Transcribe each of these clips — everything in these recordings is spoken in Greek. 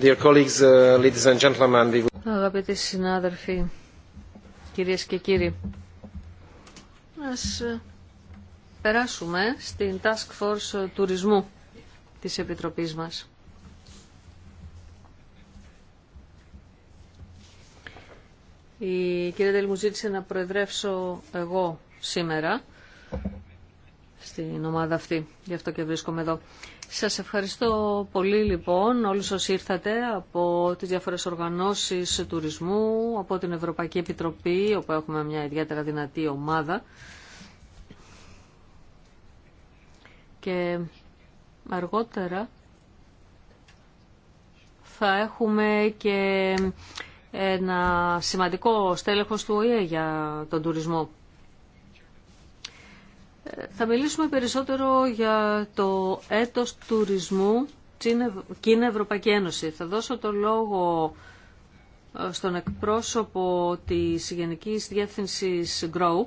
Uh, Αγαπητοί συνάδελφοι, κυρίες και κύριοι, ας ε, περάσουμε στην Task Force Τουρισμού της Επιτροπής μας. Η κυρία Τέλη μου ζήτησε να προεδρεύσω εγώ σήμερα στην ομάδα αυτή. Γι' αυτό και βρίσκομαι εδώ. Σας ευχαριστώ πολύ λοιπόν όλους όσοι ήρθατε από τις διάφορες οργανώσεις τουρισμού, από την Ευρωπαϊκή Επιτροπή, όπου έχουμε μια ιδιαίτερα δυνατή ομάδα. Και αργότερα θα έχουμε και ένα σημαντικό στέλεχος του ΟΗΕ για τον τουρισμό. Θα μιλήσουμε περισσότερο για το έτος τουρισμού Κίνα Ευρωπαϊκή Ένωση. Θα δώσω το λόγο ε, στον εκπρόσωπο της Γενικής Διεύθυνσης Grow.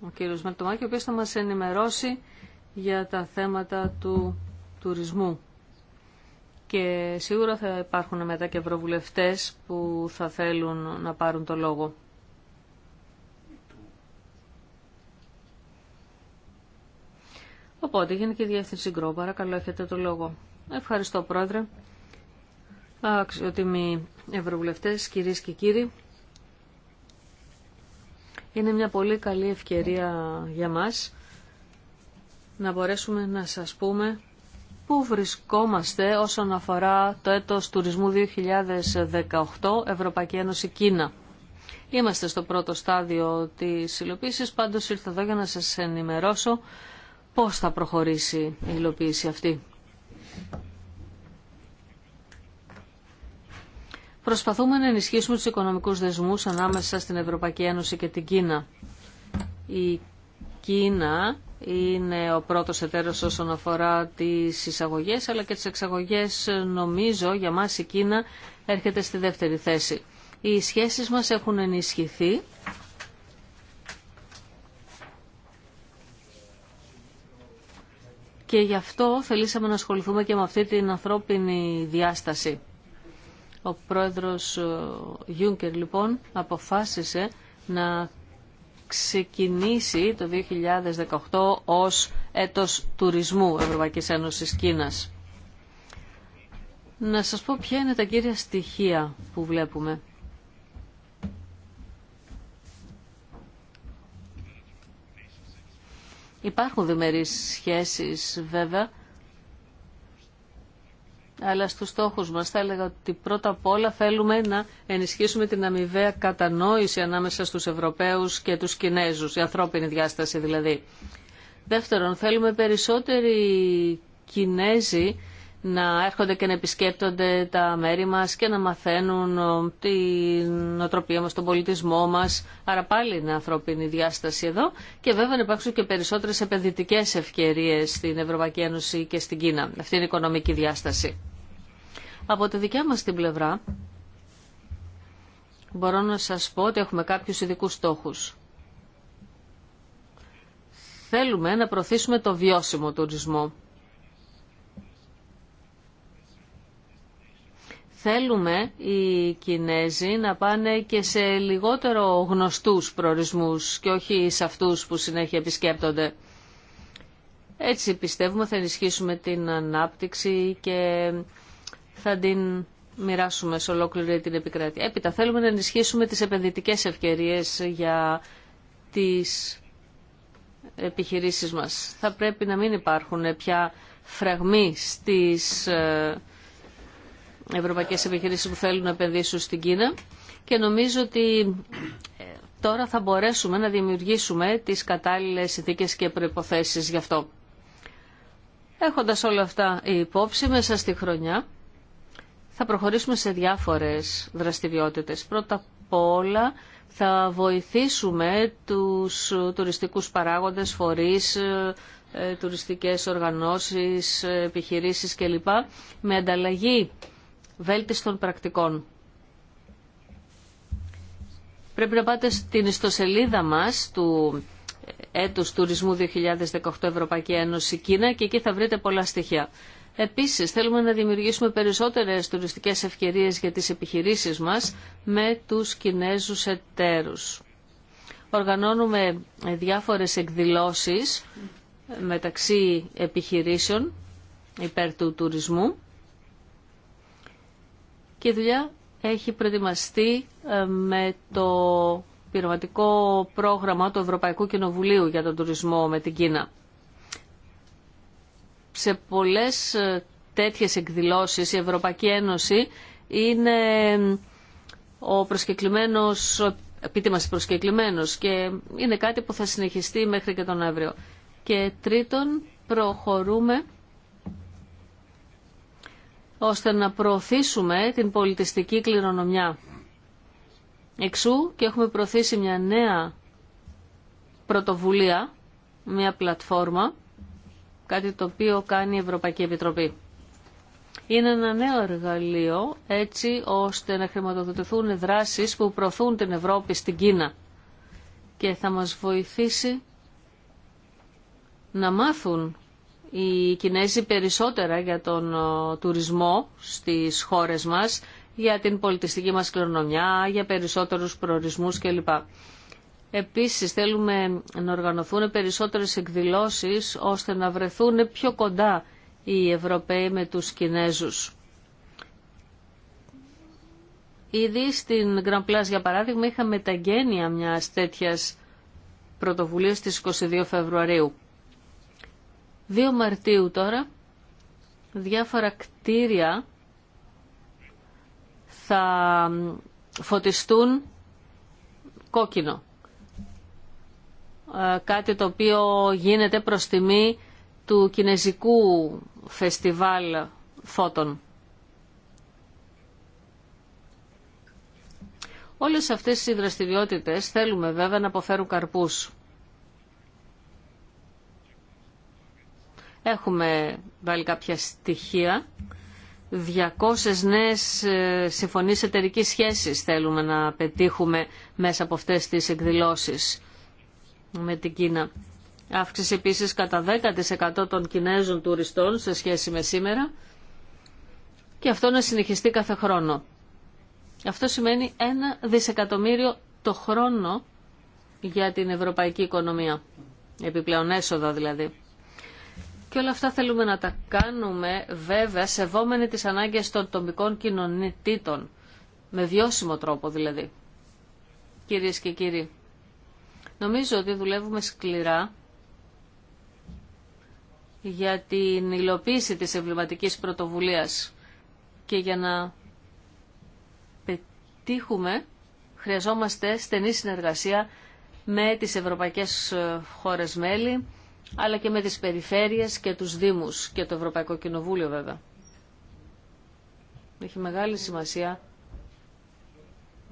Ο κύριος Μερτομάκη, ο οποίος θα μας ενημερώσει για τα θέματα του τουρισμού και σίγουρα θα υπάρχουν μετά και ευρωβουλευτές που θα θέλουν να πάρουν το λόγο. Οπότε, Γενική Διεύθυνση Γκρό, παρακαλώ έχετε το λόγο. Ευχαριστώ Πρόεδρε. Αξιότιμοι Ευρωβουλευτές, κυρίες και κύριοι. Είναι μια πολύ καλή ευκαιρία για μας να μπορέσουμε να σας πούμε Πού βρισκόμαστε όσον αφορά το έτος τουρισμού 2018 Ευρωπαϊκή Ένωση Κίνα. Είμαστε στο πρώτο στάδιο της υλοποίησης, πάντως ήρθα εδώ για να σας ενημερώσω πώς θα προχωρήσει η υλοποίηση αυτή. Προσπαθούμε να ενισχύσουμε τους οικονομικούς δεσμούς ανάμεσα στην Ευρωπαϊκή Ένωση και την Κίνα. Η Κίνα είναι ο πρώτος εταίρος όσον αφορά τις εισαγωγές, αλλά και τις εξαγωγές νομίζω για μας η Κίνα έρχεται στη δεύτερη θέση. Οι σχέσεις μας έχουν ενισχυθεί. Και γι' αυτό θελήσαμε να ασχοληθούμε και με αυτή την ανθρώπινη διάσταση. Ο πρόεδρος ε, Γιούνκερ λοιπόν αποφάσισε να ξεκινήσει το 2018 ως έτος τουρισμού Ευρωπαϊκής Ένωσης Κίνας. Να σας πω ποια είναι τα κύρια στοιχεία που βλέπουμε. Υπάρχουν διμερείς σχέσεις βέβαια αλλά στους στόχους μας θα έλεγα ότι πρώτα απ' όλα θέλουμε να ενισχύσουμε την αμοιβαία κατανόηση ανάμεσα στους Ευρωπαίους και τους Κινέζους, η ανθρώπινη διάσταση δηλαδή. Δεύτερον, θέλουμε περισσότεροι Κινέζοι να έρχονται και να επισκέπτονται τα μέρη μας και να μαθαίνουν ε, την οτροπία μας, τον πολιτισμό μας. Άρα πάλι είναι ανθρώπινη διάσταση εδώ και βέβαια να υπάρξουν και περισσότερες επενδυτικές ευκαιρίες στην Ευρωπαϊκή Ένωση και στην Κίνα. Αυτή είναι η οικονομική διάσταση. Από τη δικιά μας την πλευρά μπορώ να σας πω ότι έχουμε κάποιους ειδικούς στόχους. Θέλουμε να προωθήσουμε το βιώσιμο τουρισμό θέλουμε οι Κινέζοι να πάνε και σε λιγότερο γνωστούς προορισμούς και όχι σε αυτούς που συνέχεια επισκέπτονται. Έτσι πιστεύουμε θα ενισχύσουμε την ανάπτυξη και θα την μοιράσουμε σε ολόκληρη την επικράτεια. Έπειτα θέλουμε να ενισχύσουμε τις επενδυτικές ευκαιρίες για τις επιχειρήσεις μας. Θα πρέπει να μην υπάρχουν πια φραγμοί στις ε, ευρωπαϊκές επιχειρήσεις που θέλουν να επενδύσουν στην Κίνα και νομίζω ότι ε, τώρα θα μπορέσουμε να δημιουργήσουμε τις κατάλληλες συνθήκες και προϋποθέσεις γι' αυτό. Έχοντας όλα αυτά υπόψη μέσα στη χρονιά, θα προχωρήσουμε σε διάφορες δραστηριότητες. Πρώτα απ' όλα θα βοηθήσουμε τους τουριστικούς παράγοντες, φορείς, ε, ε, τουριστικές οργανώσεις, επιχειρήσεις κλπ. με ανταλλαγή βέλτιστων πρακτικών. Πρέπει να πάτε στην ιστοσελίδα μας του έτους τουρισμού 2018 Ευρωπαϊκή Ένωση Κίνα και εκεί θα βρείτε πολλά στοιχεία. Επίσης θέλουμε να δημιουργήσουμε περισσότερες τουριστικές ευκαιρίες για τις επιχειρήσεις μας με τους Κινέζους εταίρους. Οργανώνουμε διάφορες εκδηλώσεις μεταξύ επιχειρήσεων υπέρ του τουρισμού και η δουλειά έχει προετοιμαστεί ε, με το πειραματικό πρόγραμμα του Ευρωπαϊκού Κοινοβουλίου για τον τουρισμό με την Κίνα. Σε πολλές ε, τέτοιες εκδηλώσεις η Ευρωπαϊκή Ένωση είναι ε, ο προσκεκλημένος, ο προσκεκλημένος και είναι κάτι που θα συνεχιστεί μέχρι και τον Αύριο. Και τρίτον προχωρούμε ώστε να προωθήσουμε την πολιτιστική κληρονομιά. Εξού και έχουμε προωθήσει μια νέα πρωτοβουλία, μια πλατφόρμα, κάτι το οποίο κάνει η Ευρωπαϊκή Επιτροπή. Είναι ένα νέο εργαλείο έτσι ώστε να χρηματοδοτηθούν δράσεις που προωθούν την Ευρώπη στην Κίνα και θα μας βοηθήσει να μάθουν οι Κινέζοι περισσότερα για τον τουρισμό στις χώρες μας, για την πολιτιστική μας κληρονομιά, για περισσότερους προορισμούς κλπ. Επίσης θέλουμε να οργανωθούν περισσότερες εκδηλώσεις ώστε να βρεθούν πιο κοντά οι Ευρωπαίοι με τους Κινέζους. Ήδη στην Grand Place, για παράδειγμα, είχαμε τα γένεια μιας τέτοιας πρωτοβουλίας στις 22 Φεβρουαρίου. 2 Μαρτίου τώρα διάφορα κτίρια θα φωτιστούν κόκκινο. Ε, κάτι το οποίο γίνεται προς τιμή του Κινέζικου Φεστιβάλ Φώτων. Όλες αυτές οι δραστηριότητες θέλουμε βέβαια να αποφέρουν καρπούς. Έχουμε βάλει κάποια στοιχεία. 200 νέες ε, συμφωνίες εταιρική σχέσης θέλουμε να πετύχουμε μέσα από αυτές τις εκδηλώσεις με την Κίνα. Αύξηση επίσης κατά 10% των Κινέζων τουριστών σε σχέση με σήμερα και αυτό να συνεχιστεί κάθε χρόνο. Αυτό σημαίνει ένα δισεκατομμύριο το χρόνο για την ευρωπαϊκή οικονομία, επιπλέον έσοδα δηλαδή. Και όλα αυτά θέλουμε να τα κάνουμε βέβαια σεβόμενοι τις ανάγκες των τομικών κοινωνιτήτων. Με βιώσιμο τρόπο δηλαδή. Κυρίες και κύριοι, νομίζω ότι δουλεύουμε σκληρά για την υλοποίηση της εμβληματικής πρωτοβουλίας και για να πετύχουμε χρειαζόμαστε στενή συνεργασία με τις ευρωπαϊκές χώρες μέλη, αλλά και με τις περιφέρειες και τους Δήμους και το Ευρωπαϊκό Κοινοβούλιο βέβαια. Έχει μεγάλη σημασία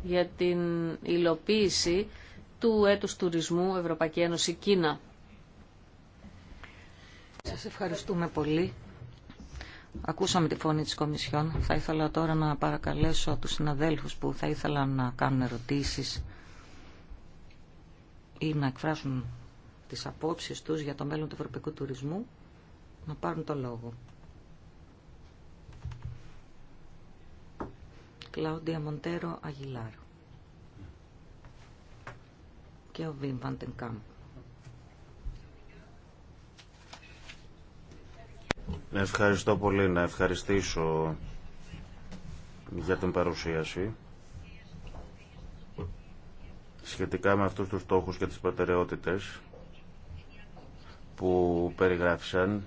για την υλοποίηση του έτους τουρισμού Ευρωπαϊκή Ένωση Κίνα. Σας ευχαριστούμε πολύ. Ακούσαμε τη φωνή της Κομισιόν. Θα ήθελα τώρα να παρακαλέσω τους συναδέλφους που θα ήθελαν να κάνουν ερωτήσεις ή να εκφράσουν τις απόψεις τους για το μέλλον του ευρωπαϊκού τουρισμού να πάρουν το λόγο. Κλάουντια Μοντέρο Αγιλάρου και ο Βιμ Ευχαριστώ πολύ. Να ευχαριστήσω για την παρουσίαση σχετικά με αυτούς τους στόχους και τις προτεραιότητες που περιγράφησαν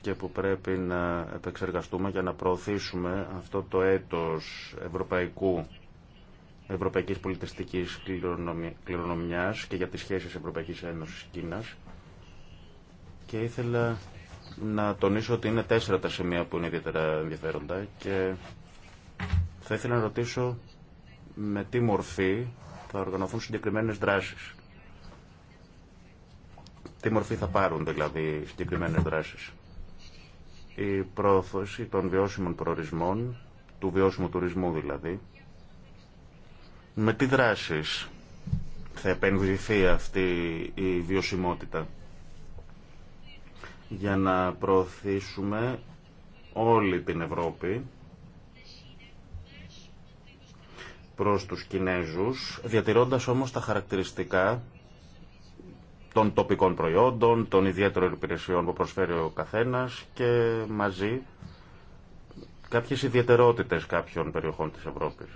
και που πρέπει να επεξεργαστούμε για να προωθήσουμε αυτό το έτος ευρωπαϊκού ευρωπαϊκής πολιτιστικής κληρονομιάς και για τις σχέσεις Ευρωπαϊκής Ένωσης Κίνας και ήθελα να τονίσω ότι είναι τέσσερα τα σημεία που είναι ιδιαίτερα ενδιαφέροντα και θα ήθελα να ρωτήσω με τι μορφή θα οργανωθούν συγκεκριμένες δράσεις τι μορφή θα πάρουν δηλαδή συγκεκριμένες δράσεις. Η πρόθεση των βιώσιμων προορισμών, του βιώσιμου τουρισμού δηλαδή, με τι δράσεις θα επενδυθεί αυτή η βιωσιμότητα για να προωθήσουμε όλη την Ευρώπη προς τους Κινέζους, διατηρώντας όμως τα χαρακτηριστικά των τοπικών προϊόντων, των ιδιαίτερων υπηρεσιών που προσφέρει ο καθένας και μαζί κάποιες ιδιαιτερότητες κάποιων περιοχών της Ευρώπης.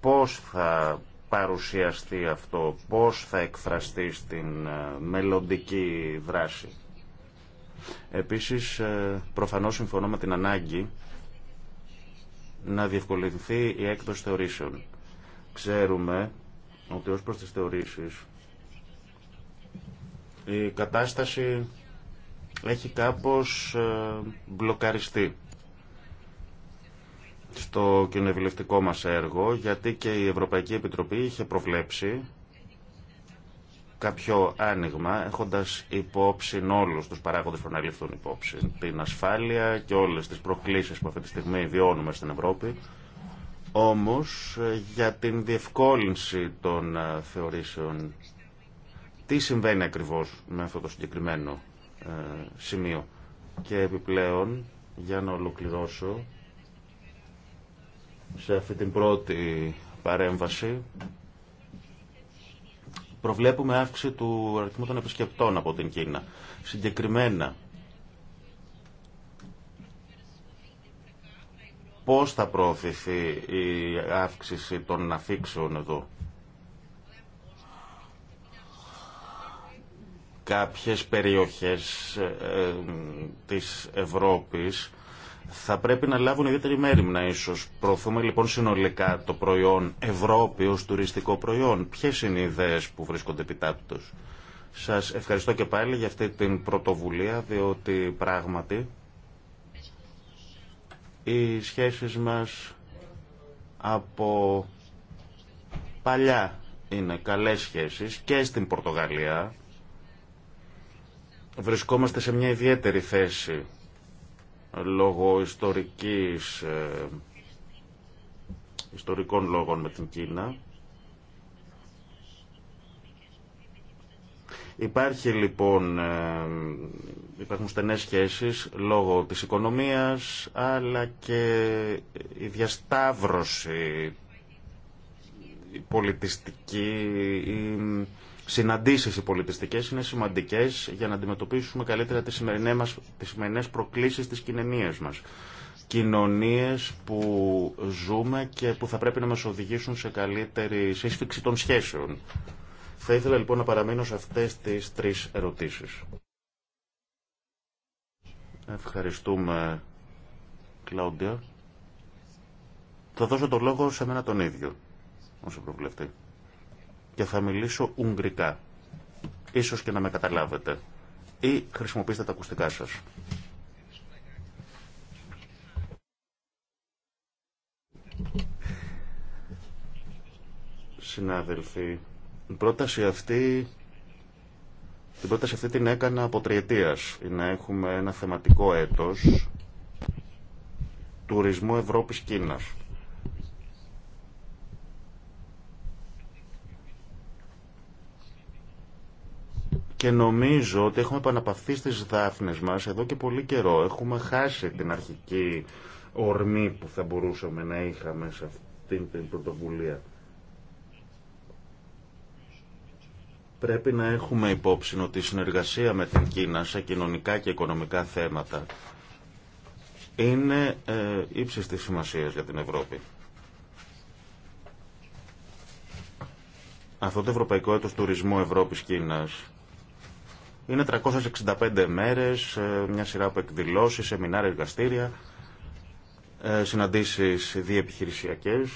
Πώς θα παρουσιαστεί αυτό, πώς θα εκφραστεί στην ε, μελλοντική δράση. Επίσης, ε, προφανώς συμφωνώ με την ανάγκη να διευκολυνθεί η έκδοση θεωρήσεων. Ξέρουμε ότι ως προς τις θεωρήσεις η κατάσταση έχει κάπως ε, μπλοκαριστεί στο κοινοβουλευτικό μας έργο, γιατί και η Ευρωπαϊκή Επιτροπή είχε προβλέψει κάποιο άνοιγμα, έχοντας υπόψη όλους τους παράγοντες που ληφθούν υπόψη, την ασφάλεια και όλες τις προκλήσεις που αυτή τη στιγμή βιώνουμε στην Ευρώπη, όμως ε, για την διευκόλυνση των ε, θεωρήσεων τι συμβαίνει ακριβώς με αυτό το συγκεκριμένο ε, σημείο. Και επιπλέον, για να ολοκληρώσω, σε αυτή την πρώτη παρέμβαση, προβλέπουμε αύξηση του αριθμού των επισκεπτών από την Κίνα. Συγκεκριμένα, πώς θα προωθηθεί η αύξηση των αφήξεων εδώ. κάποιες περιοχές ε, ε, της Ευρώπης θα πρέπει να λάβουν ιδιαίτερη μέρημνα ίσως. Προωθούμε λοιπόν συνολικά το προϊόν Ευρώπη ως τουριστικό προϊόν. Ποιες είναι οι ιδέες που βρίσκονται επιτάπτως. Σας ευχαριστώ και πάλι για αυτή την πρωτοβουλία, διότι πράγματι οι σχέσεις μας από παλιά είναι καλές σχέσεις και στην Πορτογαλία βρισκόμαστε σε μια ιδιαίτερη θέση λόγω ιστορικής, ε, ιστορικών λόγων με την Κίνα. Υπάρχει λοιπόν, ε, υπάρχουν στενές σχέσεις λόγω της οικονομίας αλλά και η διασταύρωση πολιτιστική, η Συναντήσει οι πολιτιστικέ είναι σημαντικέ για να αντιμετωπίσουμε καλύτερα τις σημερινές, προκλήσει τη κοινωνία προκλήσεις της κοινωνίας μας. Κοινωνίες που ζούμε και που θα πρέπει να μας οδηγήσουν σε καλύτερη σύσφυξη των σχέσεων. Θα ήθελα λοιπόν να παραμείνω σε αυτές τις τρεις ερωτήσεις. Ευχαριστούμε, Κλάουντια. Θα δώσω το λόγο σε μένα τον ίδιο, όσο προβλεφτεί και θα μιλήσω ουγγρικά. Ίσως και να με καταλάβετε. Ή χρησιμοποιήστε τα ακουστικά σας. Συνάδελφοι, η πρόταση συναδελφοι αυτη την πρόταση αυτή την έκανα από τριετίας, να έχουμε ένα θεματικό έτος τουρισμού Ευρώπης-Κίνας. Και νομίζω ότι έχουμε επαναπαυθεί στις δάφνες μας εδώ και πολύ καιρό. Έχουμε χάσει την αρχική ορμή που θα μπορούσαμε να είχαμε σε αυτή την πρωτοβουλία. Πρέπει να έχουμε υπόψη ότι η συνεργασία με την Κίνα σε κοινωνικά και οικονομικά θέματα είναι ε, ύψης της σημασίας για την Ευρώπη. Αυτό το Ευρωπαϊκό Έτος Τουρισμού Ευρώπης-Κίνας είναι 365 μέρες, ε, μια σειρά από εκδηλώσεις, σεμινάρια, εργαστήρια, ε, συναντήσεις διεπιχειρησιακές.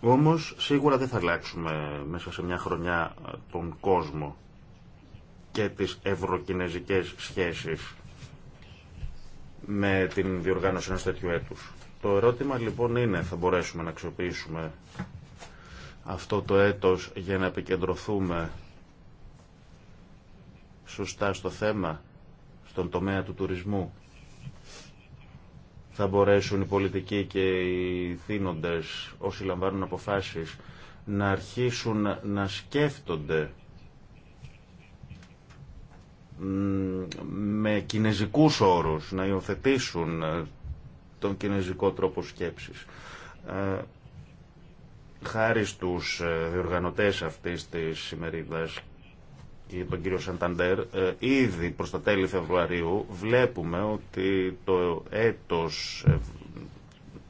Όμως σίγουρα δεν θα αλλάξουμε μέσα σε μια χρονιά ε, τον κόσμο και τις ευρωκινέζικες σχέσεις με την διοργάνωση ενός τέτοιου έτους. Το ερώτημα λοιπόν είναι θα μπορέσουμε να αξιοποιήσουμε αυτό το έτος για να επικεντρωθούμε σωστά στο θέμα, στον τομέα του τουρισμού. Θα μπορέσουν οι πολιτικοί και οι θύνοντες, όσοι λαμβάνουν αποφάσεις, να αρχίσουν να σκέφτονται με κινέζικούς όρους, να υιοθετήσουν τον κινέζικο τρόπο σκέψης. Ε, χάρη στους ε, διοργανωτές αυτής της ημερίδας και τον κύριο Σανταντέρ, ε, ήδη προς τα τέλη Φεβρουαρίου βλέπουμε ότι το έτος ε,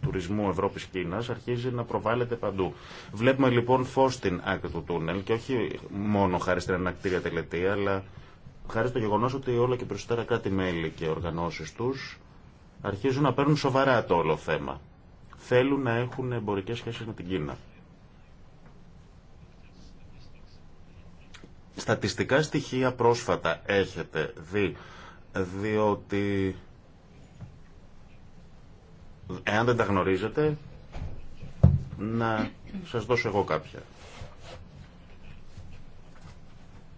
τουρισμού Ευρώπης-Κίνας αρχίζει να προβάλλεται παντού. Βλέπουμε λοιπόν φως στην άκρη του τούνελ και όχι μόνο χάρη στην ανακτήρια τελετή, αλλά χάρη στο γεγονός ότι όλα και περισσότερα κράτη-μέλη και οργανώσεις τους αρχίζουν να παίρνουν σοβαρά το όλο θέμα. Θέλουν να έχουν εμπορικές σχέσεις με την Κίνα. στατιστικά στοιχεία πρόσφατα έχετε δει, διότι εάν δεν τα γνωρίζετε, να σας δώσω εγώ κάποια.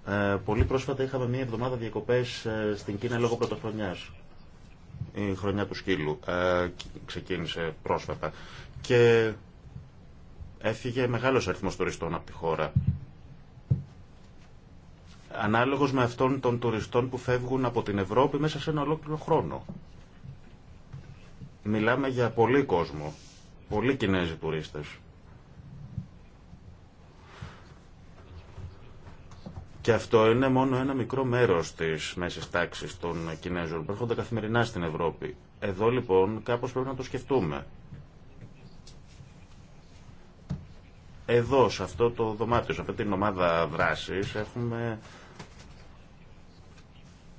Ε, πολύ πρόσφατα είχαμε μία εβδομάδα διακοπές ε, στην Κίνα λόγω πρωτοχρονιάς. Η χρονιά του σκύλου ε, ξεκίνησε πρόσφατα. Και έφυγε μεγάλος αριθμός τουριστών από τη χώρα ανάλογος με αυτόν των τουριστών που φεύγουν από την Ευρώπη μέσα σε ένα ολόκληρο χρόνο. Μιλάμε για πολύ κόσμο, πολλοί Κινέζοι τουρίστες. Και αυτό είναι μόνο ένα μικρό μέρος της μέσης τάξης των Κινέζων που έρχονται καθημερινά στην Ευρώπη. Εδώ λοιπόν κάπως πρέπει να το σκεφτούμε. Εδώ, σε αυτό το δωμάτιο, σε αυτή την ομάδα δράσης, έχουμε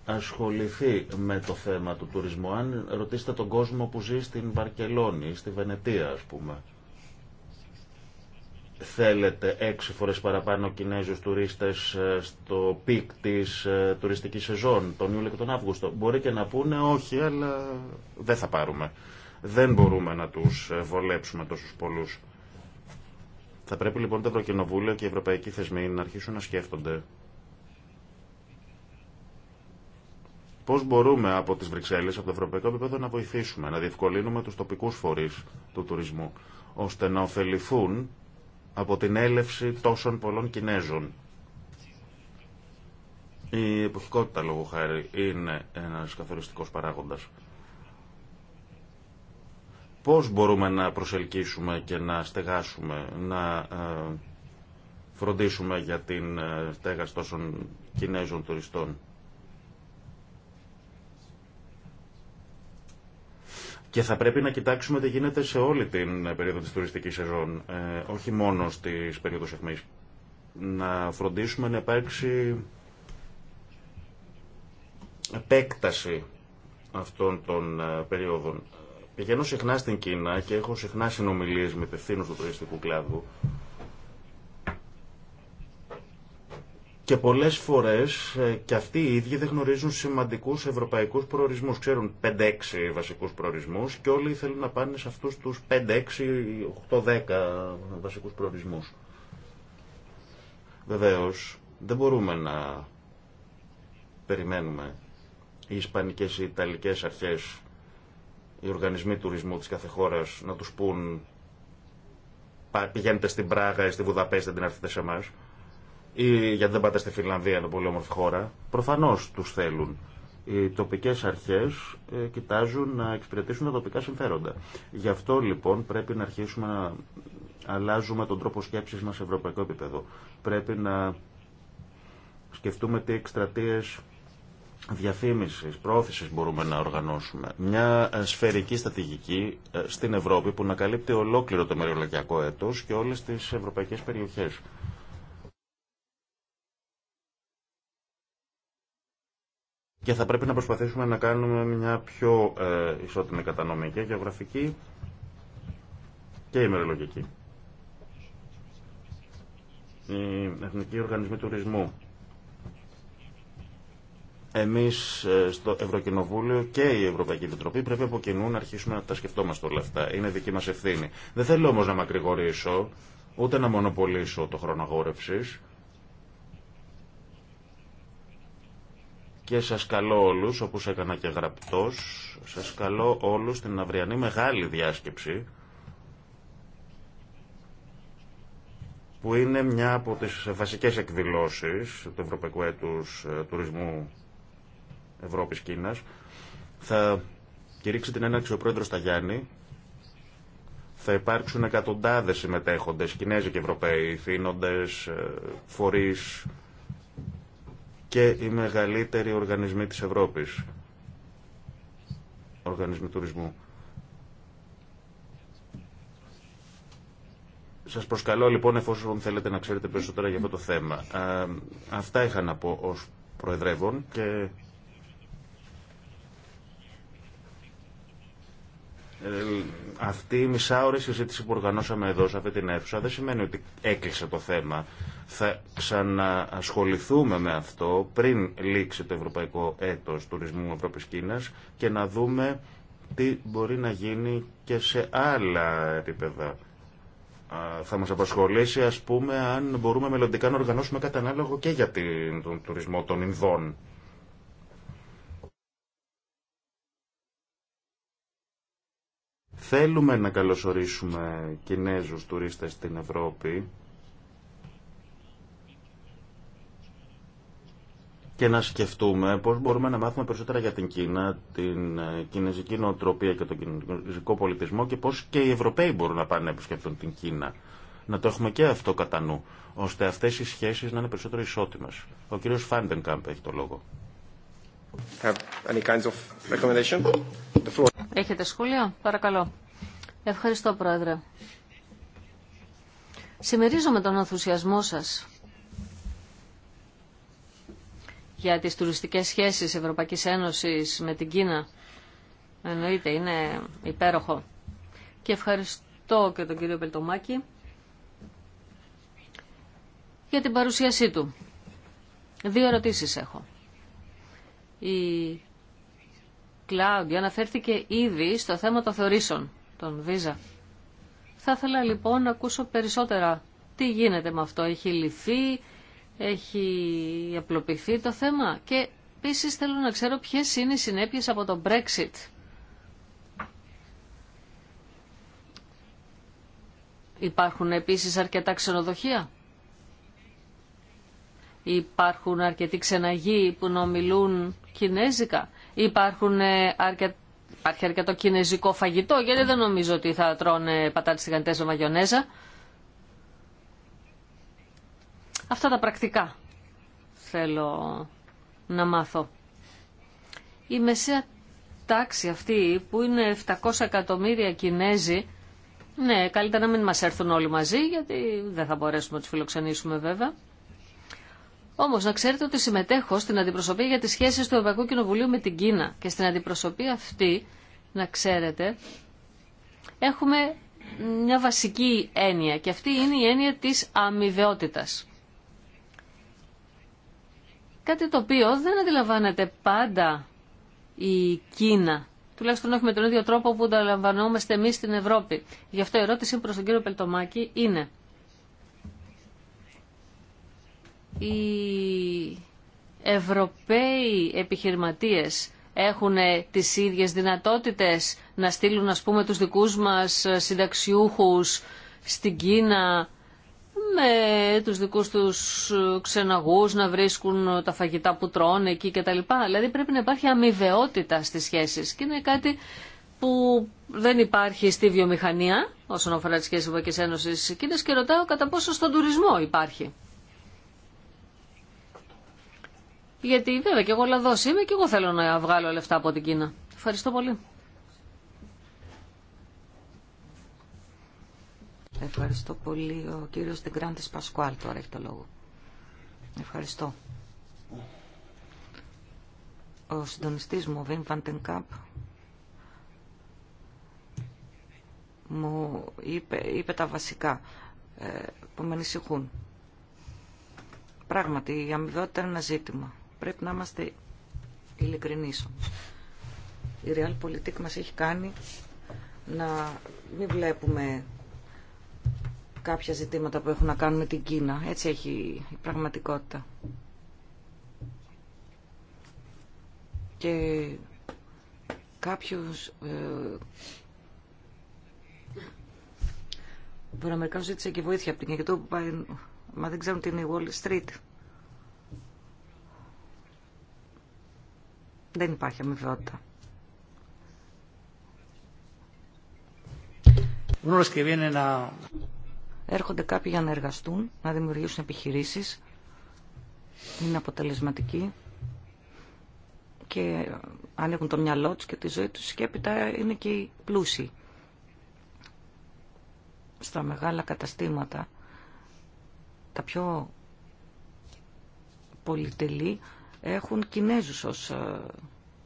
ασχοληθεί με το θέμα του τουρισμού. Αν ρωτήσετε τον κόσμο που ζει στην Βαρκελόνη, στη Βενετία ας πούμε, θέλετε έξι φορές παραπάνω Κινέζους τουρίστες ε, στο πικ της ε, τουριστικής σεζόν, τον Ιούλιο και τον Αύγουστο. Μπορεί και να πούνε όχι, αλλά δεν θα πάρουμε. Δεν μπορούμε να τους ε, βολέψουμε τόσους πολλούς. Θα πρέπει λοιπόν το Ευρωκοινοβούλιο και οι ευρωπαϊκοί θεσμοί να αρχίσουν να σκέφτονται Πώς μπορούμε από τις Βρυξέλλες, από το ευρωπαϊκό επίπεδο να βοηθήσουμε, να διευκολύνουμε τους τοπικούς φορείς του τουρισμού, ώστε να ωφεληθούν από την έλευση τόσων πολλών Κινέζων. Η εποχικότητα λόγω χάρη είναι ένας καθοριστικός παράγοντας. Πώς μπορούμε να προσελκύσουμε και να στεγάσουμε, να ε, φροντίσουμε για την ε, στέγαση τόσων Κινέζων τουριστών. Και θα πρέπει να κοιτάξουμε τι γίνεται σε όλη την περίοδο της τουριστικής σεζόν, ε, όχι μόνο στι περίοδου αιχμής. Να φροντίσουμε να υπάρξει επέκταση αυτών των ε, περίοδων. Πηγαίνω συχνά στην Κίνα και έχω συχνά συνομιλίε με υπευθύνου του τουριστικού κλάδου Και πολλέ φορέ ε, και αυτοί οι ίδιοι δεν γνωρίζουν σημαντικού ευρωπαϊκού προορισμού. Ξέρουν 5-6 βασικού προορισμού και όλοι θέλουν να πάνε σε αυτού του 5-6, 8-10 βασικού προορισμού. Βεβαίω, δεν μπορούμε να περιμένουμε οι ισπανικέ ή οι ιταλικές αρχές, οι οργανισμοί τουρισμού τη κάθε χώρα να του πούν πηγαίνετε στην Πράγα ή στη Βουδαπέστη να την έρθετε σε εμά ή γιατί δεν πάτε στη Φιλανδία, ένα πολύ όμορφη χώρα. Προφανώ του θέλουν. Οι τοπικέ αρχέ ε, κοιτάζουν να εξυπηρετήσουν τα τοπικά συμφέροντα. Γι' αυτό λοιπόν πρέπει να αρχίσουμε να αλλάζουμε τον τρόπο σκέψη μα σε ευρωπαϊκό επίπεδο. Πρέπει να σκεφτούμε τι εκστρατείε διαφήμιση, πρόθεση μπορούμε να οργανώσουμε. Μια ε, σφαιρική στρατηγική ε, στην Ευρώπη που να καλύπτει ολόκληρο το μεριολογιακό έτο και όλε τι ευρωπαϊκέ περιοχέ. και θα πρέπει να προσπαθήσουμε να κάνουμε μια πιο ε, ισότιμη κατανομή και γεωγραφική και ημερολογική. Οι εθνικοί οργανισμοί τουρισμού. Εμείς ε, στο Ευρωκοινοβούλιο και η Ευρωπαϊκή Επιτροπή πρέπει από κοινού να αρχίσουμε να τα σκεφτόμαστε όλα αυτά. Είναι δική μας ευθύνη. Δεν θέλω όμως να μακρηγορήσω, ούτε να μονοπολίσω το χρόνο αγόρευσης. Και σας καλώ όλους, όπως έκανα και γραπτός, σας καλώ όλους στην αυριανή μεγάλη διάσκεψη που είναι μια από τις βασικές εκδηλώσεις του Ευρωπαϊκού Έτους ε, Τουρισμού Ευρώπης-Κίνας. Θα κηρύξει την έναρξη ο πρόεδρος Ταγιάννη. Θα υπάρξουν εκατοντάδες συμμετέχοντες, Κινέζοι και Ευρωπαίοι, θύνοντες, ε, φορείς, και οι μεγαλύτεροι οργανισμοί της Ευρώπης. Οργανισμοί τουρισμού. Σας προσκαλώ λοιπόν εφόσον θέλετε να ξέρετε περισσότερα για αυτό το θέμα. αυτά είχα να πω ως Προεδρεύων και Ε, αυτή η μισάωρη συζήτηση που οργανώσαμε εδώ σε αυτή την αίθουσα δεν σημαίνει ότι έκλεισε το θέμα. Θα ξανασχοληθούμε με αυτό πριν λήξει το Ευρωπαϊκό Έτος Τουρισμού Ευρώπης Κίνας και να δούμε τι μπορεί να γίνει και σε άλλα επίπεδα. Θα μας απασχολήσει ας πούμε αν μπορούμε μελλοντικά να οργανώσουμε κάτι ανάλογο και για τον τουρισμό των Ινδών Θέλουμε να καλωσορίσουμε Κινέζους τουρίστες στην Ευρώπη και να σκεφτούμε πώς μπορούμε να μάθουμε περισσότερα για την Κίνα, την ε, κινέζικη νοοτροπία και τον κινέζικο πολιτισμό και πώς και οι Ευρωπαίοι μπορούν να πάνε να επισκεφτούν την Κίνα. Να το έχουμε και αυτό κατά νου, ώστε αυτές οι σχέσεις να είναι περισσότερο ισότιμες. Ο κύριος Φάντενκάμπ έχει το λόγο. Έχετε σχόλια, παρακαλώ. Ευχαριστώ, Πρόεδρε. Συμμερίζομαι τον ενθουσιασμό σας για τις τουριστικές σχέσεις Ευρωπαϊκής Ένωσης με την Κίνα. Εννοείται, είναι υπέροχο. Και ευχαριστώ και τον κύριο Πελτομάκη για την παρουσίασή του. Δύο ερωτήσεις έχω. Η Κλάουντια αναφέρθηκε ήδη στο θέμα των θεωρήσεων, των βίζα. Θα ήθελα λοιπόν να ακούσω περισσότερα τι γίνεται με αυτό. Έχει λυθεί, έχει απλοποιηθεί το θέμα και επίση θέλω να ξέρω ποιες είναι οι συνέπειες από το Brexit. Υπάρχουν επίσης αρκετά ξενοδοχεία Υπάρχουν αρκετοί ξεναγοί που νομιλούν κινέζικα. Υπάρχουν ε, Υπάρχει αρκετό κινέζικο φαγητό, γιατί δεν νομίζω ότι θα τρώνε πατάτες τηγανιτές με μαγιονέζα. Αυτά τα πρακτικά θέλω να μάθω. Η μεσαία τάξη αυτή που είναι 700 εκατομμύρια Κινέζοι, ναι, καλύτερα να μην μας έρθουν όλοι μαζί, γιατί δεν θα μπορέσουμε να τους φιλοξενήσουμε βέβαια. Όμω, να ξέρετε ότι συμμετέχω στην αντιπροσωπεία για τις σχέσεις του Ευρωπαϊκού Κοινοβουλίου με την Κίνα και στην αντιπροσωπεία αυτή, να ξέρετε, έχουμε μια βασική έννοια και αυτή είναι η έννοια της αμοιβαιότητας. Κάτι το οποίο δεν αντιλαμβάνεται πάντα η Κίνα, τουλάχιστον όχι με τον ίδιο τρόπο που τα λαμβανόμαστε εμείς στην Ευρώπη. Γι' αυτό η ερώτηση προς τον κύριο Πελτομάκη είναι οι Ευρωπαίοι επιχειρηματίες έχουν ε, τις ίδιες δυνατότητες να στείλουν ας πούμε τους δικούς μας ε, συνταξιούχους στην Κίνα με τους δικούς τους ε, ξεναγούς να βρίσκουν τα φαγητά που τρώνε εκεί κτλ. Δηλαδή πρέπει να υπάρχει αμοιβαιότητα στις σχέσεις και είναι κάτι που δεν υπάρχει στη βιομηχανία όσον αφορά τις σχέσεις Ευρωπαϊκής Ένωσης και ρωτάω κατά πόσο στον τουρισμό υπάρχει. Γιατί βέβαια και εγώ λαδό είμαι και εγώ θέλω να βγάλω λεφτά από την Κίνα. Ευχαριστώ πολύ. Ευχαριστώ πολύ. Ο κύριος Τεγκράντης Πασκουάλ τώρα έχει το λόγο. Ευχαριστώ. Ο συντονιστής μου, Βιν μου είπε, είπε τα βασικά ε, που με ανησυχούν. Πράγματι, η αμοιβαιότητα είναι ένα ζήτημα. Πρέπει να είμαστε ειλικρινεί Η Η Realpolitik μας έχει κάνει να μην βλέπουμε κάποια ζητήματα που έχουν να κάνουν με την Κίνα. Έτσι έχει η πραγματικότητα. Και κάποιους ε, Αμερικάνος ζήτησε και βοήθεια από την Κίνα και μα δεν ξέρουν τι είναι η Wall Street. Δεν υπάρχει αμοιβαιότητα. Έρχονται κάποιοι για να εργαστούν, να δημιουργήσουν επιχειρήσεις, είναι αποτελεσματικοί και ανοίγουν το μυαλό τους και τη ζωή τους και έπειτα είναι και οι πλούσιοι στα μεγάλα καταστήματα τα πιο πολυτελή έχουν Κινέζους ως ε,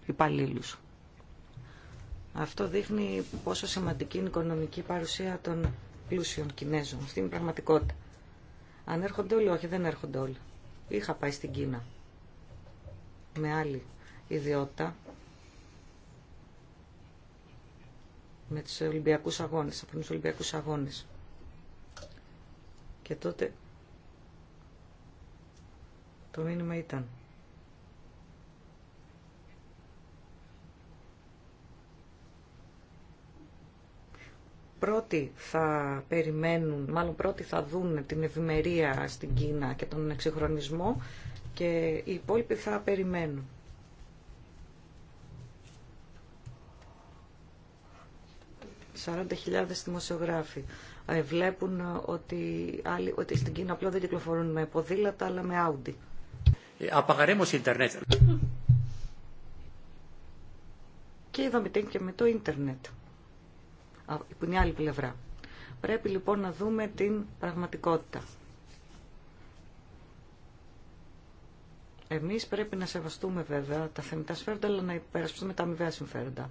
υπαλλήλους. Αυτό δείχνει πόσο σημαντική είναι η οικονομική παρουσία των πλούσιων Κινέζων. Αυτή είναι πραγματικότητα. Αν έρχονται όλοι, όχι, δεν έρχονται όλοι. Είχα πάει στην Κίνα με άλλη ιδιότητα, με τους Ολυμπιακούς Αγώνες, από τους Ολυμπιακούς Αγώνες. Και τότε το μήνυμα ήταν πρώτοι θα περιμένουν, μάλλον πρώτοι θα δουν την ευημερία στην Κίνα και τον εξυγχρονισμό και οι υπόλοιποι θα περιμένουν. 40.000 δημοσιογράφοι ε, βλέπουν ότι, άλλοι, ότι στην Κίνα απλά δεν κυκλοφορούν με ποδήλατα αλλά με Audi. Ιντερνετ. Και είδαμε τι και με το ίντερνετ που είναι η άλλη πλευρά. Πρέπει λοιπόν να δούμε την πραγματικότητα. Εμείς πρέπει να σεβαστούμε βέβαια τα θεμητά συμφέροντα, αλλά να υπερασπιστούμε τα αμοιβαία συμφέροντα.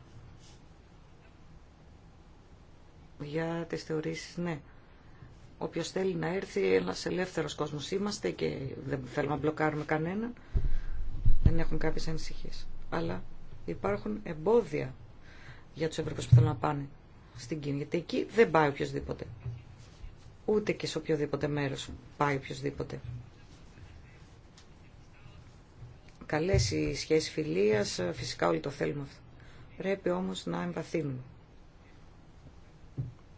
Για τις θεωρήσεις, ναι. Όποιο θέλει να έρθει, ένα ελεύθερο κόσμο είμαστε και δεν θέλουμε να μπλοκάρουμε κανέναν. Δεν έχουν κάποιε ανησυχίε. Αλλά υπάρχουν εμπόδια για του Ευρωπαίου που θέλουν να πάνε στην Κίνη, γιατί εκεί δεν πάει οποιοδήποτε. Ούτε και σε οποιοδήποτε μέρο πάει οποιοδήποτε. Καλέ οι σχέσει φιλία, φυσικά όλοι το θέλουμε αυτό. Πρέπει όμω να εμβαθύνουμε.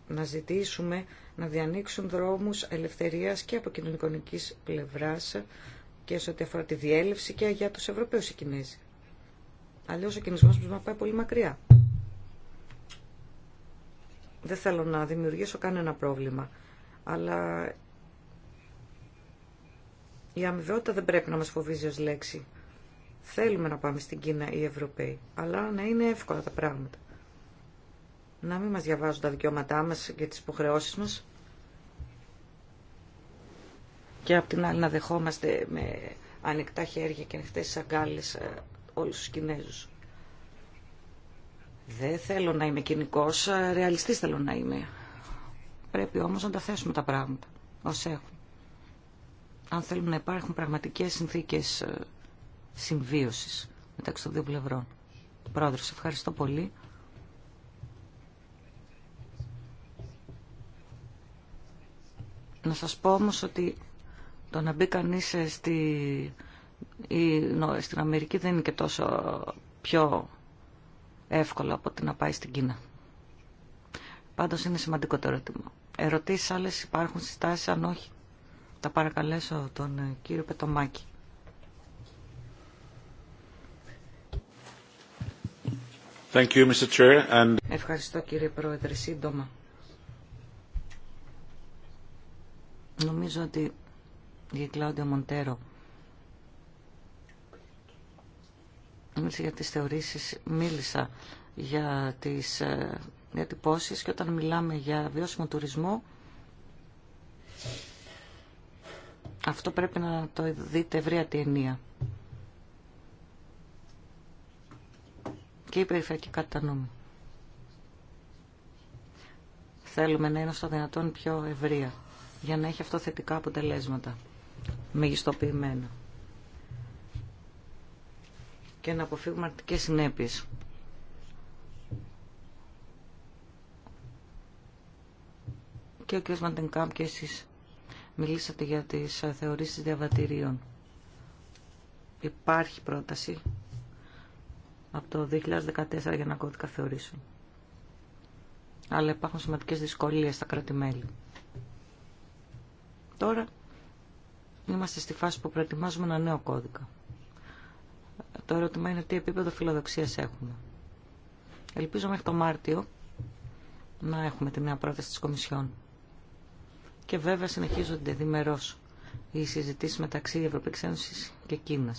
Να ζητήσουμε να διανοίξουν δρόμου ελευθερία και από κοινωνικονική πλευρά και σε ό,τι αφορά τη διέλευση και για του Ευρωπαίου οι Κινέζοι. Αλλιώ ο κινησμό μα πάει πολύ μακριά. Δεν θέλω να δημιουργήσω κανένα πρόβλημα, αλλά η αμοιβαιότητα δεν πρέπει να μας φοβίζει ως λέξη. Θέλουμε να πάμε στην Κίνα οι Ευρωπαίοι, αλλά να είναι εύκολα τα πράγματα. Να μην μας διαβάζουν τα δικαιώματά μας και τις υποχρεώσεις μας. Και απ' την άλλη να δεχόμαστε με ανοιχτά χέρια και ανοιχτές αγκάλες ε, όλους τους Κινέζους. Δεν θέλω να είμαι κοινικό. Ε, ρεαλιστής θέλω να είμαι. Πρέπει όμως να τα θέσουμε τα πράγματα ω έχουν. Αν θέλουμε να υπάρχουν πραγματικές συνθήκες ε, συμβίωση μεταξύ των δύο πλευρών. Πρόεδρος, ευχαριστώ πολύ. Να σας πω όμως ότι το να μπει κανείς ε, στη... στην Αμερική δεν είναι και τόσο πιο Εύκολο από ότι να πάει στην Κίνα. Πάντως είναι σημαντικό το ερώτημα. Ερωτήσεις άλλες υπάρχουν, τάσεις, αν όχι. Θα παρακαλέσω τον ε, κύριο Πετομάκη. Thank you, Mr. Chair. And... Ευχαριστώ κύριε Πρόεδρε. Σύντομα. Νομίζω ότι η Κλάουντια Μοντέρο μίλησα για τις θεωρήσεις, μίλησα για τις ε, διατυπώσεις και όταν μιλάμε για βιώσιμο τουρισμό αυτό πρέπει να το δείτε ευρεία τη ενία. Και η περιφερειακή κατανομή. Θέλουμε να είναι στο δυνατόν πιο ευρεία για να έχει αυτό θετικά αποτελέσματα μεγιστοποιημένα και να αποφύγουμε αρνητικές συνέπειες. Και ο κ. Μαντενκάμπ και εσείς μιλήσατε για τις θεωρήσεις διαβατηρίων. Υπάρχει πρόταση από το 2014 για να κώδικα θεωρήσεων. Αλλά υπάρχουν σημαντικές δυσκολίες στα κράτη-μέλη. Τώρα είμαστε στη φάση που προετοιμάζουμε ένα νέο κώδικα. Το ερώτημα είναι τι επίπεδο φιλοδοξία έχουμε. Ελπίζω μέχρι το Μάρτιο να έχουμε τη νέα πρόταση τη Κομισιόν. Και βέβαια συνεχίζονται διμερώς οι συζητήσει μεταξύ Ευρωπαϊκή Ένωση και Κίνα.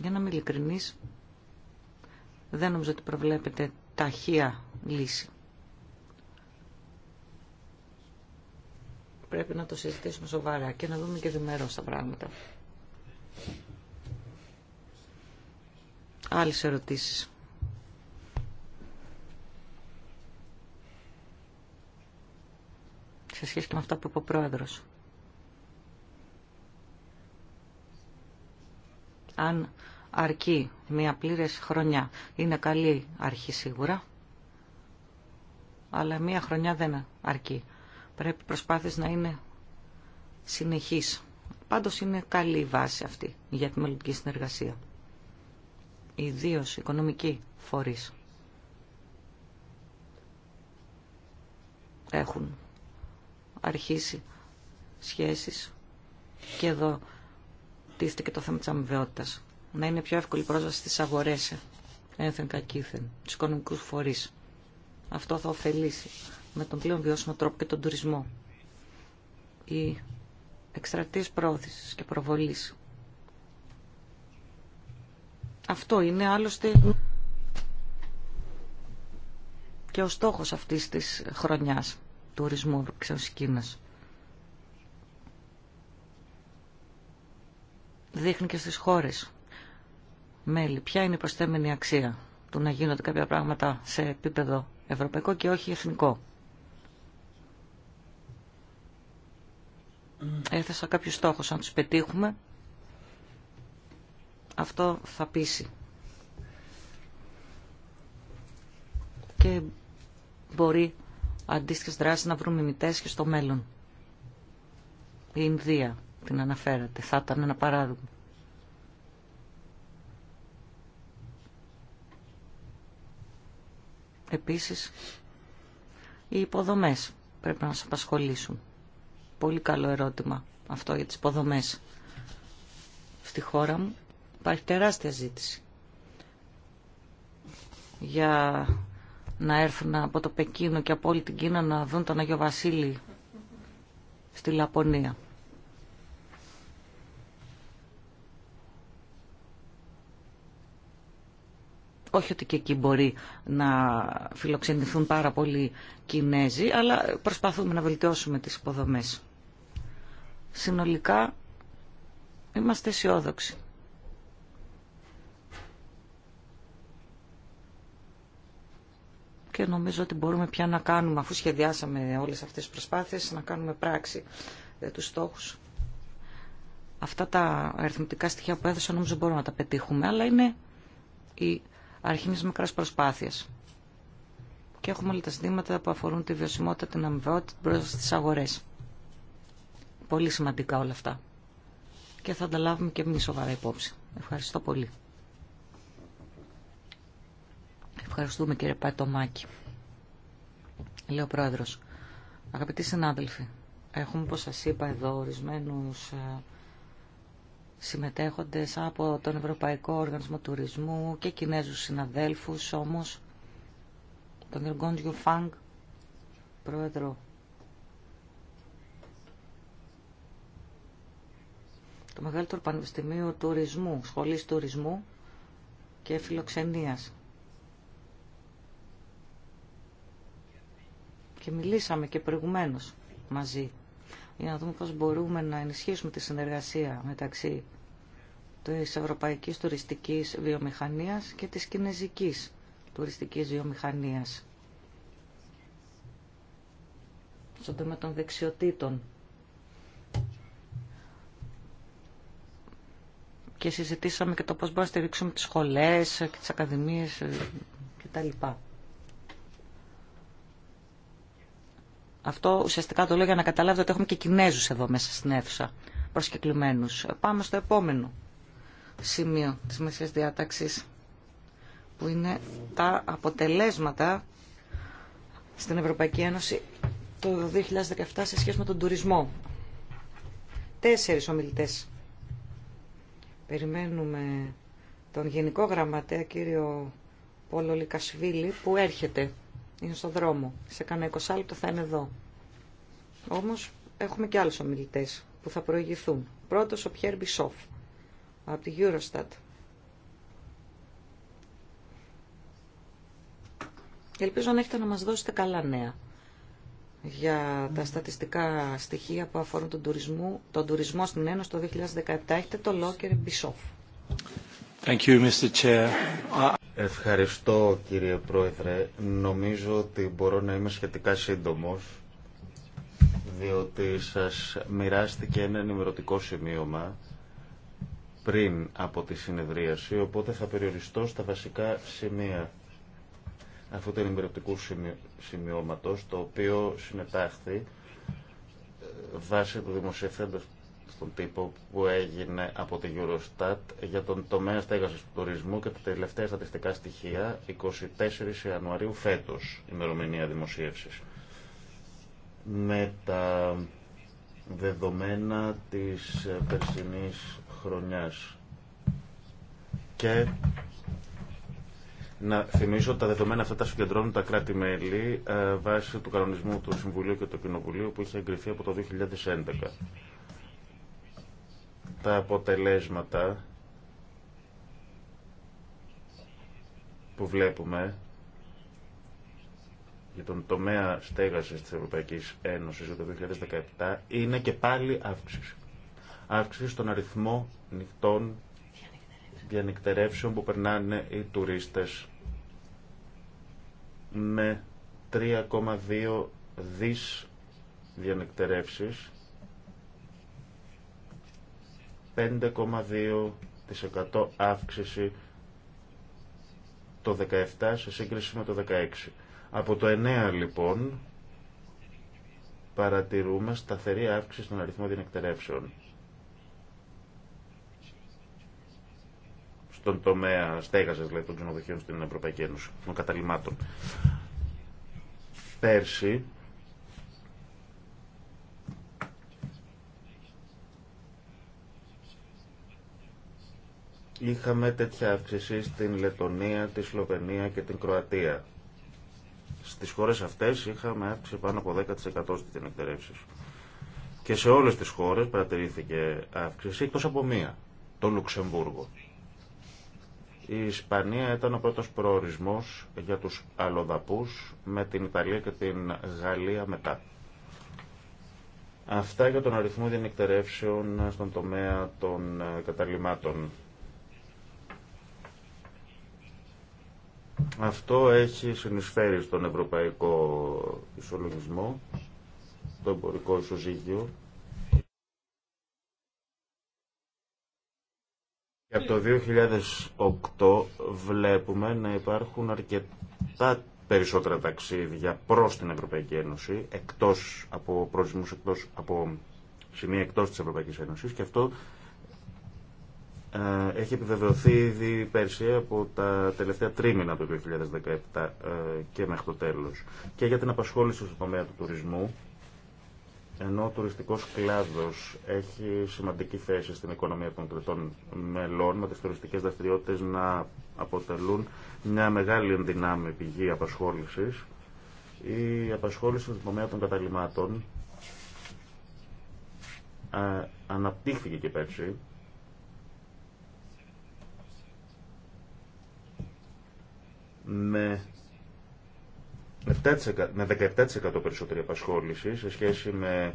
Για να είμαι ειλικρινή, δεν νομίζω ότι προβλέπεται ταχεία λύση. Πρέπει να το συζητήσουμε σοβαρά και να δούμε και διμερώς τα πράγματα. Άλλες ερωτήσεις. Σε σχέση και με αυτά που είπε ο Πρόεδρος. Αν αρκεί μια πλήρες χρονιά, είναι καλή αρχή σίγουρα, αλλά μια χρονιά δεν αρκεί. Πρέπει προσπάθειες να είναι συνεχής. Πάντως είναι καλή η βάση αυτή για τη μελλοντική συνεργασία ιδίως οικονομικοί φορείς έχουν αρχίσει σχέσεις και εδώ τίθεται και το θέμα της αμοιβαιότητας. Να είναι πιο εύκολη πρόσβαση στις αγορές ένθεν κακήθεν, τους οικονομικούς φορείς. Αυτό θα ωφελήσει με τον πλέον βιώσιμο τρόπο και τον τουρισμό. Οι εκστρατείες πρόθεσης και προβολής αυτό είναι άλλωστε και ο στόχος αυτής της χρονιάς του ορισμού της Κίνας. Δείχνει και στις χώρες μέλη ποια είναι η προσθέμενη αξία του να γίνονται κάποια πράγματα σε επίπεδο ευρωπαϊκό και όχι εθνικό. Έθεσα κάποιους στόχους, αν τους πετύχουμε αυτό θα πείσει. Και μπορεί αντίστοιχες δράσεις να βρουν μιμητές και στο μέλλον. Η Ινδία την αναφέρατε. Θα ήταν ένα παράδειγμα. Επίσης, οι υποδομές πρέπει να μας απασχολήσουν. Πολύ καλό ερώτημα αυτό για τις υποδομές. Στη χώρα μου Υπάρχει τεράστια ζήτηση για να έρθουν από το Πεκίνο και από όλη την Κίνα να δουν τον Άγιο Βασίλη στη Λαπωνία. όχι ότι και εκεί μπορεί να φιλοξενηθούν πάρα πολλοί Κινέζοι, αλλά προσπαθούμε να βελτιώσουμε τις υποδομές. Συνολικά είμαστε αισιόδοξοι και νομίζω ότι μπορούμε πια να κάνουμε, αφού σχεδιάσαμε όλες αυτές τις προσπάθειες, να κάνουμε πράξη ε, τους στόχους. Αυτά τα αριθμητικά στοιχεία που έδωσα νομίζω μπορούμε να τα πετύχουμε, αλλά είναι η αρχή μιας μικράς προσπάθειας. Και έχουμε όλα τα ζητήματα που αφορούν τη βιωσιμότητα, την αμοιβαιότητα, την πρόσβαση αγορές. Πολύ σημαντικά όλα αυτά. Και θα τα λάβουμε και εμείς σοβαρά υπόψη. Ευχαριστώ πολύ. Ευχαριστούμε κύριε Πατομάκη. Λέω πρόεδρος. Αγαπητοί συνάδελφοι, έχουμε όπως σας είπα εδώ ορισμένους ε, συμμετέχοντες από τον Ευρωπαϊκό Οργανισμό Τουρισμού και Κινέζους συναδέλφους όμως τον Γκόντζιου Φάγκ πρόεδρο το μεγαλύτερο πανεπιστημίο τουρισμού, σχολής τουρισμού και φιλοξενίας και μιλήσαμε και προηγουμένως μαζί για να δούμε πώς μπορούμε να ενισχύσουμε τη συνεργασία μεταξύ της Ευρωπαϊκής Τουριστικής Βιομηχανίας και της Κινέζικης Τουριστικής Βιομηχανίας. Στον τομέα των δεξιοτήτων. Και συζητήσαμε και το πώς μπορούμε να στηρίξουμε τις σχολές και τις ακαδημίες ε, κτλ. Αυτό ουσιαστικά το λέω για να καταλάβετε ότι έχουμε και Κινέζους εδώ μέσα στην αίθουσα προσκεκλημένους. Πάμε στο επόμενο σημείο της μεσαίας διάταξης που είναι τα αποτελέσματα στην Ευρωπαϊκή Ένωση το 2017 σε σχέση με τον τουρισμό. Τέσσερις ομιλητές. Περιμένουμε τον Γενικό Γραμματέα κύριο Πόλο Λικασβίλη που έρχεται είναι στο δρόμο. Σε κανένα εικοσάλεπτο θα είναι εδώ. Όμω, έχουμε και άλλους ομιλητές που θα προηγηθούν. Πρώτος ο Πιέρ Μπισόφ από τη Eurostat. Ελπίζω να έχετε να μα δώσετε καλά νέα για τα στατιστικά στοιχεία που αφορούν τον τουρισμό, τον τουρισμό στην Ένωση το 2017. Έχετε το λόκερ Μπισόφ. Thank you, Mr. Chair. Ευχαριστώ κύριε Πρόεδρε. Νομίζω ότι μπορώ να είμαι σχετικά σύντομος διότι σας μοιράστηκε ένα ενημερωτικό σημείωμα πριν από τη συνεδρίαση, οπότε θα περιοριστώ στα βασικά σημεία αυτού του ενημερωτικού σημειώματος, το οποίο συνετάχθη ε, βάσει του δημοσιευθέντος στον τύπο που έγινε από τη Eurostat για τον τομέα στέγασης του τουρισμού και τα τελευταία στατιστικά στοιχεία 24 Ιανουαρίου φέτος ημερομηνία δημοσίευσης. Με τα δεδομένα της περσινής χρονιάς. Και να θυμίσω ότι τα δεδομένα αυτά τα συγκεντρώνουν τα κράτη-μέλη ε, βάσει του κανονισμού του Συμβουλίου και του Κοινοβουλίου που είχε εγκριθεί από το 2011 τα αποτελέσματα που βλέπουμε για τον τομέα στέγασης της Ευρωπαϊκής Ένωσης το 2017 είναι και πάλι αύξηση. Αύξηση στον αριθμό νυχτών διανυκτερεύσεων που περνάνε οι τουρίστες με 3,2 δις διανυκτερεύσεις 5,2% αύξηση το 17 σε σύγκριση με το 16. Από το 9 λοιπόν παρατηρούμε σταθερή αύξηση στον αριθμό διεκτερεύσεων. Στον τομέα στέγασης δηλαδή των ξενοδοχείων στην Ευρωπαϊκή Ένωση, των καταλημάτων. Πέρσι είχαμε τέτοια αύξηση στην Λετωνία, τη Σλοβενία και την Κροατία. Στις χώρες αυτές είχαμε αύξηση πάνω από 10% στην εκτερεύσεις. Και σε όλες τις χώρες παρατηρήθηκε αύξηση, εκτός από μία, το Λουξεμβούργο. Η Ισπανία ήταν ο πρώτος προορισμός για τους αλλοδαπούς με την Ιταλία και την Γαλλία μετά. Αυτά για τον αριθμό διενεκτερεύσεων στον τομέα των ε, καταλήμματων. Αυτό έχει συνεισφέρει στον ευρωπαϊκό ισολογισμό, το εμπορικό ισοζύγιο. Και από το 2008 βλέπουμε να υπάρχουν αρκετά περισσότερα ταξίδια προς την Ευρωπαϊκή Ένωση, εκτός από εκτός από σημεία εκτός της Ευρωπαϊκής Ένωσης και αυτό ε, έχει επιβεβαιωθεί ήδη πέρσι από τα τελευταία τρίμηνα του 2017 ε, και μέχρι το τέλος. Και για την απασχόληση στο τομέα του τουρισμού, ενώ ο τουριστικός κλάδος έχει σημαντική θέση στην οικονομία των κρετών μελών, με τις τουριστικές δραστηριότητες να αποτελούν μια μεγάλη ενδυνάμει πηγή απασχόλησης, η απασχόληση στον τομέα των καταλημάτων ε, αναπτύχθηκε και πέρσι με 17% περισσότερη απασχόληση σε σχέση με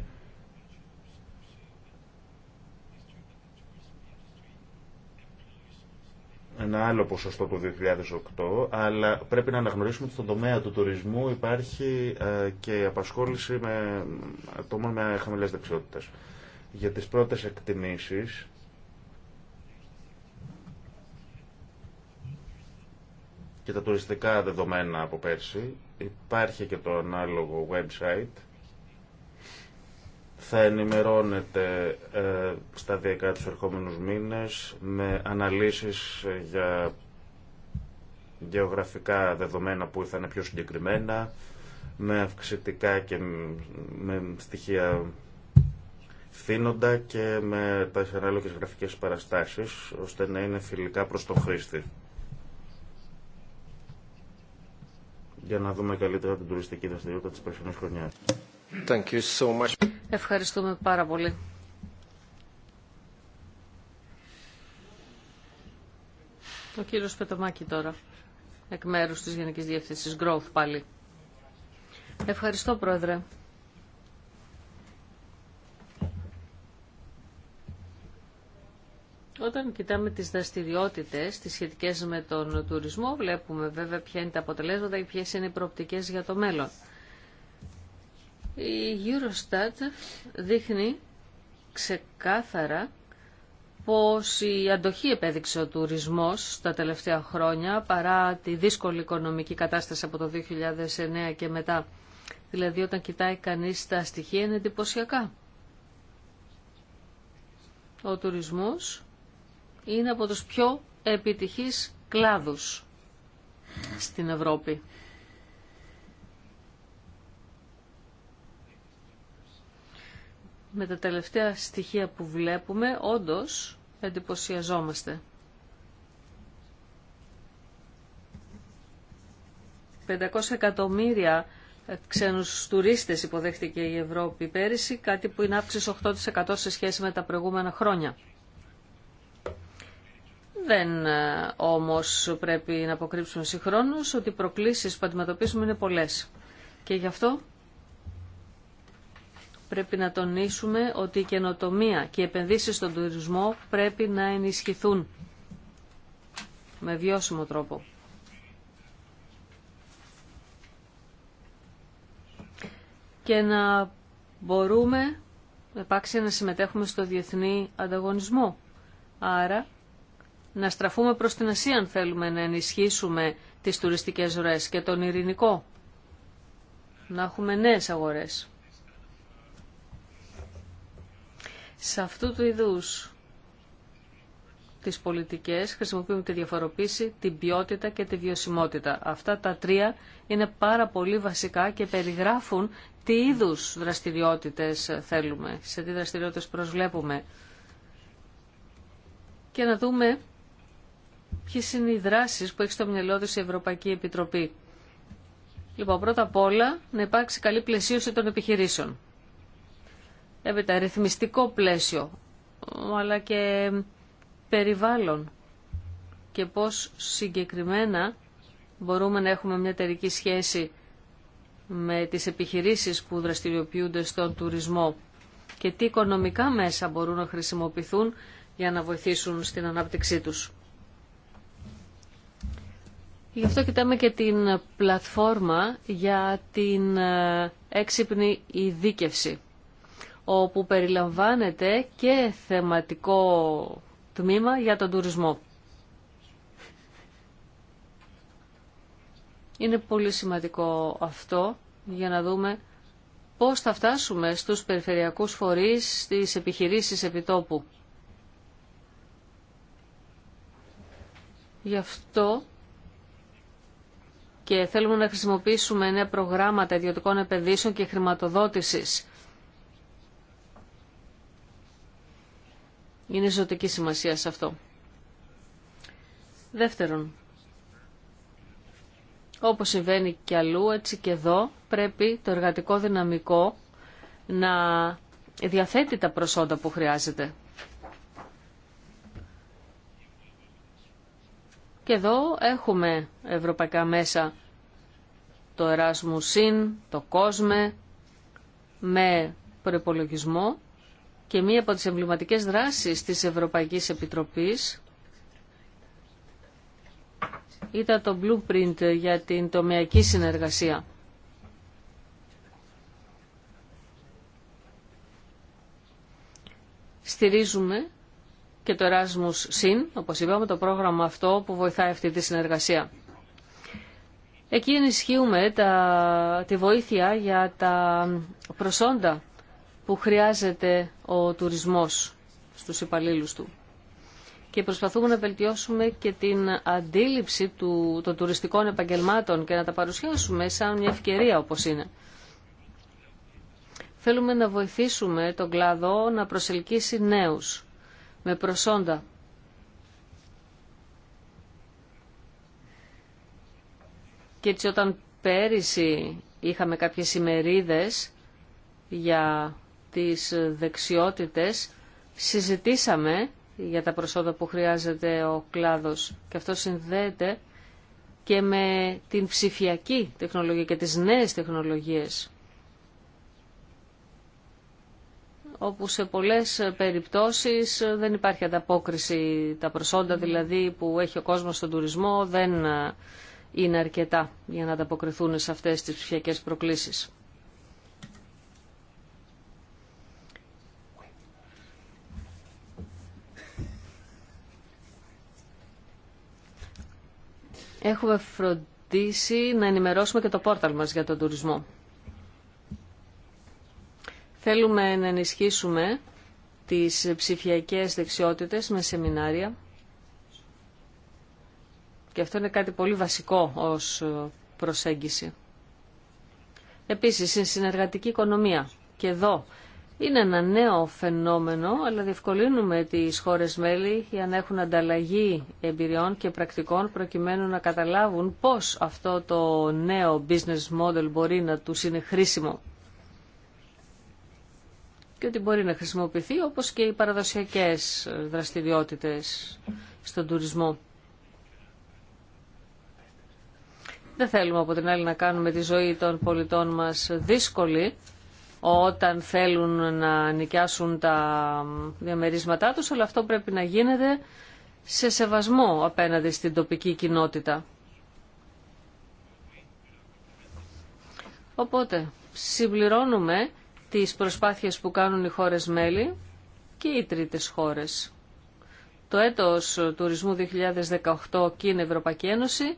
ένα άλλο ποσοστό του 2008, αλλά πρέπει να αναγνωρίσουμε ότι στον τομέα του τουρισμού υπάρχει ε, και απασχόληση με ατόμων με χαμηλές δεξιότητες. Για τις πρώτες εκτιμήσεις και τα τουριστικά δεδομένα από πέρσι. Υπάρχει και το ανάλογο website. Θα ενημερώνετε ε, σταδιακά τους ερχόμενους μήνες με αναλύσεις για γεωγραφικά δεδομένα που θα πιο συγκεκριμένα, με αυξητικά και με στοιχεία φθήνοντα και με τα ανάλογες γραφικές παραστάσεις, ώστε να είναι φιλικά προς τον χρήστη. για να δούμε καλύτερα την τουριστική δραστηριότητα της περσινής χρονιάς. Thank you so much. Ευχαριστούμε πάρα πολύ. Ο κύριος Πετωμάκη τώρα, εκ μέρους της Γενικής Διεύθυνσης Growth πάλι. Ευχαριστώ, Πρόεδρε. Όταν κοιτάμε τις δραστηριότητες, τις σχετικές με τον τουρισμό, βλέπουμε βέβαια ποια είναι τα αποτελέσματα ή ποιες είναι οι προοπτικές για το μέλλον. Η Eurostat δείχνει ξεκάθαρα πως η αντοχή επέδειξε ο τουρισμός τα τελευταία χρόνια παρά τη δύσκολη οικονομική κατάσταση από το 2009 και μετά. Δηλαδή όταν κοιτάει κανείς τα στοιχεία είναι εντυπωσιακά. Ο τουρισμός είναι από τους πιο επιτυχείς κλάδους στην Ευρώπη. Με τα τελευταία στοιχεία που βλέπουμε, όντως εντυπωσιαζόμαστε. 500 εκατομμύρια ξένους τουρίστες υποδέχτηκε η Ευρώπη πέρυσι, κάτι που είναι αύξηση 8% σε σχέση με τα προηγούμενα χρόνια. Δεν ε, όμως πρέπει να αποκρύψουμε συγχρόνως ότι οι προκλήσεις που αντιμετωπίζουμε είναι πολλές. Και γι' αυτό πρέπει να τονίσουμε ότι η καινοτομία και οι επενδύσεις στον τουρισμό πρέπει να ενισχυθούν με βιώσιμο τρόπο. Και να μπορούμε επάξια να συμμετέχουμε στο διεθνή ανταγωνισμό. Άρα να στραφούμε προς την Ασία αν θέλουμε να ενισχύσουμε τις τουριστικές ροές και τον ειρηνικό. Να έχουμε νέες αγορές. Σε αυτού του είδους τις πολιτικές χρησιμοποιούμε τη διαφοροποίηση, την ποιότητα και τη βιωσιμότητα. Αυτά τα τρία είναι πάρα πολύ βασικά και περιγράφουν τι είδους δραστηριότητες θέλουμε, σε τι δραστηριότητες προσβλέπουμε. Και να δούμε Ποιε είναι οι δράσει που έχει στο μυαλό τη η Ευρωπαϊκή Επιτροπή. Λοιπόν, πρώτα απ' όλα να υπάρξει καλή πλαισίωση των επιχειρήσεων. Έπειτα, ρυθμιστικό πλαίσιο, αλλά και περιβάλλον και πώς συγκεκριμένα μπορούμε να έχουμε μια εταιρική σχέση με τις επιχειρήσεις που δραστηριοποιούνται στον τουρισμό και τι οικονομικά μέσα μπορούν να χρησιμοποιηθούν για να βοηθήσουν στην ανάπτυξή τους. Γι' αυτό κοιτάμε και την πλατφόρμα για την ε, έξυπνη ειδίκευση, όπου περιλαμβάνεται και θεματικό τμήμα για τον τουρισμό. Είναι πολύ σημαντικό αυτό για να δούμε πώς θα φτάσουμε στους περιφερειακούς φορείς, στις επιχειρήσεις επιτόπου. Γι' αυτό και θέλουμε να χρησιμοποιήσουμε νέα προγράμματα ιδιωτικών επενδύσεων και χρηματοδότησης. Είναι ζωτική σημασία σε αυτό. Δεύτερον, όπως συμβαίνει και αλλού, έτσι και εδώ, πρέπει το εργατικό δυναμικό να διαθέτει τα προσόντα που χρειάζεται. Και εδώ έχουμε ευρωπαϊκά μέσα το Erasmus Συν, το COSME, με προπολογισμό και μία από τις εμβληματικές δράσεις της Ευρωπαϊκής Επιτροπής ήταν το blueprint για την τομεακή συνεργασία. Στηρίζουμε και το Erasmus Sin, όπως είπαμε, το πρόγραμμα αυτό που βοηθάει αυτή τη συνεργασία. Εκεί ενισχύουμε τα, τη βοήθεια για τα προσόντα που χρειάζεται ο τουρισμός στους υπαλλήλους του. Και προσπαθούμε να βελτιώσουμε και την αντίληψη του, των τουριστικών επαγγελμάτων και να τα παρουσιάσουμε σαν μια ευκαιρία όπως είναι. Θέλουμε να βοηθήσουμε τον κλάδο να προσελκύσει νέους με προσόντα. Και έτσι όταν πέρυσι είχαμε κάποιες ημερίδες για τις δεξιότητες, συζητήσαμε για τα προσόντα που χρειάζεται ο κλάδος και αυτό συνδέεται και με την ψηφιακή τεχνολογία και τις νέες τεχνολογίες. όπου σε πολλές περιπτώσεις δεν υπάρχει ανταπόκριση. Τα προσόντα δηλαδή που έχει ο κόσμος στον τουρισμό δεν είναι αρκετά για να ανταποκριθούν σε αυτές τις ψηφιακές προκλήσεις. Έχουμε φροντίσει να ενημερώσουμε και το πόρταλ μας για τον τουρισμό. Θέλουμε να ενισχύσουμε τις ψηφιακές δεξιότητες με σεμινάρια και αυτό είναι κάτι πολύ βασικό ως προσέγγιση. Επίσης, η συνεργατική οικονομία και εδώ είναι ένα νέο φαινόμενο, αλλά διευκολύνουμε τις χώρες μέλη για να έχουν ανταλλαγή εμπειριών και πρακτικών προκειμένου να καταλάβουν πώς αυτό το νέο business model μπορεί να τους είναι χρήσιμο και ότι μπορεί να χρησιμοποιηθεί όπως και οι παραδοσιακές δραστηριότητες στον τουρισμό. Δεν θέλουμε από την άλλη να κάνουμε τη ζωή των πολιτών μας δύσκολη όταν θέλουν να νοικιάσουν τα διαμερίσματά τους, αλλά αυτό πρέπει να γίνεται σε σεβασμό απέναντι στην τοπική κοινότητα. Οπότε, συμπληρώνουμε τις προσπάθειες που κάνουν οι χώρες μέλη και οι τρίτες χώρες. Το έτος τουρισμού 2018 και η Ευρωπαϊκή Ένωση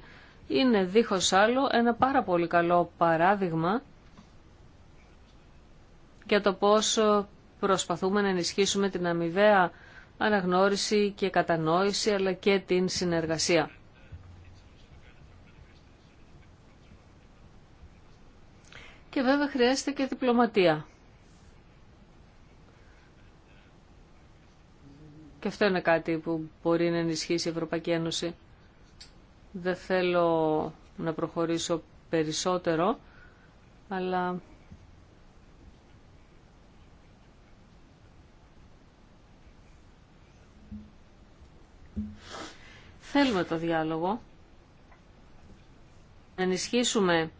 είναι δίχως άλλο ένα πάρα πολύ καλό παράδειγμα για το πώς προσπαθούμε να ενισχύσουμε την αμοιβαία αναγνώριση και κατανόηση αλλά και την συνεργασία. Και βέβαια χρειάζεται και διπλωματία. Και αυτό είναι κάτι που μπορεί να ενισχύσει η Ευρωπαϊκή Ένωση. Δεν θέλω να προχωρήσω περισσότερο, αλλά θέλουμε το διάλογο, να ενισχύσουμε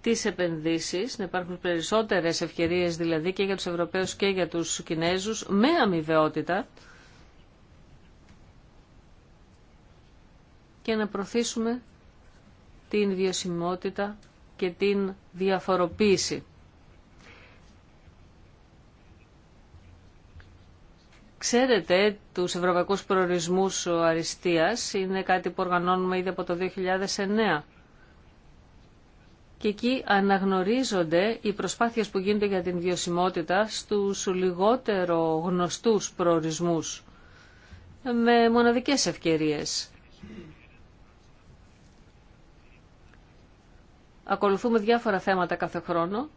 τις επενδύσεις, να υπάρχουν περισσότερες ευκαιρίες δηλαδή και για τους Ευρωπαίους και για τους Κινέζους με αμοιβαιότητα και να προωθήσουμε την βιωσιμότητα και την διαφοροποίηση. Ξέρετε τους ευρωπαϊκούς προορισμούς αριστείας, είναι κάτι που οργανώνουμε ήδη από το 2009. Και εκεί αναγνωρίζονται οι προσπάθειες που γίνονται για την βιωσιμότητα στους λιγότερο γνωστούς προορισμούς, με μοναδικές ευκαιρίες. Ακολουθούμε διάφορα θέματα κάθε χρόνο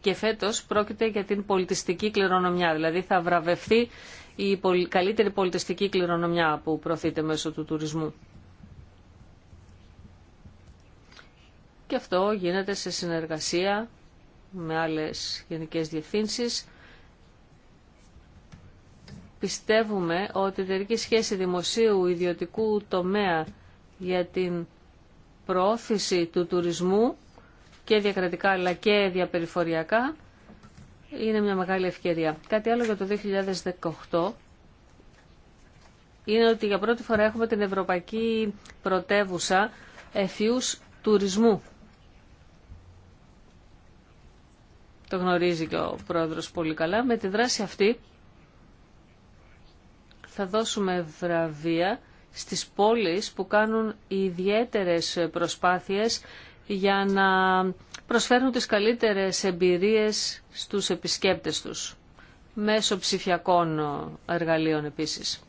και φέτος πρόκειται για την πολιτιστική κληρονομιά. Δηλαδή θα βραβευτεί η καλύτερη πολιτιστική κληρονομιά που προωθείται μέσω του τουρισμού. Και αυτό γίνεται σε συνεργασία με άλλες γενικές διευθύνσεις. Πιστεύουμε ότι η εταιρική σχέση δημοσίου ιδιωτικού τομέα για την προώθηση του τουρισμού και διακρατικά αλλά και διαπεριφοριακά είναι μια μεγάλη ευκαιρία. Κάτι άλλο για το 2018 είναι ότι για πρώτη φορά έχουμε την Ευρωπαϊκή Πρωτεύουσα Εφιούς Τουρισμού. Το γνωρίζει και ο πρόεδρος πολύ καλά. Με τη δράση αυτή θα δώσουμε βραβεία στις πόλεις που κάνουν ιδιαίτερες προσπάθειες για να προσφέρουν τις καλύτερες εμπειρίες στους επισκέπτες τους, μέσω ψηφιακών εργαλείων επίσης.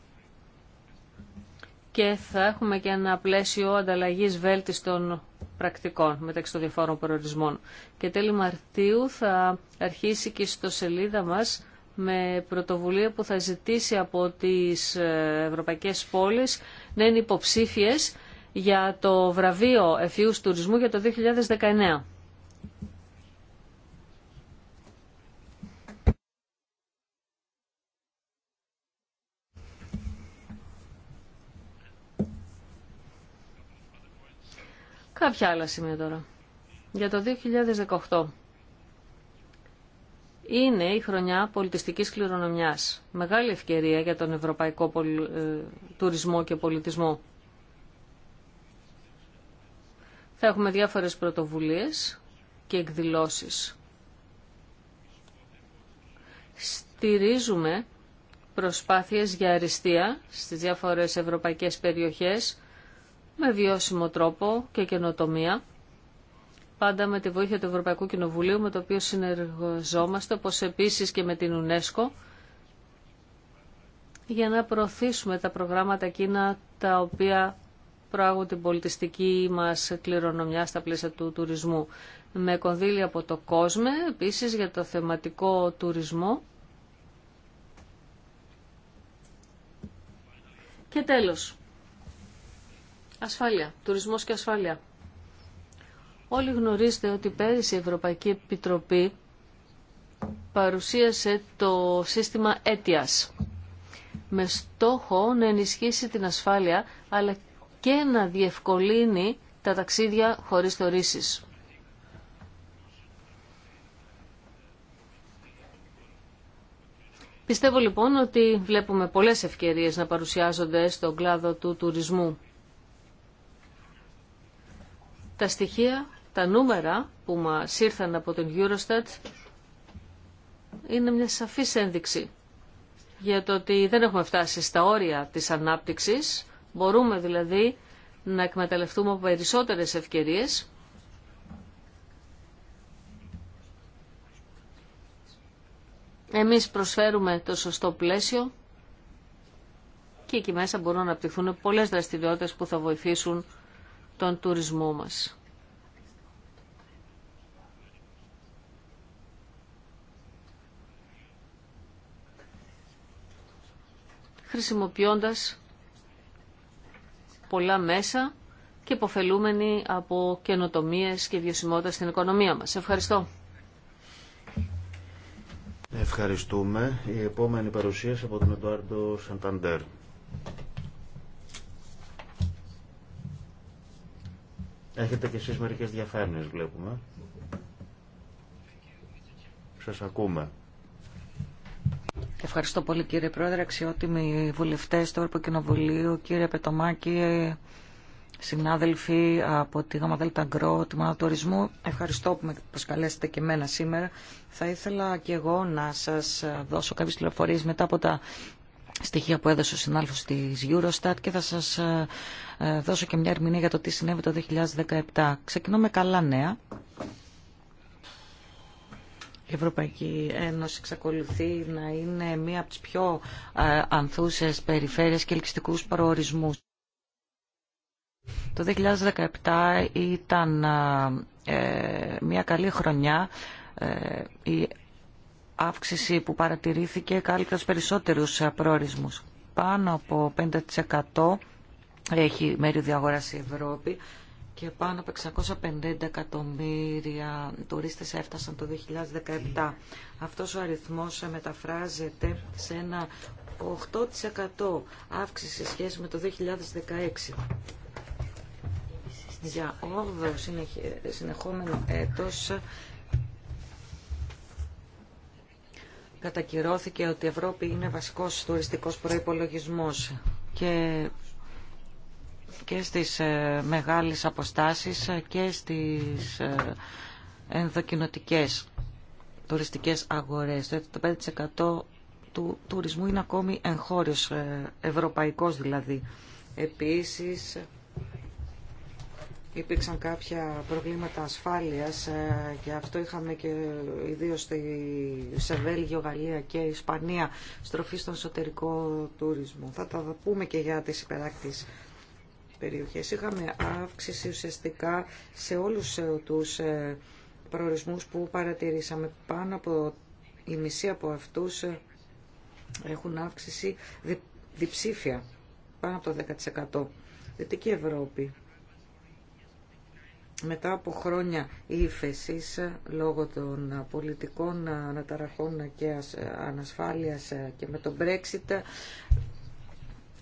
Και θα έχουμε και ένα πλαίσιο ανταλλαγής βέλτιστων πρακτικών μεταξύ των διαφόρων προορισμών. Και τέλη Μαρτίου θα αρχίσει και στο σελίδα μας με πρωτοβουλία που θα ζητήσει από τις ε, ευρωπαϊκές πόλεις να είναι υποψήφιες για το βραβείο εφίους τουρισμού για το 2019. Κάποια άλλα σημεία τώρα. Για το 2018 είναι η χρονιά πολιτιστικής κληρονομιάς. Μεγάλη ευκαιρία για τον ευρωπαϊκό ε, τουρισμό και πολιτισμό. Θα έχουμε διάφορες πρωτοβουλίες και εκδηλώσεις. Στηρίζουμε προσπάθειες για αριστεία στις διάφορες ευρωπαϊκές περιοχές με βιώσιμο τρόπο και καινοτομία πάντα με τη βοήθεια του Ευρωπαϊκού Κοινοβουλίου, με το οποίο συνεργαζόμαστε, όπως επίσης και με την UNESCO, για να προωθήσουμε τα προγράμματα εκείνα τα οποία προάγουν την πολιτιστική μας κληρονομιά στα πλαίσια του τουρισμού. Με κονδύλια από το κόσμο, επίσης για το θεματικό τουρισμό. Και τέλος, ασφάλεια, τουρισμός και ασφάλεια. Όλοι γνωρίζετε ότι πέρυσι η Ευρωπαϊκή Επιτροπή παρουσίασε το σύστημα αίτιας με στόχο να ενισχύσει την ασφάλεια αλλά και να διευκολύνει τα ταξίδια χωρίς θεωρήσεις. Πιστεύω λοιπόν ότι βλέπουμε πολλές ευκαιρίες να παρουσιάζονται στον κλάδο του τουρισμού. Τα στοιχεία τα νούμερα που μα ήρθαν από τον Eurostat είναι μια σαφής ένδειξη για το ότι δεν έχουμε φτάσει στα όρια της ανάπτυξης. Μπορούμε δηλαδή να εκμεταλλευτούμε περισσότερες ευκαιρίες Εμείς προσφέρουμε το σωστό πλαίσιο και εκεί μέσα μπορούν να αναπτυχθούν πολλές δραστηριότητες που θα βοηθήσουν τον τουρισμό μας. χρησιμοποιώντας πολλά μέσα και υποφελούμενοι από καινοτομίες και βιωσιμότητα στην οικονομία μας. Ευχαριστώ. Ευχαριστούμε. Η επόμενη παρουσίαση από τον Εντουάρντο Σανταντέρ. Έχετε και εσείς μερικές διαφάνειες βλέπουμε. Σας ακούμε. Ευχαριστώ πολύ κύριε Πρόεδρε, αξιότιμοι βουλευτές του Ευρωκοινοβουλίου, κύριε Πετομάκη, συνάδελφοι από τη ΓΑΜΑ τη Μάνα του Ευχαριστώ που με προσκαλέσετε και εμένα σήμερα. Θα ήθελα και εγώ να σας δώσω κάποιες πληροφορίες μετά από τα στοιχεία που έδωσε ο συνάλφος της Eurostat και θα σας ε, δώσω και μια ερμηνεία για το τι συνέβη το 2017. Ξεκινώ με καλά νέα. Η Ευρωπαϊκή Ένωση εξακολουθεί να είναι μία από τις πιο ε, ανθούσες περιφέρειες και ελκυστικούς προορισμούς. Το 2017 ήταν ε, ε, μία καλή χρονιά. Η αύξηση που παρατηρήθηκε κάλυπτε περισσότερους προορισμούς. Πάνω από 5% έχει μέρη αγοράς η Ευρώπη και πάνω από 650 εκατομμύρια τουρίστες έφτασαν το 2017. Αυτός ο αριθμός μεταφράζεται σε ένα 8% αύξηση σε σχέση με το 2016. Για όδο συνεχόμενο έτος κατακυρώθηκε ότι η Ευρώπη είναι βασικός τουριστικός προϋπολογισμός και και στις ε, μεγάλες αποστάσεις και στις ε, ενδοκινοτικές τουριστικές αγορές. Το 5% του τουρισμού είναι ακόμη εγχώριος, ε, ευρωπαϊκός δηλαδή. Επίσης, υπήρξαν κάποια προβλήματα ασφάλειας και αυτό είχαμε και ιδίως στη, σε Βέλγιο, Γαλλία και Ισπανία στροφή στον εσωτερικό τουρισμό. Θα τα πούμε και για τις υπεράκτης περιοχές. Είχαμε αύξηση ουσιαστικά σε όλους ε, τους ε, προορισμούς που παρατηρήσαμε. Πάνω από η μισή από αυτούς ε, έχουν αύξηση διψήφια, πάνω από το 10%. Δυτική Ευρώπη. Μετά από χρόνια ύφεση λόγω των πολιτικών αναταραχών και ανασφάλειας και με τον Brexit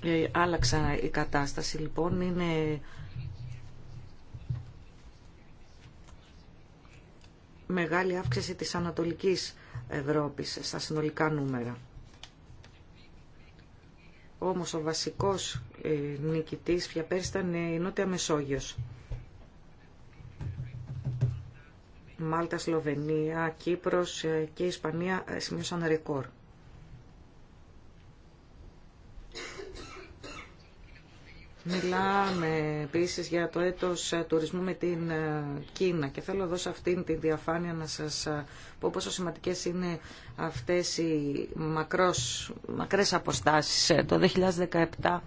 ε, άλλαξα η κατάσταση λοιπόν. Είναι μεγάλη αύξηση της Ανατολικής Ευρώπης στα συνολικά νούμερα. Όμως ο βασικός ε, νικητής πια πέρσι ήταν ε, η Νότια Μεσόγειος. Μάλτα, Σλοβενία, Κύπρος και Ισπανία σημείωσαν ρεκόρ. Μιλάμε επίση για το έτος τουρισμού με την ε, Κίνα και θέλω εδώ σε αυτήν την διαφάνεια να σας ε, πω πόσο σημαντικές είναι αυτές οι μακρέ μακρές αποστάσεις. Ε, το 2017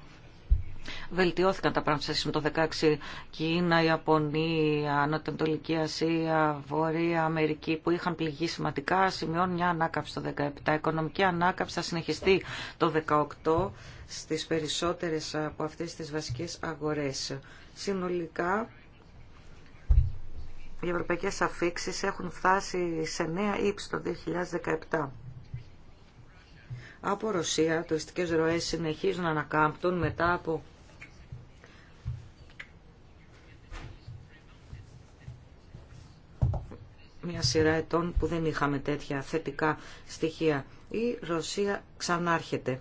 βελτιώθηκαν τα πράγματα σε με το 2016. Κίνα, Ιαπωνία, ανατολική Ασία, Βόρεια Αμερική που είχαν πληγεί σημαντικά σημειώνουν μια ανάκαμψη το 2017. οικονομική ανάκαμψη θα συνεχιστεί το 2018 στις περισσότερες από αυτές τις βασικές αγορές. Συνολικά οι ευρωπαϊκές αφήξεις έχουν φτάσει σε νέα ύψη το 2017. Από Ρωσία, τουριστικές ροές συνεχίζουν να ανακάμπτουν μετά από μια σειρά ετών που δεν είχαμε τέτοια θετικά στοιχεία. Η Ρωσία ξανάρχεται.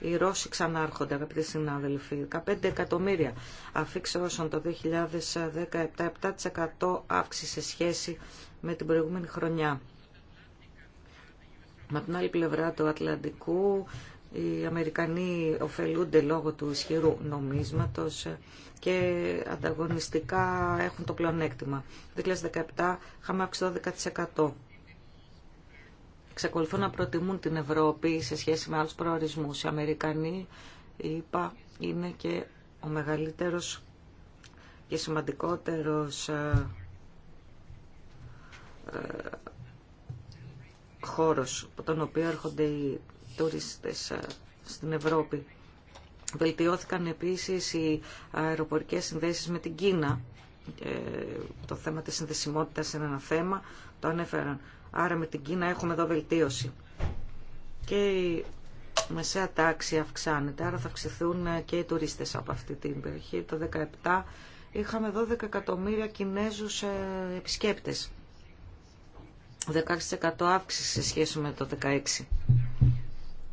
Οι Ρώσοι ξανάρχονται, αγαπητοί συνάδελφοι. 15 εκατομμύρια αφήξεώσαν το 2017, 7% αύξηση σε σχέση με την προηγούμενη χρονιά. Με την άλλη πλευρά του Ατλαντικού οι Αμερικανοί ωφελούνται λόγω του ισχυρού νομίσματος και ανταγωνιστικά έχουν το πλεονέκτημα. Το 2017 είχαμε αύξηση 12%. Ξεκολουθούν να προτιμούν την Ευρώπη σε σχέση με άλλους προορισμούς. Οι Αμερικανοί, είπα, είναι και ο μεγαλύτερος και σημαντικότερος ε, ε, χώρος από τον οποίο έρχονται οι τουρίστες ε, στην Ευρώπη. Βελτιώθηκαν επίσης οι αεροπορικές συνδέσεις με την Κίνα. Ε, το θέμα της συνδεσιμότητας είναι ένα θέμα, το ανέφεραν. Άρα με την Κίνα έχουμε εδώ βελτίωση. Και η μεσαία τάξη αυξάνεται, άρα θα αυξηθούν ε, και οι τουρίστες από αυτή την περιοχή. Το 2017 είχαμε 12 εκατομμύρια Κινέζους επισκέπτες. 16% αύξηση σε σχέση με το 2016.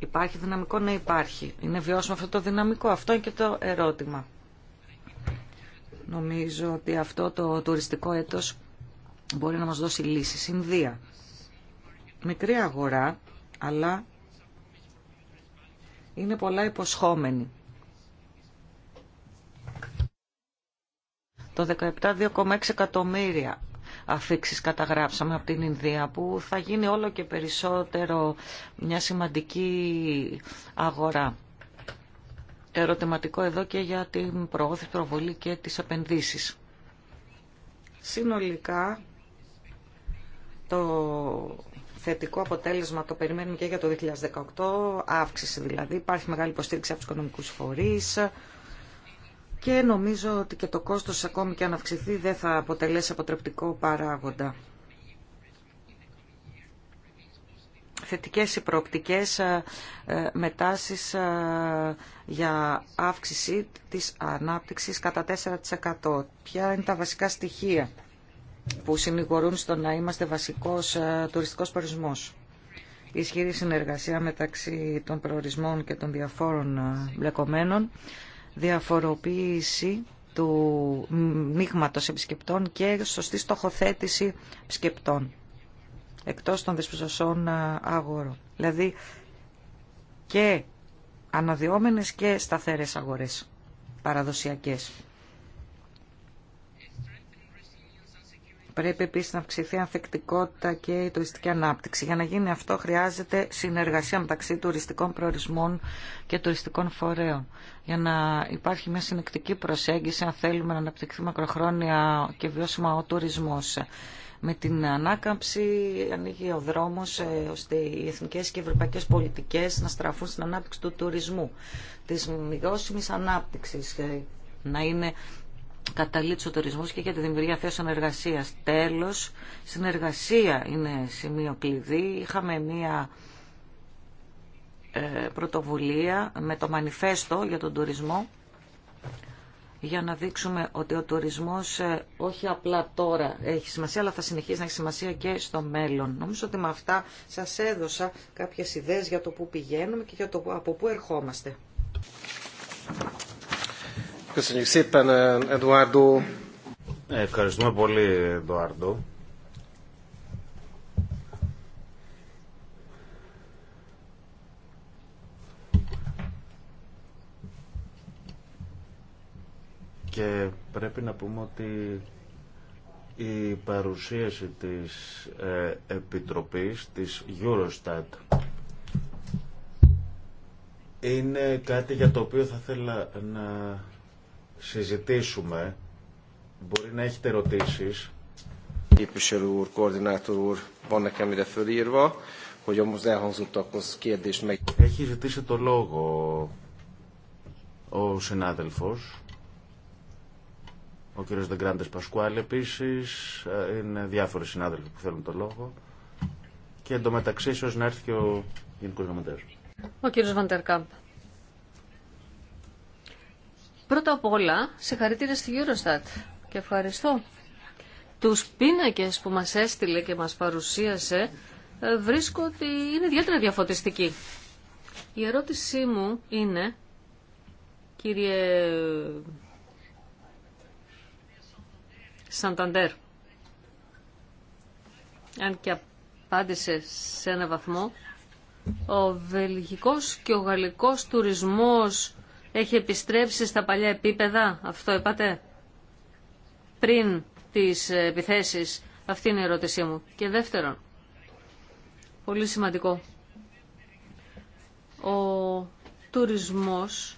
Υπάρχει δυναμικό, ναι υπάρχει. Είναι βιώσιμο αυτό το δυναμικό. Αυτό είναι και το ερώτημα. Νομίζω ότι αυτό το τουριστικό έτος μπορεί να μας δώσει λύσεις. Ινδία. Μικρή αγορά, αλλά είναι πολλά υποσχόμενη. Το 17,26 εκατομμύρια αφήξεις καταγράψαμε από την Ινδία που θα γίνει όλο και περισσότερο μια σημαντική αγορά. Ερωτηματικό εδώ και για την προώθηση, προβολή και τις επενδύσεις. Συνολικά το θετικό αποτέλεσμα το περιμένουμε και για το 2018, αύξηση δηλαδή. Υπάρχει μεγάλη υποστήριξη από τους οικονομικούς φορείς, και νομίζω ότι και το κόστος ακόμη και αν αυξηθεί δεν θα αποτελέσει αποτρεπτικό παράγοντα. θετικές οι προοπτικές ε, ε, μετάσεις ε, για αύξηση της ανάπτυξης κατά 4%. Ποια είναι τα βασικά στοιχεία που συνηγορούν στο να είμαστε βασικός τουριστικός προορισμός. Η ισχυρή συνεργασία μεταξύ των προορισμών και των διαφόρων μπλεκομένων διαφοροποίηση του μείγματο επισκεπτών και σωστή στοχοθέτηση επισκεπτών εκτός των δεσποζωσών ε, αγορών. Δηλαδή και αναδυόμενες και σταθερές αγορές παραδοσιακές. Πρέπει επίσης να αυξηθεί η ανθεκτικότητα και η τουριστική ανάπτυξη. Για να γίνει αυτό χρειάζεται συνεργασία μεταξύ τουριστικών προορισμών και τουριστικών φορέων. Για να υπάρχει μια συνεκτική προσέγγιση αν θέλουμε να αναπτυχθεί μακροχρόνια και βιώσιμα ο τουρισμός. Με την ανάκαμψη ανοίγει ο δρόμος ε, ώστε οι εθνικές και ευρωπαϊκές πολιτικές να στραφούν στην ανάπτυξη του τουρισμού, της βιώσιμης ανάπτυξης ε, να είναι καταλήτης ο τουρισμός και για τη δημιουργία θέσεων εργασίας. Τέλος, συνεργασία είναι σημείο κλειδί. Είχαμε μία ε, πρωτοβουλία με το μανιφέστο για τον τουρισμό για να δείξουμε ότι ο τουρισμός ε, όχι απλά τώρα έχει σημασία, αλλά θα συνεχίσει να έχει σημασία και στο μέλλον. Νομίζω ότι με αυτά σας έδωσα κάποιες ιδέες για το πού πηγαίνουμε και για το από πού ερχόμαστε. Ευχαριστούμε πολύ, Εντουάρντο. Και πρέπει να πούμε ότι η παρουσίαση της ε, Επιτροπής, της Eurostat, είναι κάτι για το οποίο θα ήθελα να συζητήσουμε. Μπορεί να έχετε ερωτήσει. Έχει ζητήσει το λόγο ο συνάδελφος, ο κύριος Δεγκράντες Πασκουάλ επίσης, ε, είναι διάφοροι συνάδελφοι που θέλουν το λόγο και εντωμεταξύ ίσως να έρθει και ο Γενικός Γραμματέας. Ο κύριος Βαντερκάμπ. Πρώτα απ' όλα, συγχαρητήρια στη Eurostat και ευχαριστώ. Τους πίνακες που μας έστειλε και μας παρουσίασε ε, βρίσκω ότι είναι ιδιαίτερα διαφωτιστικοί. Η ερώτησή μου είναι, κύριε Σανταντέρ, αν και απάντησε σε ένα βαθμό, ο βελγικός και ο γαλλικός τουρισμός έχει επιστρέψει στα παλιά επίπεδα, αυτό είπατε, πριν τις επιθέσεις. Αυτή είναι η ερώτησή μου. Και δεύτερον, πολύ σημαντικό, ο τουρισμός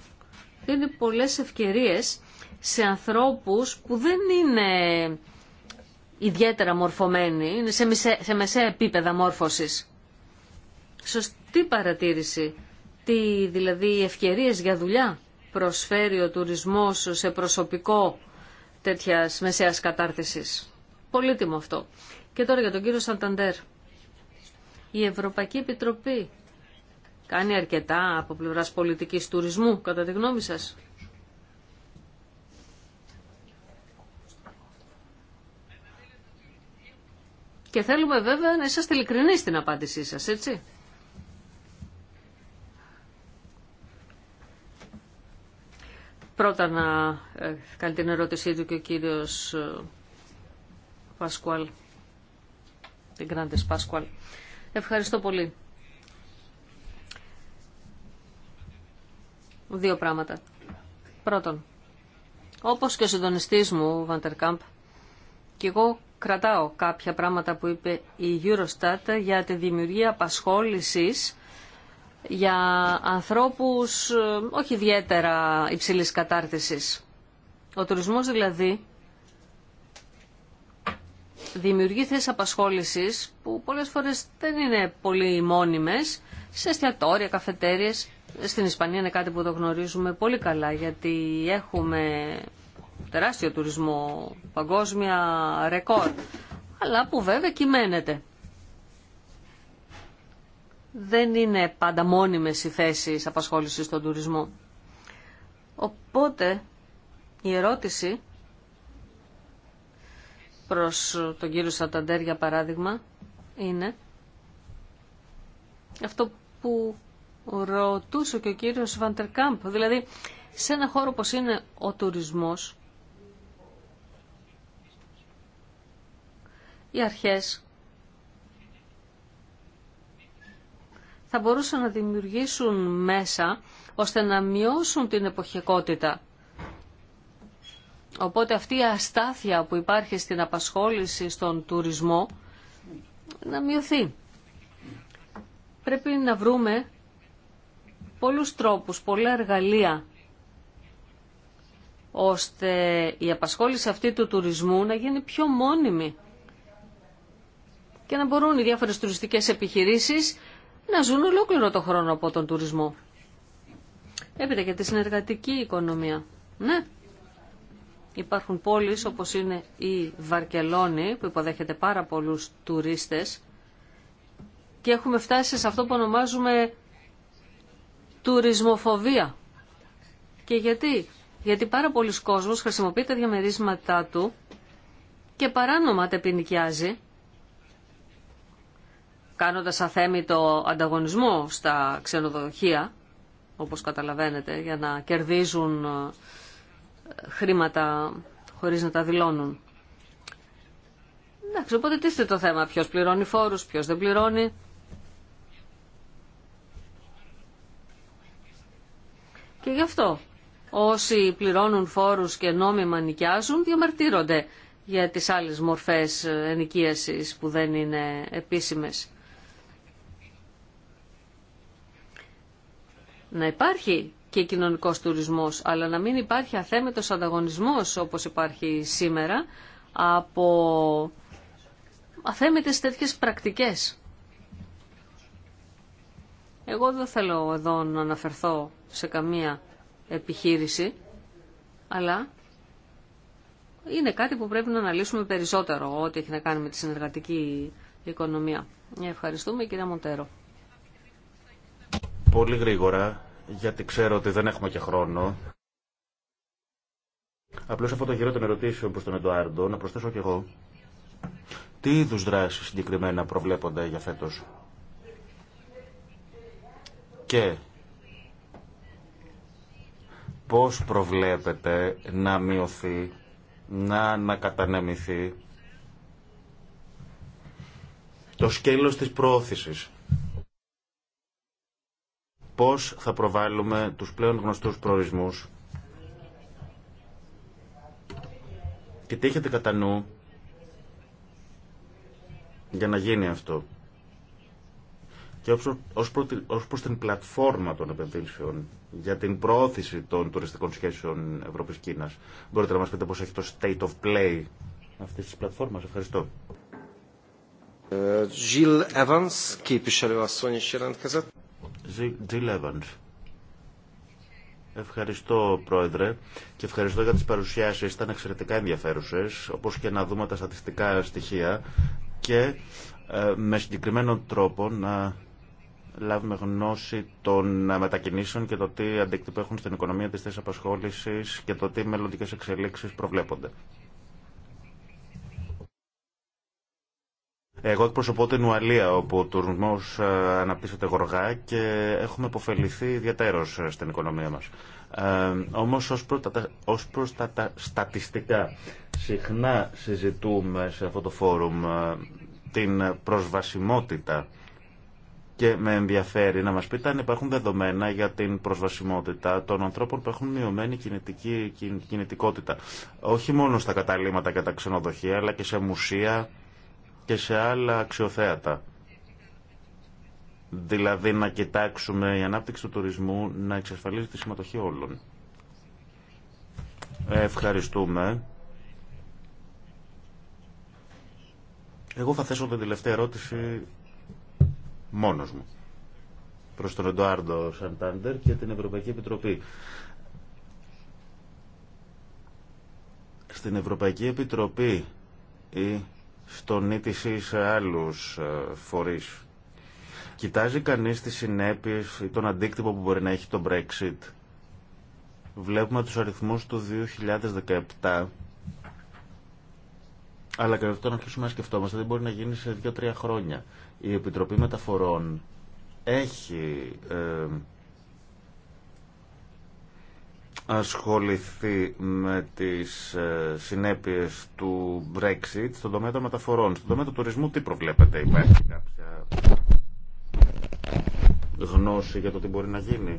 δίνει πολλές ευκαιρίες σε ανθρώπους που δεν είναι ιδιαίτερα μορφωμένοι, είναι σε, μισέ, σε μεσαία επίπεδα μόρφωσης. Σωστή παρατήρηση. Τι δηλαδή ευκαιρίες για δουλειά προσφέρει ο τουρισμός σε προσωπικό τέτοιας μεσαίας κατάρτισης. Πολύτιμο αυτό. Και τώρα για τον κύριο Σανταντέρ. Η Ευρωπαϊκή Επιτροπή κάνει αρκετά από πλευράς πολιτικής τουρισμού, κατά τη γνώμη σας. Και θέλουμε βέβαια να είσαστε ειλικρινείς στην απάντησή σας, έτσι. Πρώτα να ε, κάνει την ερώτησή του και ο κύριος ε, Πασκουάλ, την Γκράντες Πασκουάλ. Ευχαριστώ πολύ. Δύο πράγματα. Πρώτον, όπως και ο συντονιστής μου, Βαντερκάμπ, και εγώ κρατάω κάποια πράγματα που είπε η Eurostat για τη δημιουργία απασχόλησης για ανθρώπους ε, όχι ιδιαίτερα υψηλής κατάρτισης. Ο τουρισμός δηλαδή δημιουργεί θέσεις απασχόλησης που πολλές φορές δεν είναι πολύ μόνιμες σε εστιατόρια, καφετέριες. Στην Ισπανία είναι κάτι που το γνωρίζουμε πολύ καλά γιατί έχουμε τεράστιο τουρισμό, παγκόσμια ρεκόρ, αλλά που βέβαια κυμαίνεται δεν είναι πάντα μόνιμες οι θέσεις απασχόλησης στον τουρισμό. Οπότε η ερώτηση προς τον κύριο Σαταντέρ για παράδειγμα είναι αυτό που ρωτούσε και ο κύριος Βαντερκάμπ. Δηλαδή σε ένα χώρο όπως είναι ο τουρισμός οι αρχές θα μπορούσαν να δημιουργήσουν μέσα ώστε να μειώσουν την εποχικότητα. Οπότε αυτή η αστάθεια που υπάρχει στην απασχόληση στον τουρισμό να μειωθεί. Πρέπει να βρούμε πολλούς τρόπους, πολλά εργαλεία ώστε η απασχόληση αυτή του τουρισμού να γίνει πιο μόνιμη και να μπορούν οι διάφορες τουριστικές επιχειρήσεις να ζουν ολόκληρο το χρόνο από τον τουρισμό. Έπειτα και τη συνεργατική οικονομία. Ναι. Υπάρχουν πόλεις όπως είναι η Βαρκελόνη που υποδέχεται πάρα πολλούς τουρίστες και έχουμε φτάσει σε αυτό που ονομάζουμε τουρισμοφοβία. Και γιατί. Γιατί πάρα πολλοί κόσμος χρησιμοποιεί τα διαμερίσματά του και παράνομα τα ποινικιάζει κάνοντας αθέμητο ανταγωνισμό στα ξενοδοχεία, όπως καταλαβαίνετε, για να κερδίζουν ε, χρήματα χωρίς να τα δηλώνουν. Εντάξει, οπότε τι είστε το θέμα, ποιος πληρώνει φόρους, ποιος δεν πληρώνει. Και γι' αυτό όσοι πληρώνουν φόρους και νόμιμα νοικιάζουν διαμαρτύρονται για τις άλλες μορφές ε, ενοικίασης που δεν είναι επίσημες. να υπάρχει και κοινωνικός τουρισμός, αλλά να μην υπάρχει αθέμετος ανταγωνισμός όπως υπάρχει σήμερα από αθέμετες τέτοιες πρακτικές. Εγώ δεν θέλω εδώ να αναφερθώ σε καμία επιχείρηση, αλλά είναι κάτι που πρέπει να αναλύσουμε περισσότερο ό,τι έχει να κάνει με τη συνεργατική οικονομία. Ευχαριστούμε κυρία Μοντέρο πολύ γρήγορα, γιατί ξέρω ότι δεν έχουμε και χρόνο. Απλώς αυτό το γύρο των ερωτήσεων προς τον Εντοάρντο, να προσθέσω κι εγώ. Τι είδου δράσεις συγκεκριμένα προβλέπονται για φέτος. Και πώς προβλέπετε να μειωθεί, να ανακατανεμηθεί το σκέλος της προώθησης πώς θα προβάλλουμε τους πλέον γνωστούς προορισμούς και τι έχετε κατά νου για να γίνει αυτό. Και ως προς την πλατφόρμα των επενδύσεων για την προώθηση των τουριστικών σχέσεων Ευρώπης-Κίνας, μπορείτε να μας πείτε πώς έχει το state of play αυτής της πλατφόρμας. Ευχαριστώ. Ε, Jill Evans, Ευχαριστώ Πρόεδρε και ευχαριστώ για τις παρουσιάσεις. Ήταν εξαιρετικά ενδιαφέρουσες, όπως και να δούμε τα στατιστικά στοιχεία και ε, με συγκεκριμένο τρόπο να λάβουμε γνώση των ε, μετακινήσεων και το τι αντίκτυπο έχουν στην οικονομία της θέσης απασχόλησης και το τι μελλοντικές εξελίξεις προβλέπονται. Εγώ εκπροσωπώ την Ουαλία, όπου ο τουρισμό ε, αναπτύσσεται γοργά και έχουμε υποφεληθεί ιδιαίτερω ε, στην οικονομία μα. Ε, Όμω, ω προ τα, τα στατιστικά, συχνά συζητούμε σε αυτό το φόρουμ ε, την προσβασιμότητα και με ενδιαφέρει να μας πείτε αν υπάρχουν δεδομένα για την προσβασιμότητα των ανθρώπων που έχουν μειωμένη κινητική, κινητικότητα. Όχι μόνο στα καταλήμματα και τα ξενοδοχεία, αλλά και σε μουσεία, και σε άλλα αξιοθέατα. Δηλαδή να κοιτάξουμε η ανάπτυξη του τουρισμού να εξασφαλίζει τη συμμετοχή όλων. Ευχαριστούμε. Εγώ θα θέσω την τελευταία ερώτηση μόνος μου προς τον Εντουάρντο Σαντάντερ και την Ευρωπαϊκή Επιτροπή. Στην Ευρωπαϊκή Επιτροπή η στον ήτηση σε άλλους ε, φορείς. Κοιτάζει κανείς τις συνέπειες ή τον αντίκτυπο που μπορεί να έχει το Brexit. Βλέπουμε τους αριθμούς του 2017 αλλά και αυτό να αρχίσουμε να σκεφτόμαστε δεν μπορεί να γίνει σε 2-3 χρόνια. Η Επιτροπή Μεταφορών έχει ε, ασχοληθεί με τις ε, συνέπειες του Brexit στον τομέα των μεταφορών. Στον τομέα του τουρισμού τι προβλέπετε, υπάρχει κάποια γνώση για το τι μπορεί να γίνει.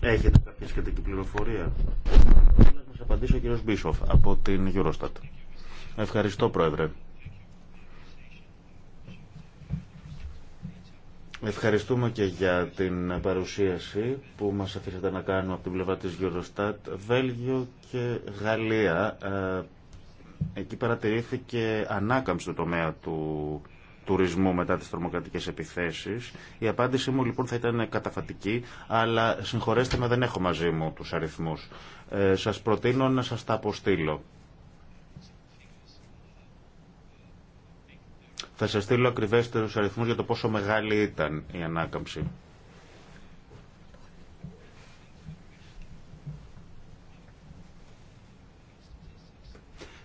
Έχετε κάποια σχετική πληροφορία. Θα μας απαντήσω, ο κύριος Μπίσοφ από την Eurostat. Ευχαριστώ, Πρόεδρε. Ευχαριστούμε και για την παρουσίαση που μας αφήσατε να κάνουμε από την πλευρά της Eurostat, Βέλγιο και Γαλλία. Ε, εκεί παρατηρήθηκε ανάκαμψη του τομέα του τουρισμού μετά τις τρομοκρατικές επιθέσεις. Η απάντησή μου λοιπόν θα ήταν καταφατική, αλλά συγχωρέστε με δεν έχω μαζί μου τους αριθμούς. Ε, σας προτείνω να σας τα αποστείλω. Θα σας στείλω ακριβέστερους αριθμούς για το πόσο μεγάλη ήταν η ανάκαμψη.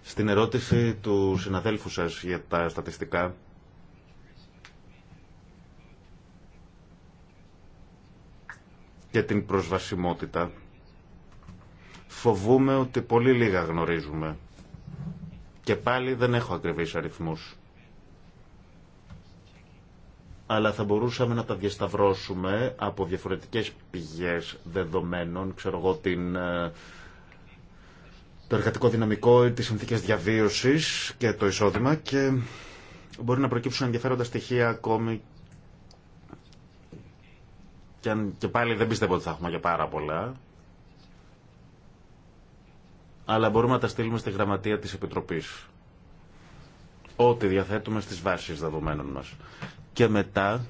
Στην ερώτηση του συναδέλφου σας για τα στατιστικά, και την προσβασιμότητα. Φοβούμε ότι πολύ λίγα γνωρίζουμε. Και πάλι δεν έχω ακριβείς αριθμούς αλλά θα μπορούσαμε να τα διασταυρώσουμε από διαφορετικές πηγές δεδομένων, ξέρω εγώ, ε, το εργατικό δυναμικό, τις συνθήκες διαβίωσης και το εισόδημα και μπορεί να προκύψουν ενδιαφέροντα στοιχεία ακόμη και, αν, και πάλι δεν πιστεύω ότι θα έχουμε για πάρα πολλά αλλά μπορούμε να τα στείλουμε στη γραμματεία της Επιτροπής ό,τι διαθέτουμε στις βάσεις δεδομένων μας και μετά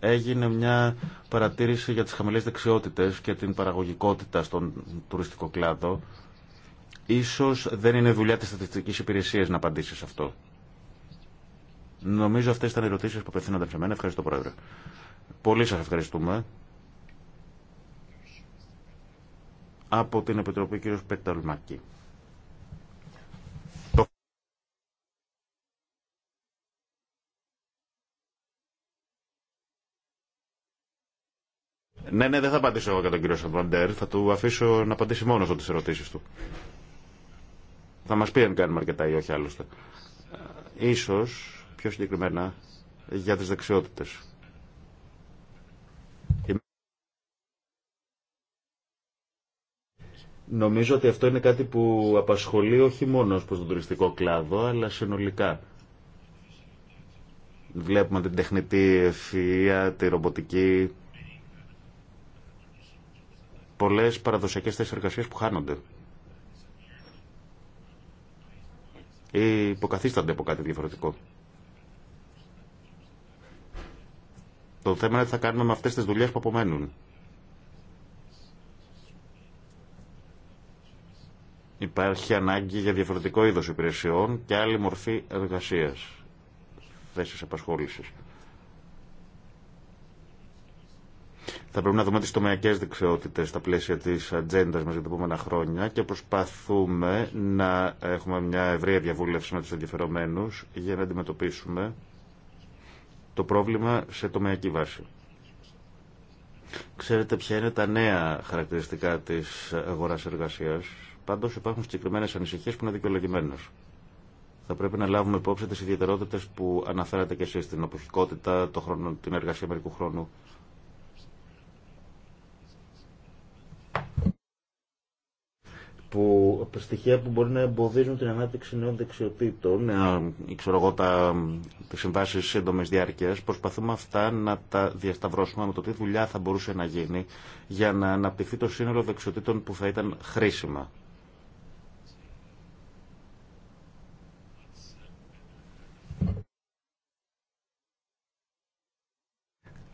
έγινε μια παρατήρηση για τις χαμηλές δεξιότητες και την παραγωγικότητα στον τουριστικό κλάδο. Ίσως δεν είναι δουλειά της στατιστικής υπηρεσίας να απαντήσει σε αυτό. Νομίζω αυτές ήταν οι ερωτήσεις που απευθύνονται σε μένα. Ευχαριστώ Πρόεδρε. Πολύ σας ευχαριστούμε. Από την Επιτροπή κύριος Πεταλμάκη. Ναι, ναι, δεν θα απαντήσω εγώ για τον κύριο Σαββαντέρ. Θα του αφήσω να απαντήσει μόνο του τι ερωτήσει του. Θα μα πει αν κάνουμε αρκετά ή όχι άλλωστε. Ε, σω πιο συγκεκριμένα για τι δεξιότητε. Νομίζω ότι αυτό είναι κάτι που απασχολεί όχι μόνο προς τον τουριστικό κλάδο, αλλά συνολικά. Βλέπουμε την τεχνητή ευφυία, τη ρομποτική, πολλές παραδοσιακές θέσεις εργασίας που χάνονται. Ή υποκαθίστανται από κάτι διαφορετικό. Το θέμα είναι τι θα κάνουμε με αυτές τις δουλειές που απομένουν. Υπάρχει ανάγκη για διαφορετικό είδος υπηρεσιών και άλλη μορφή εργασίας, θέσεις απασχόλησης. Θα πρέπει να δούμε τι τομεακέ δεξιότητε στα πλαίσια τη ατζέντα μα για τα επόμενα χρόνια και προσπαθούμε να έχουμε μια ευρεία διαβούλευση με του ενδιαφερομένου για να αντιμετωπίσουμε το πρόβλημα σε τομεακή βάση. Ξέρετε ποια είναι τα νέα χαρακτηριστικά τη αγορά εργασία. Πάντω υπάρχουν συγκεκριμένε ανησυχίε που είναι δικαιολογημένε. Θα πρέπει να λάβουμε υπόψη τι ιδιαιτερότητε που αναφέρατε και εσεί. την οποχικότητα, το χρόνο, την εργασία μερικού χρόνου. που, στοιχεία που μπορεί να εμποδίζουν την ανάπτυξη νέων δεξιοτήτων, ε, ξέρω εγώ, τα, τις συμβάσεις σύντομες προσπαθούμε αυτά να τα διασταυρώσουμε με το τι δουλειά θα μπορούσε να γίνει για να αναπτυχθεί το σύνολο δεξιοτήτων που θα ήταν χρήσιμα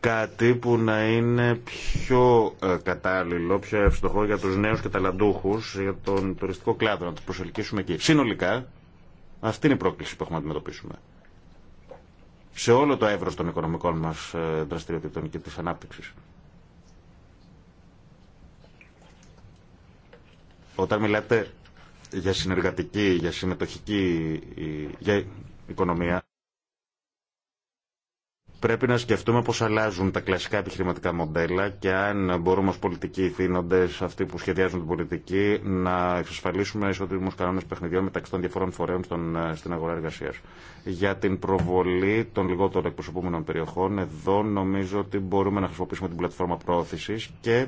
κάτι που να είναι πιο ε, κατάλληλο, πιο ευστοχό για τους νέους και ταλαντούχους, για τον τουριστικό κλάδο, να το προσελκύσουμε εκεί. Συνολικά, αυτή είναι η πρόκληση που έχουμε να αντιμετωπίσουμε. Σε όλο το εύρος των οικονομικών μας ε, δραστηριοτήτων και της ανάπτυξης. Όταν μιλάτε για συνεργατική, για συμμετοχική, ε, για οικονομία, Πρέπει να σκεφτούμε πώς αλλάζουν τα κλασικά επιχειρηματικά μοντέλα και αν μπορούμε ως πολιτικοί ηθήνοντες, αυτοί που σχεδιάζουν την πολιτική, να εξασφαλίσουμε ισότιμους κανόνες παιχνιδιών μεταξύ των διαφορών φορέων στον, ε, στην αγορά εργασία. Για την προβολή των λιγότερων εκπροσωπούμενων περιοχών, εδώ νομίζω ότι μπορούμε να χρησιμοποιήσουμε την πλατφόρμα πρόθεσης και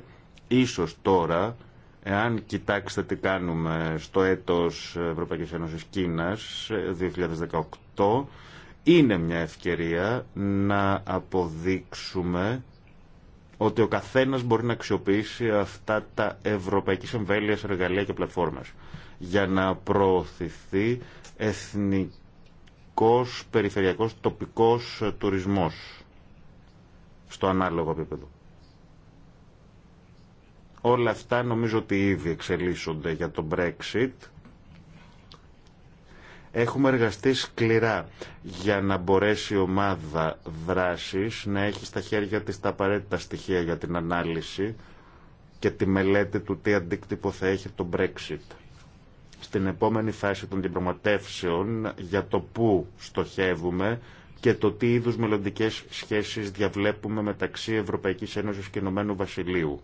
ίσως τώρα, Εάν κοιτάξετε τι κάνουμε στο έτος Ευρωπαϊκής Ένωσης Κίνας 2018, ε, είναι μια ευκαιρία να αποδείξουμε ότι ο καθένας μπορεί να αξιοποιήσει αυτά τα ευρωπαϊκής σε εργαλεία και πλατφόρμες για να προωθηθεί εθνικός, περιφερειακός, τοπικός τουρισμός στο ανάλογο επίπεδο. Όλα αυτά νομίζω ότι ήδη εξελίσσονται για το Brexit Έχουμε εργαστεί σκληρά για να μπορέσει η ομάδα δράσης να έχει στα χέρια της τα απαραίτητα στοιχεία για την ανάλυση και τη μελέτη του τι αντίκτυπο θα έχει το Brexit. Στην επόμενη φάση των διαπραγματεύσεων για το πού στοχεύουμε και το τι είδους μελλοντικέ σχέσεις διαβλέπουμε μεταξύ Ευρωπαϊκής Ένωσης και Ηνωμένου Βασιλείου.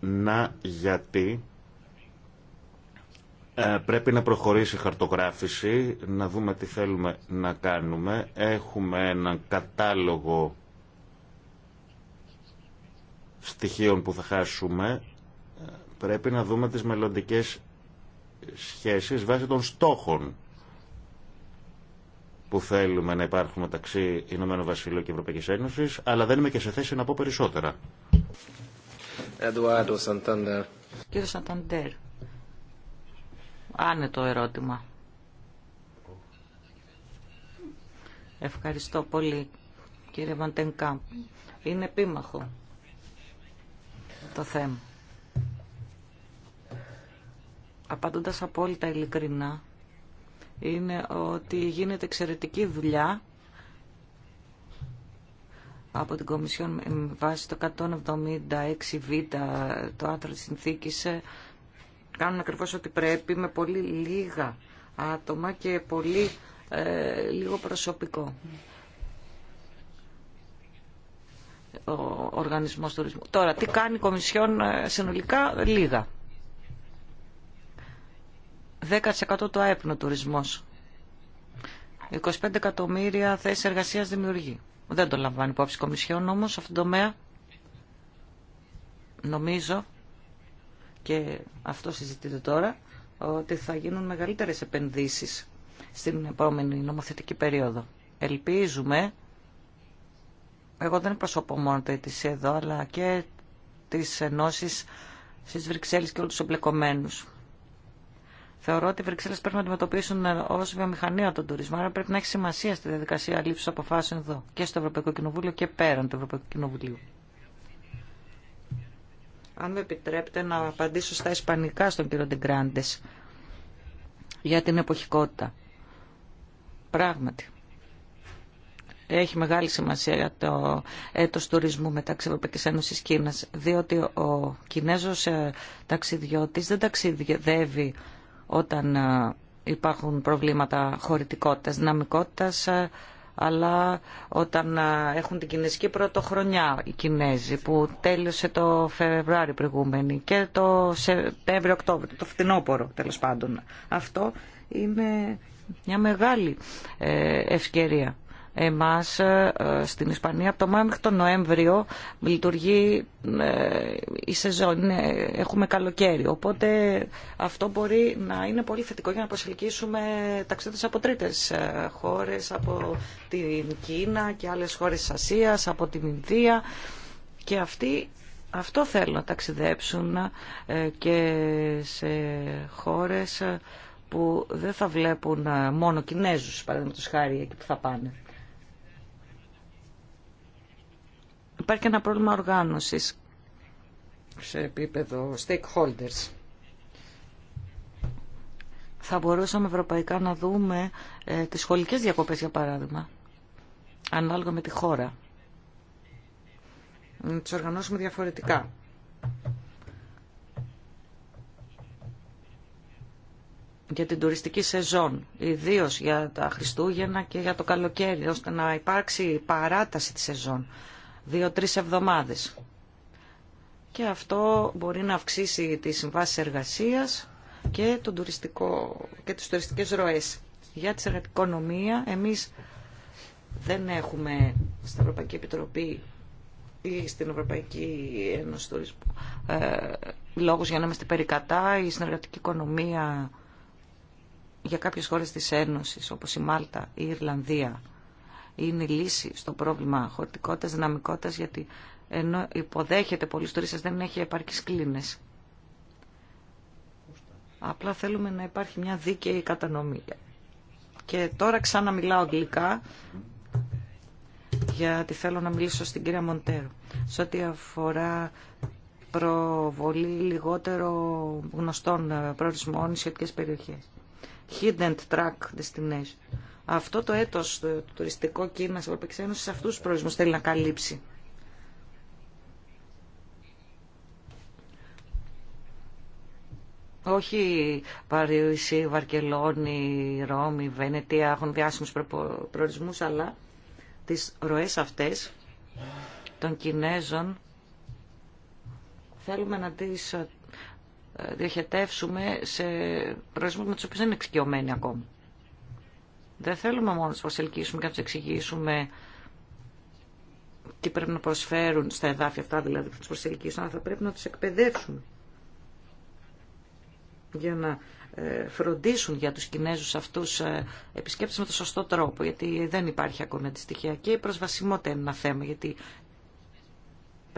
Να γιατί ε, πρέπει να προχωρήσει η χαρτογράφηση, να δούμε τι θέλουμε να κάνουμε. Έχουμε έναν κατάλογο στοιχείων που θα χάσουμε. Πρέπει να δούμε τις μελλοντικέ σχέσεις βάσει των στόχων που θέλουμε να υπάρχουν μεταξύ Ηνωμένου Βασιλείου και Ευρωπαϊκής Ένωσης, αλλά δεν είμαι και σε θέση να πω περισσότερα. Eduardo Άνετο ερώτημα. Ευχαριστώ πολύ, κύριε Βαντενκάμπ. Είναι επίμαχο το θέμα. Απάντοντας απόλυτα ειλικρινά, είναι ότι γίνεται εξαιρετική δουλειά από την Κομισιόν με βάση το 176β το άρθρο συνθήκησε κάνουν ακριβώς ό,τι πρέπει με πολύ λίγα άτομα και πολύ ε, λίγο προσωπικό. Ο οργανισμός τουρισμού. Τώρα, τι κάνει η Κομισιόν ε, συνολικά, λίγα. 10% το άεπνο τουρισμός. 25 εκατομμύρια θέσει εργασίας δημιουργεί. Δεν το λαμβάνει υπόψη η Κομισιόν όμως σε αυτόν τον τομέα. Νομίζω και αυτό συζητείται τώρα, ότι θα γίνουν μεγαλύτερες επενδύσεις στην επόμενη νομοθετική περίοδο. Ελπίζουμε, εγώ δεν προσωπώ μόνο το ΕΤΙΣ εδώ, αλλά και τις ενώσεις στις Βρυξέλλες και όλους τους εμπλεκομένους. Θεωρώ ότι οι Βρυξέλλες πρέπει να αντιμετωπίσουν ε, ως βιομηχανία τον τουρισμό, άρα πρέπει να έχει σημασία στη διαδικασία λήψης αποφάσεων εδώ και στο Ευρωπαϊκό Κοινοβούλιο και πέραν του Ευρωπαϊκού Κοινοβουλίου. Αν με επιτρέπετε να απαντήσω στα ισπανικά στον κύριο Ντεγκράντες για την εποχικότητα. Πράγματι. Έχει μεγάλη σημασία για το έτος τουρισμού μεταξύ Ευρωπαϊκής Ένωσης Κίνας, διότι ο Κινέζος ε, ταξιδιώτης δεν ταξιδεύει όταν ε, υπάρχουν προβλήματα χωρητικότητας, δυναμικότητας, ε, αλλά όταν ε, έχουν την κινέζικη πρωτοχρονιά οι Κινέζοι που τέλειωσε το Φεβρουάριο προηγούμενη και το Σεπτέμβριο-Οκτώβριο, το φθινόπωρο τέλος πάντων. Αυτό είναι μια μεγάλη ε, ευκαιρία εμάς ε, στην Ισπανία από το Μάιο μέχρι τον Νοέμβριο λειτουργεί ε, η σεζόν, έχουμε καλοκαίρι. Οπότε αυτό μπορεί να είναι πολύ θετικό για να προσελκύσουμε ταξίδες από τρίτες ε, χώρες, από την Κίνα και άλλες χώρες της Ασίας, από την Ινδία και αυτοί αυτό θέλουν να ταξιδέψουν και σε χώρες που δεν θα βλέπουν μόνο Κινέζους, παραδείγματος χάρη, εκεί που θα πάνε. Υπάρχει και ένα πρόβλημα οργάνωσης σε επίπεδο stakeholders. Θα μπορούσαμε ευρωπαϊκά να δούμε ε, τις σχολικές διακοπές, για παράδειγμα, ανάλογα με τη χώρα. Να τις οργανώσουμε διαφορετικά. για την τουριστική σεζόν, ιδίως για τα Χριστούγεννα και για το καλοκαίρι, ώστε να υπάρξει παράταση της σεζόν δύο-τρεις εβδομάδες. Και αυτό μπορεί να αυξήσει τις συμβάσεις εργασίας και, τον τουριστικό, και τις τουριστικές ροές. Για τη οικονομία εμείς δεν έχουμε στην Ευρωπαϊκή Επιτροπή ή στην Ευρωπαϊκή Ένωση Τουρισμού ε, λόγους για να είμαστε περικατά. Η συνεργατική οικονομία για κάποιες χώρες της Ένωσης όπως η Μάλτα, η Ιρλανδία είναι λύση στο πρόβλημα χωρητικότητας, δυναμικότητας, γιατί ενώ υποδέχεται πολλού τουρίστες δεν έχει επαρκείς κλίνες. Απλά θέλουμε να υπάρχει μια δίκαιη κατανομή. Και τώρα ξαναμιλάω αγγλικά, γιατί θέλω να μιλήσω στην κυρία Μοντέρο. Σε ό,τι αφορά προβολή λιγότερο γνωστών ε, προορισμών σε περιοχές. Hidden Track Destination αυτό το έτος το τουριστικό Κίνα σε Ευρωπαϊκή Ένωση σε αυτούς τους προορισμούς θέλει να καλύψει. Όχι Παρίσι, Βαρκελόνη, Ρώμη, Βενετία έχουν διάσημους προορισμούς, αλλά τις ροές αυτές των Κινέζων θέλουμε να τις ε, διοχετεύσουμε σε προορισμούς με τους οποίους δεν είναι εξοικειωμένοι ακόμα. Δεν θέλουμε μόνο να του προσελκύσουμε και να του εξηγήσουμε τι πρέπει να προσφέρουν στα εδάφια αυτά, δηλαδή που του προσελκύσουν, αλλά θα πρέπει να του εκπαιδεύσουν για να ε, φροντίσουν για τους Κινέζους αυτούς ε, επισκέπτες με το σωστό τρόπο, γιατί δεν υπάρχει ακόμη αντιστοιχεία. Και η προσβασιμότητα είναι ένα θέμα, γιατί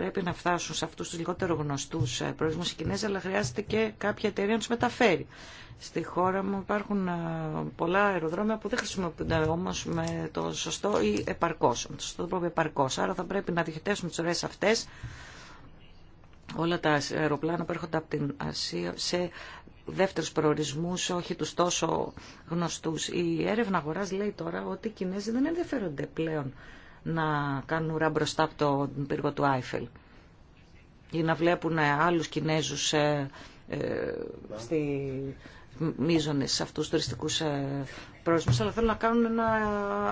πρέπει να φτάσουν σε αυτούς τους λιγότερο γνωστούς ε, προορισμούς οι Κινέζοι, αλλά χρειάζεται και κάποια εταιρεία να τους μεταφέρει. Στη χώρα μου υπάρχουν ε, πολλά αεροδρόμια που δεν χρησιμοποιούνται όμω με το σωστό ή επαρκώ. με το σωστό τρόπο επαρκώ. Άρα θα πρέπει να διοχετεύσουμε τι ωραίε αυτέ. όλα τα αεροπλάνα που έρχονται από την Ασία σε δεύτερους προορισμούς, όχι τους τόσο γνωστούς. Η έρευνα αγορά λέει τώρα ότι οι Κινέζοι δεν ενδιαφέρονται πλέον να κάνουν ουρά μπροστά από τον πύργο του Άιφελ ή να βλέπουν ε, άλλους Κινέζους ε, ε στη μίζωνες σε αυτούς τουριστικούς ε, αλλά θέλουν να κάνουν ένα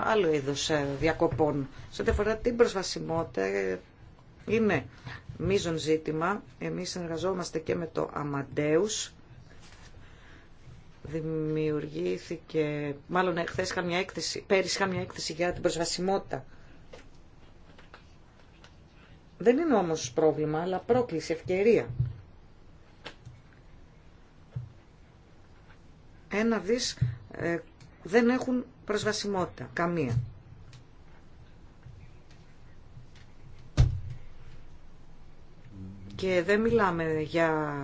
άλλο είδος ε, διακοπών. Σε ό,τι αφορά την προσβασιμότητα, είναι μείζον ζήτημα. Εμείς συνεργαζόμαστε και με το Αμαντέους. Δημιουργήθηκε, μάλλον χθες είχαν μια έκθεση, πέρυσι μια έκθεση για την προσβασιμότητα δεν είναι όμως πρόβλημα, αλλά πρόκληση, ευκαιρία. Ένα δις δεν έχουν προσβασιμότητα, καμία. Και δεν μιλάμε για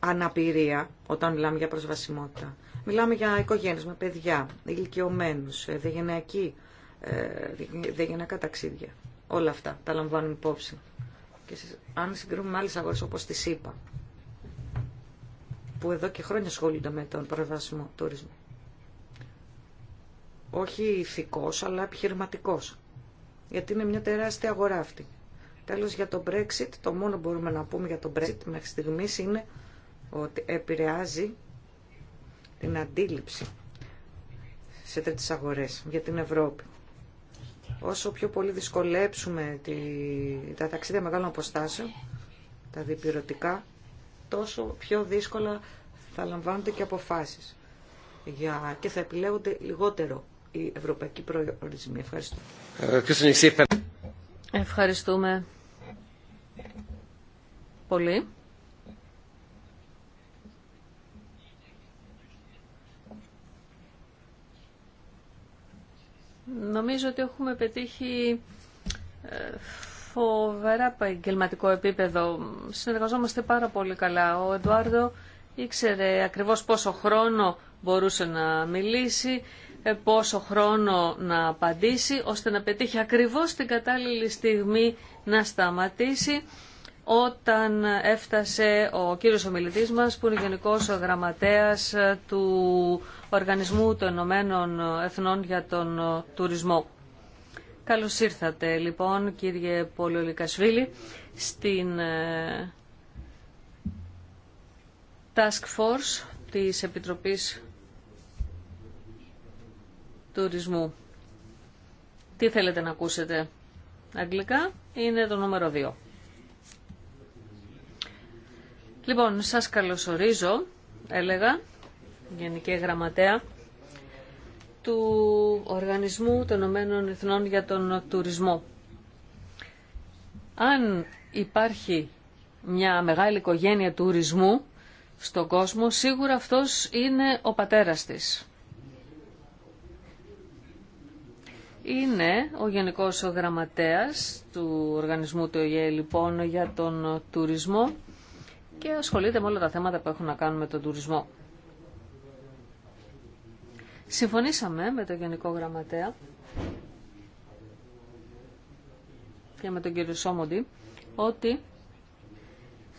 αναπηρία όταν μιλάμε για προσβασιμότητα. Μιλάμε για οικογένειες με παιδιά, ηλικιωμένους, δεγενειακή, δεγενειακά ταξίδια. Όλα αυτά τα λαμβάνουμε υπόψη. Και αν συγκρίνουμε άλλε αγορέ, όπως τη ΣΥΠΑ, που εδώ και χρόνια ασχολούνται με τον προεδάσιμο τουρισμό. Όχι ηθικό, αλλά επιχειρηματικό. Γιατί είναι μια τεράστια αγορά αυτή. Τέλος για το Brexit, το μόνο που μπορούμε να πούμε για το Brexit μέχρι στιγμή είναι ότι επηρεάζει την αντίληψη σε τρίτες αγορές για την Ευρώπη όσο πιο πολύ δυσκολέψουμε τη, τα ταξίδια μεγάλων αποστάσεων, τα διπυρωτικά, τόσο πιο δύσκολα θα λαμβάνονται και αποφάσεις για, και θα επιλέγονται λιγότερο οι ευρωπαϊκοί προορισμοί. Ευχαριστώ. Ευχαριστούμε πολύ. Νομίζω ότι έχουμε πετύχει ε, φοβερά επαγγελματικό επίπεδο. Συνεργαζόμαστε πάρα πολύ καλά. Ο Εντουάρδο ήξερε ακριβώς πόσο χρόνο μπορούσε να μιλήσει, ε, πόσο χρόνο να απαντήσει, ώστε να πετύχει ακριβώς την κατάλληλη στιγμή να σταματήσει όταν έφτασε ο κύριος ομιλητής μας που είναι γενικός γραμματέας του Οργανισμού των Ηνωμένων Εθνών για τον Τουρισμό. Καλώς ήρθατε λοιπόν κύριε Πολιολικασβίλη στην ε, Task Force της Επιτροπής Τουρισμού. Τι θέλετε να ακούσετε. Αγγλικά είναι το νούμερο 2. Λοιπόν, σας καλωσορίζω, έλεγα, Γενική Γραμματέα, του Οργανισμού των Ηνωμένων Εθνών για τον Τουρισμό. Αν υπάρχει μια μεγάλη οικογένεια τουρισμού στον κόσμο, σίγουρα αυτός είναι ο πατέρας της. είναι ο Γενικός Γραμματέας του Οργανισμού του ΟΙΕ λοιπόν για τον τουρισμό και ασχολείται με όλα τα θέματα που έχουν να κάνουν με τον τουρισμό. Συμφωνήσαμε με τον Γενικό Γραμματέα και με τον κύριο Σόμοντι ότι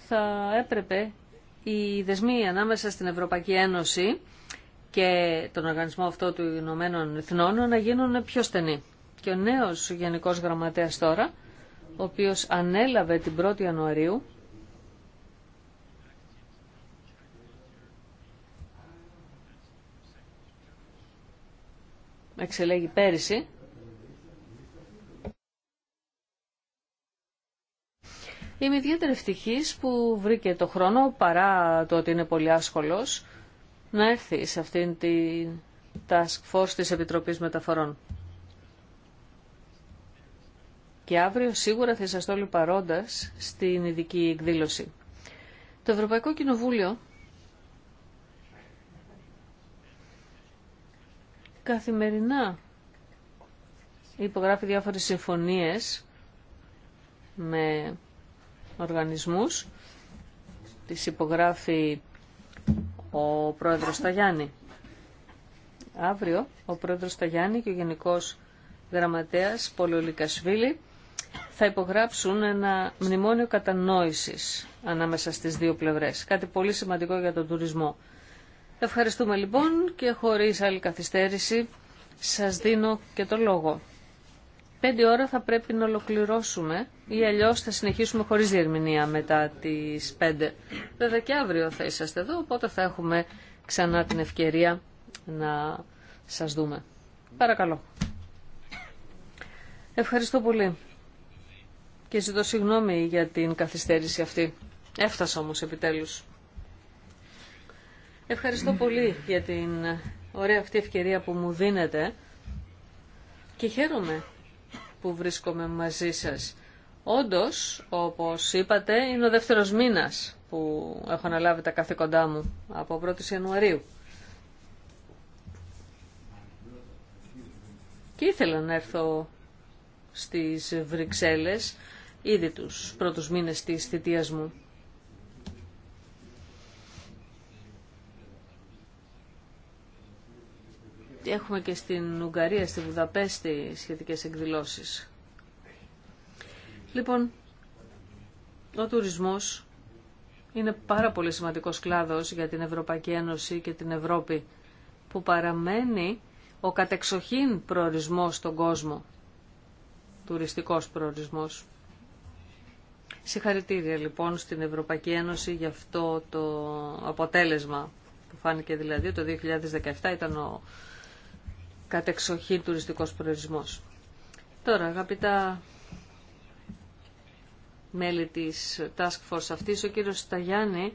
θα έπρεπε οι δεσμοί ανάμεσα στην Ευρωπαϊκή Ένωση και τον οργανισμό αυτό του Ηνωμένων Εθνών να γίνουν πιο στενοί. Και ο νέος Γενικός Γραμματέας τώρα, ο οποίος ανέλαβε την 1η Ιανουαρίου, εξελέγει πέρυσι, Είμαι ιδιαίτερα ευτυχή που βρήκε το χρόνο, παρά το ότι είναι πολύ άσχολος, να έρθει σε αυτήν την task force της Επιτροπής Μεταφορών. Και αύριο σίγουρα θα είσαστε όλοι παρόντας στην ειδική εκδήλωση. Το Ευρωπαϊκό Κοινοβούλιο καθημερινά υπογράφει διάφορες συμφωνίες με οργανισμούς. Τις υπογράφει ο πρόεδρος Ταγιάννη. Αύριο ο πρόεδρος Ταγιάννη και ο γενικός γραμματέας Πολυολικασβήλη θα υπογράψουν ένα μνημόνιο κατανόησης ανάμεσα στις δύο πλευρές. Κάτι πολύ σημαντικό για τον τουρισμό. Ευχαριστούμε λοιπόν και χωρίς άλλη καθυστέρηση σας δίνω και το λόγο. Πέντε ώρα θα πρέπει να ολοκληρώσουμε ή αλλιώς θα συνεχίσουμε χωρίς διερμηνία μετά τις πέντε. Βέβαια και αύριο θα είσαστε εδώ, οπότε θα έχουμε ξανά την ευκαιρία να σας δούμε. Παρακαλώ. Ευχαριστώ πολύ και ζητώ συγγνώμη για την καθυστέρηση αυτή. Έφτασα όμως επιτέλους. Ευχαριστώ πολύ για την ωραία αυτή ευκαιρία που μου δίνετε και χαίρομαι που βρίσκομαι μαζί σας. Όντως, όπως είπατε, είναι ο δεύτερος μήνας που έχω αναλάβει τα καθήκοντά μου από 1η Ιανουαρίου. Και ήθελα να έρθω στις Βρυξέλλες ήδη τους πρώτους μήνες της θητείας μου. έχουμε και στην Ουγγαρία, στη Βουδαπέστη, σχετικές εκδηλώσεις. Λοιπόν, ο τουρισμός είναι πάρα πολύ σημαντικός κλάδος για την Ευρωπαϊκή Ένωση και την Ευρώπη, που παραμένει ο κατεξοχήν προορισμός στον κόσμο, τουριστικός προορισμός. Συγχαρητήρια λοιπόν στην Ευρωπαϊκή Ένωση για αυτό το αποτέλεσμα που φάνηκε δηλαδή το 2017 ήταν ο κατεξοχήν τουριστικός προορισμός. Τώρα, αγαπητά μέλη της Task Force αυτής, ο κύριος Σταγιάννη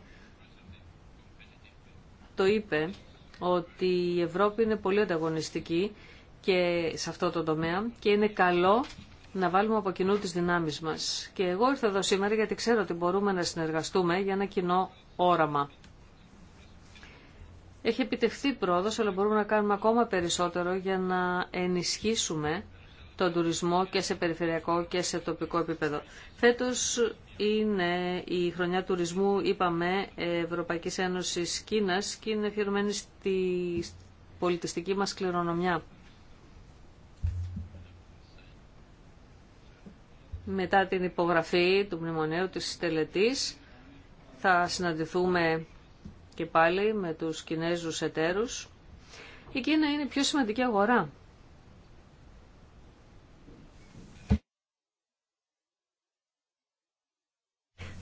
το είπε ότι η Ευρώπη είναι πολύ ανταγωνιστική και σε αυτό το τομέα και είναι καλό να βάλουμε από κοινού τις δυνάμεις μας. Και εγώ ήρθα εδώ σήμερα γιατί ξέρω ότι μπορούμε να συνεργαστούμε για ένα κοινό όραμα. Έχει επιτευχθεί πρόοδος, αλλά μπορούμε να κάνουμε ακόμα περισσότερο για να ενισχύσουμε τον τουρισμό και σε περιφερειακό και σε τοπικό επίπεδο. Φέτος είναι η χρονιά τουρισμού, είπαμε, Ευρωπαϊκής Ένωσης Κίνας και είναι αφιερωμένη στη πολιτιστική μας κληρονομιά. Μετά την υπογραφή του μνημονέου της τελετής θα συναντηθούμε και πάλι με τους Κινέζους εταίρους. Η Κίνα είναι η πιο σημαντική αγορά.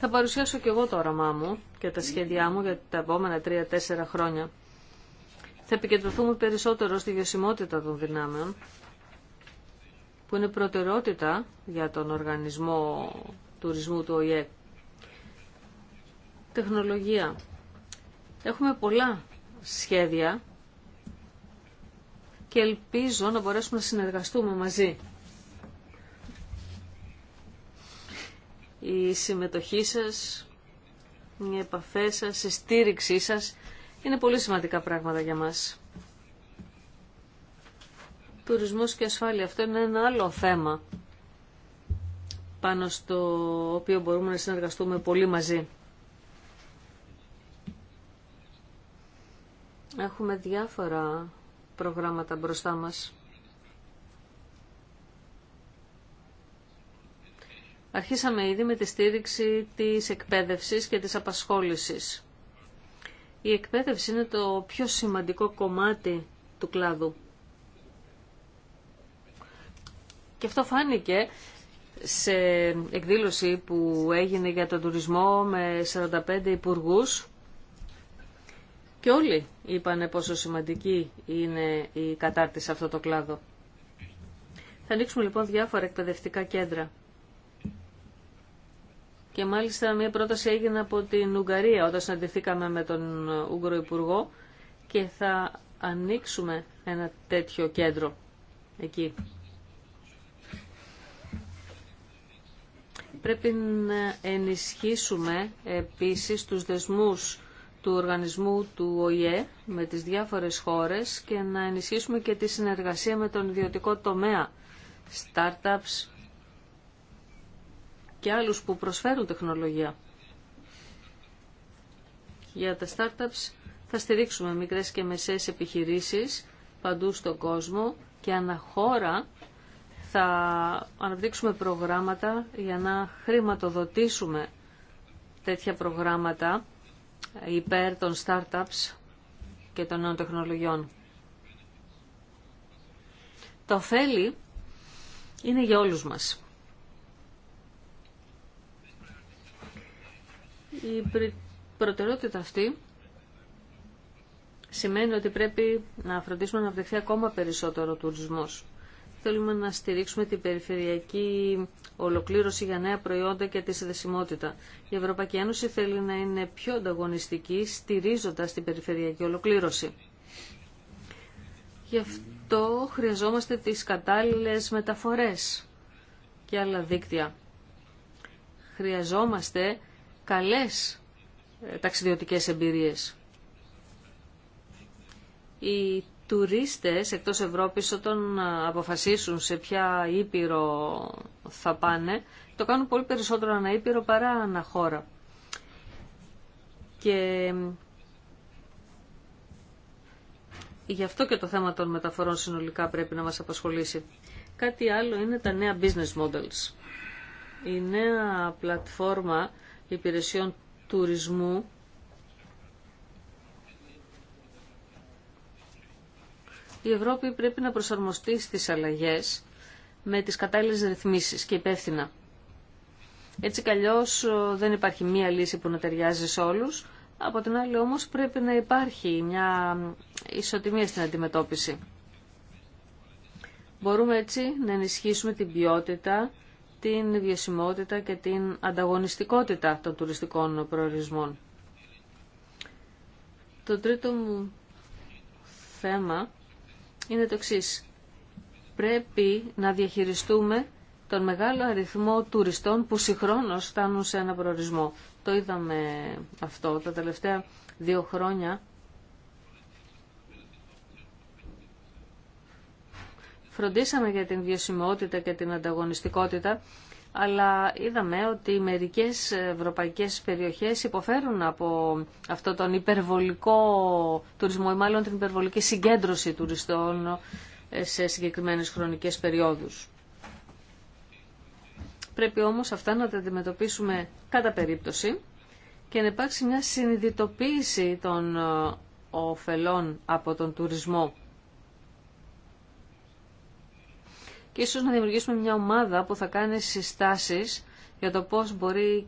Θα παρουσιάσω και εγώ το όραμά μου και τα σχέδιά μου για τα επόμενα 3-4 χρόνια. Θα επικεντρωθούμε περισσότερο στη βιωσιμότητα των δυνάμεων, που είναι προτεραιότητα για τον οργανισμό τουρισμού του ΟΗΕ. Τεχνολογία, Έχουμε πολλά σχέδια και ελπίζω να μπορέσουμε να συνεργαστούμε μαζί. Η συμμετοχή σας, οι επαφή σας, η στήριξή σας είναι πολύ σημαντικά πράγματα για μας. Τουρισμός και ασφάλεια, αυτό είναι ένα άλλο θέμα πάνω στο οποίο μπορούμε να συνεργαστούμε πολύ μαζί. Έχουμε διάφορα προγράμματα μπροστά μας. Αρχίσαμε ήδη με τη στήριξη της εκπαίδευσης και της απασχόλησης. Η εκπαίδευση είναι το πιο σημαντικό κομμάτι του κλάδου. Και αυτό φάνηκε σε εκδήλωση που έγινε για τον τουρισμό με 45 υπουργούς και όλοι είπαν πόσο σημαντική είναι η κατάρτιση σε αυτό το κλάδο. Θα ανοίξουμε λοιπόν διάφορα εκπαιδευτικά κέντρα. Και μάλιστα μια πρόταση έγινε από την Ουγγαρία όταν συναντηθήκαμε με τον Ούγγρο Υπουργό και θα ανοίξουμε ένα τέτοιο κέντρο εκεί. Πρέπει να ενισχύσουμε επίσης τους δεσμούς του οργανισμού του ΟΗΕ με τις διάφορες χώρες και να ενισχύσουμε και τη συνεργασία με τον ιδιωτικό τομέα, startups και άλλους που προσφέρουν τεχνολογία. Για τα startups θα στηρίξουμε μικρές και μεσαίες επιχειρήσεις παντού στον κόσμο και αναχώρα θα αναπτύξουμε προγράμματα για να χρηματοδοτήσουμε τέτοια προγράμματα υπέρ των startups και των νέων τεχνολογιών. Το ωφέλη είναι για όλους μας. Η προτεραιότητα αυτή σημαίνει ότι πρέπει να φροντίσουμε να βρεθεί ακόμα περισσότερο ο τουρισμός θέλουμε να στηρίξουμε την περιφερειακή ολοκλήρωση για νέα προϊόντα και τη συνδεσιμότητα. Η Ευρωπαϊκή Ένωση θέλει να είναι πιο ανταγωνιστική στηρίζοντας την περιφερειακή ολοκλήρωση. Γι' αυτό χρειαζόμαστε τις κατάλληλες μεταφορές και άλλα δίκτυα. Χρειαζόμαστε καλές ε, ταξιδιωτικές εμπειρίες τουρίστες εκτός Ευρώπης όταν αποφασίσουν σε ποια ήπειρο θα πάνε, το κάνουν πολύ περισσότερο ανά ήπειρο παρά ανά χώρα. Και γι' αυτό και το θέμα των μεταφορών συνολικά πρέπει να μας απασχολήσει. Κάτι άλλο είναι τα νέα business models. Η νέα πλατφόρμα υπηρεσιών τουρισμού η Ευρώπη πρέπει να προσαρμοστεί στις αλλαγές με τις κατάλληλες ρυθμίσεις και υπεύθυνα. Έτσι κι δεν υπάρχει μία λύση που να ταιριάζει σε όλους, από την άλλη όμως πρέπει να υπάρχει μια ισοτιμία στην αντιμετώπιση. Μπορούμε έτσι να ενισχύσουμε την ποιότητα, την βιωσιμότητα και την ανταγωνιστικότητα των τουριστικών προορισμών. Το τρίτο μου θέμα είναι το εξή. Πρέπει να διαχειριστούμε τον μεγάλο αριθμό τουριστών που συγχρόνως φτάνουν σε ένα προορισμό. Το είδαμε αυτό τα τελευταία δύο χρόνια. Φροντίσαμε για την βιωσιμότητα και την ανταγωνιστικότητα αλλά είδαμε ότι μερικές ευρωπαϊκές περιοχές υποφέρουν από αυτό τον υπερβολικό τουρισμό ή μάλλον την υπερβολική συγκέντρωση τουριστών ε, σε συγκεκριμένες χρονικές περιόδους. Πρέπει όμως αυτά να τα αντιμετωπίσουμε κατά περίπτωση και να υπάρξει μια συνειδητοποίηση των ε, ωφελών από τον τουρισμό και ίσως να δημιουργήσουμε μια ομάδα που θα κάνει συστάσεις για το πώς μπορεί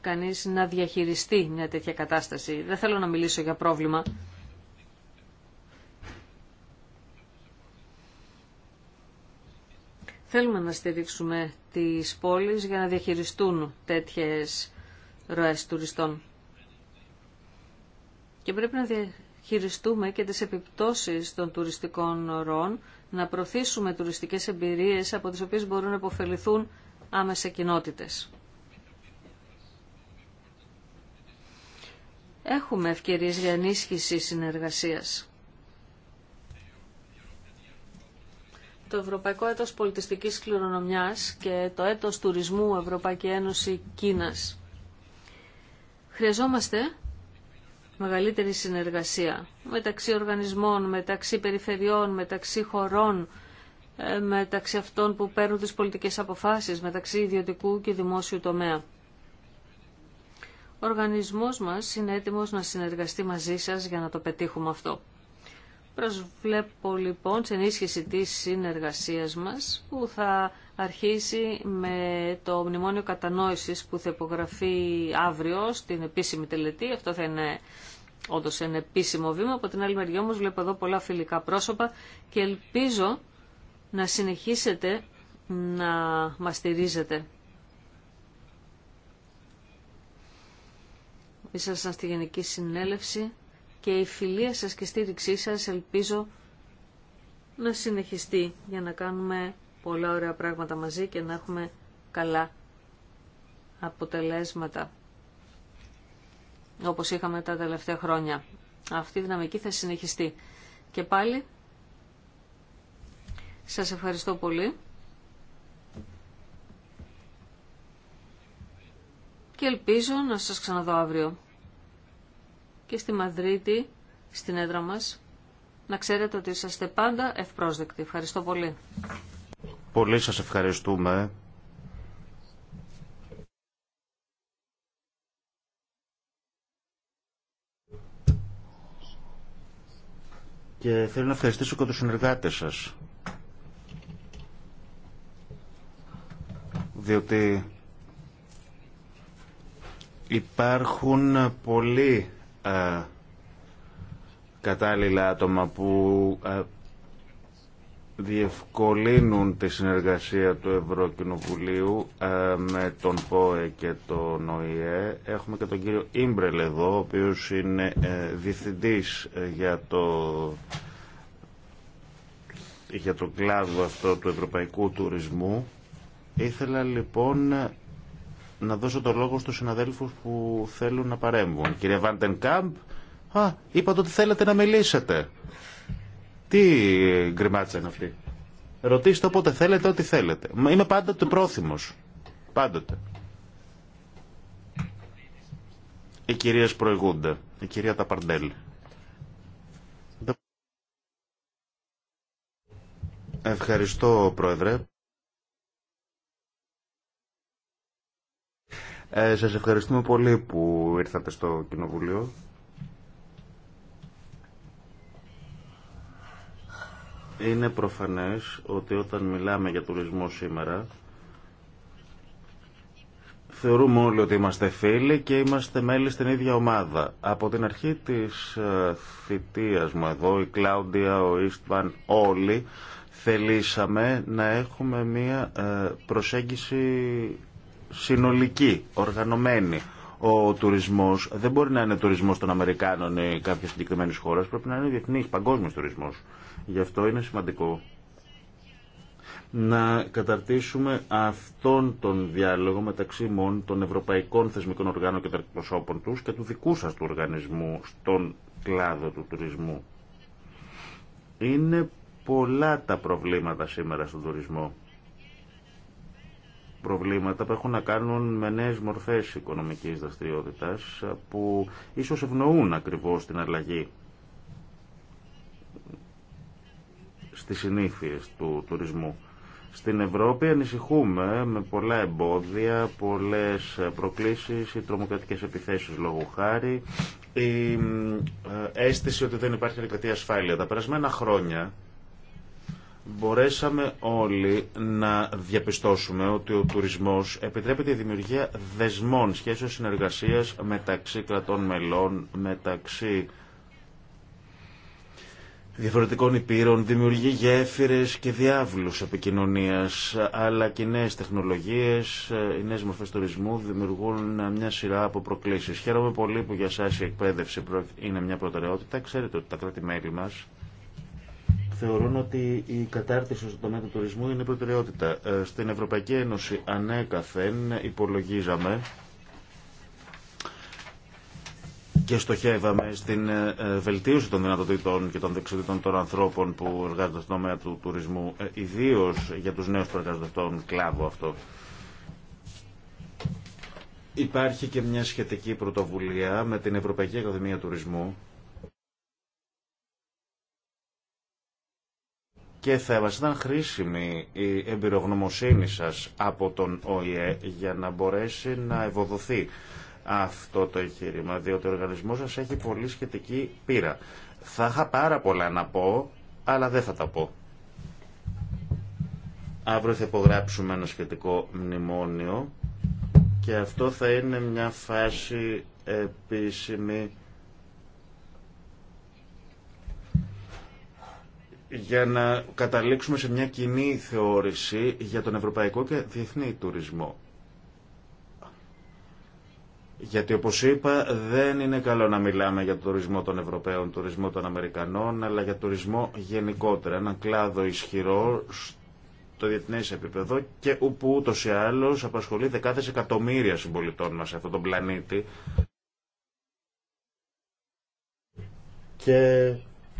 κανείς να διαχειριστεί μια τέτοια κατάσταση. Δεν θέλω να μιλήσω για πρόβλημα. Θέλουμε να στηρίξουμε τις πόλεις για να διαχειριστούν τέτοιες ροές τουριστών. Και πρέπει να διαχειριστούμε και τις επιπτώσεις των τουριστικών ροών να προωθήσουμε τουριστικές εμπειρίες από τις οποίες μπορούν να υποφεληθούν άμεσα κοινότητες. Έχουμε ευκαιρίες για ενίσχυση συνεργασίας. Το Ευρωπαϊκό Έτος Πολιτιστικής Κληρονομιάς και το Έτος Τουρισμού Ευρωπαϊκή Ένωση Κίνας. Χρειαζόμαστε μεγαλύτερη συνεργασία μεταξύ οργανισμών, μεταξύ περιφερειών, μεταξύ χωρών, ε, μεταξύ αυτών που παίρνουν τις πολιτικές αποφάσεις, μεταξύ ιδιωτικού και δημόσιου τομέα. Ο οργανισμός μας είναι έτοιμος να συνεργαστεί μαζί σας για να το πετύχουμε αυτό. Προσβλέπω λοιπόν την ενίσχυση της συνεργασίας μας που θα αρχίσει με το μνημόνιο κατανόησης που θα υπογραφεί αύριο στην επίσημη τελετή. Αυτό θα είναι όντω ένα επίσημο βήμα. Από την άλλη μεριά όμως βλέπω εδώ πολλά φιλικά πρόσωπα και ελπίζω να συνεχίσετε να μας στηρίζετε. Ήσασταν στη Γενική Συνέλευση και η φιλία σας και η στήριξή σας ελπίζω να συνεχιστεί για να κάνουμε πολλά ωραία πράγματα μαζί και να έχουμε καλά αποτελέσματα όπως είχαμε τα τελευταία χρόνια. Αυτή η δυναμική θα συνεχιστεί. Και πάλι σας ευχαριστώ πολύ και ελπίζω να σας ξαναδώ αύριο και στη Μαδρίτη, στην έδρα μας. Να ξέρετε ότι είσαστε πάντα ευπρόσδεκτοι. Ευχαριστώ πολύ. Πολύ σας ευχαριστούμε. Και θέλω να ευχαριστήσω και τους συνεργάτες σας. Διότι υπάρχουν πολλοί ε, κατάλληλα άτομα που ε, διευκολύνουν τη συνεργασία του Ευρωκοινοβουλίου ε, με τον ΠΟΕ και τον ΟΗΕ. Έχουμε και τον κύριο Ήμπρελ εδώ, ο οποίος είναι διευθυντής για το για τον κλάδο αυτό του ευρωπαϊκού τουρισμού. Ήθελα λοιπόν να δώσω το λόγο στους συναδέλφους που θέλουν να παρέμβουν. Κύριε Βάντεν Κάμπ, α, είπατε ότι θέλετε να μιλήσετε. Τι γκριμάτσα είναι αυτή. Ρωτήστε όποτε θέλετε, ό,τι θέλετε. Είμαι πάντοτε πρόθυμος. Πάντοτε. Οι κυρίες προηγούνται. Η κυρία Ταπαρντέλη. Ευχαριστώ, Πρόεδρε. Ε, σας ευχαριστούμε πολύ που ήρθατε στο Κοινοβουλίο. Είναι προφανές ότι όταν μιλάμε για τουρισμό σήμερα θεωρούμε όλοι ότι είμαστε φίλοι και είμαστε μέλη στην ίδια ομάδα. Από την αρχή της ε, θητείας μου εδώ, η Κλάουντια, ο Ιστβαν, όλοι θελήσαμε να έχουμε μία ε, προσέγγιση συνολική, οργανωμένη. Ο τουρισμό δεν μπορεί να είναι τουρισμό των Αμερικάνων ή κάποια συγκεκριμένη χώρα. Πρέπει να είναι διεθνή, παγκόσμιο τουρισμό. Γι' αυτό είναι σημαντικό να καταρτήσουμε αυτόν τον διάλογο μεταξύ μόνο των ευρωπαϊκών θεσμικών οργάνων και των εκπροσώπων τους και του δικού σας του οργανισμού στον κλάδο του τουρισμού. Είναι πολλά τα προβλήματα σήμερα στον τουρισμό προβλήματα που έχουν να κάνουν με νέες μορφές οικονομικής δραστηριότητας που ίσως ευνοούν ακριβώς την αλλαγή στις συνήθειες του τουρισμού. Στην Ευρώπη ανησυχούμε με πολλά εμπόδια, πολλές προκλήσεις, η τρομοκρατικές επιθέσεις λόγω χάρη, η ε, αίσθηση ότι δεν υπάρχει αρκετή ασφάλεια. Τα περασμένα χρόνια μπορέσαμε όλοι να διαπιστώσουμε ότι ο τουρισμός επιτρέπει τη δημιουργία δεσμών σχέσεων συνεργασίας μεταξύ κρατών μελών, μεταξύ διαφορετικών υπήρων, δημιουργεί γέφυρες και διάβλους επικοινωνίας, αλλά και νέε τεχνολογίες, οι νέες μορφές τουρισμού δημιουργούν μια σειρά από προκλήσεις. Χαίρομαι πολύ που για σας η εκπαίδευση είναι μια προτεραιότητα. Ξέρετε ότι τα κράτη-μέλη μας θεωρούν ότι η κατάρτιση στον τομέα του τουρισμού είναι προτεραιότητα. Ε, στην Ευρωπαϊκή Ένωση ανέκαθεν υπολογίζαμε και στοχεύαμε στην ε, ε, βελτίωση των δυνατοτήτων και των δεξιοτήτων των ανθρώπων που εργάζονται στον τομέα του τουρισμού, ιδίω για τους νέους που εργάζονται στον κλάδο αυτό. Υπάρχει και μια σχετική πρωτοβουλία με την Ευρωπαϊκή Ακαδημία Τουρισμού και θα ήταν χρήσιμη η εμπειρογνωμοσύνη σας από τον ΟΗΕ για να μπορέσει να ευοδοθεί αυτό το εγχείρημα, διότι ο οργανισμός σας έχει πολύ σχετική πείρα. Θα είχα πάρα πολλά να πω, αλλά δεν θα τα πω. Αύριο θα υπογράψουμε ένα σχετικό μνημόνιο και αυτό θα είναι μια φάση επίσημη για να καταλήξουμε σε μια κοινή θεώρηση για τον ευρωπαϊκό και διεθνή τουρισμό. Γιατί όπως είπα δεν είναι καλό να μιλάμε για τουρισμό των Ευρωπαίων, τουρισμό των Αμερικανών, αλλά για τουρισμό γενικότερα. Ένα κλάδο ισχυρό στο διεθνές επίπεδο και όπου ούτως ή άλλως απασχολεί δεκάδες εκατομμύρια συμπολιτών μας σε αυτόν τον πλανήτη. Και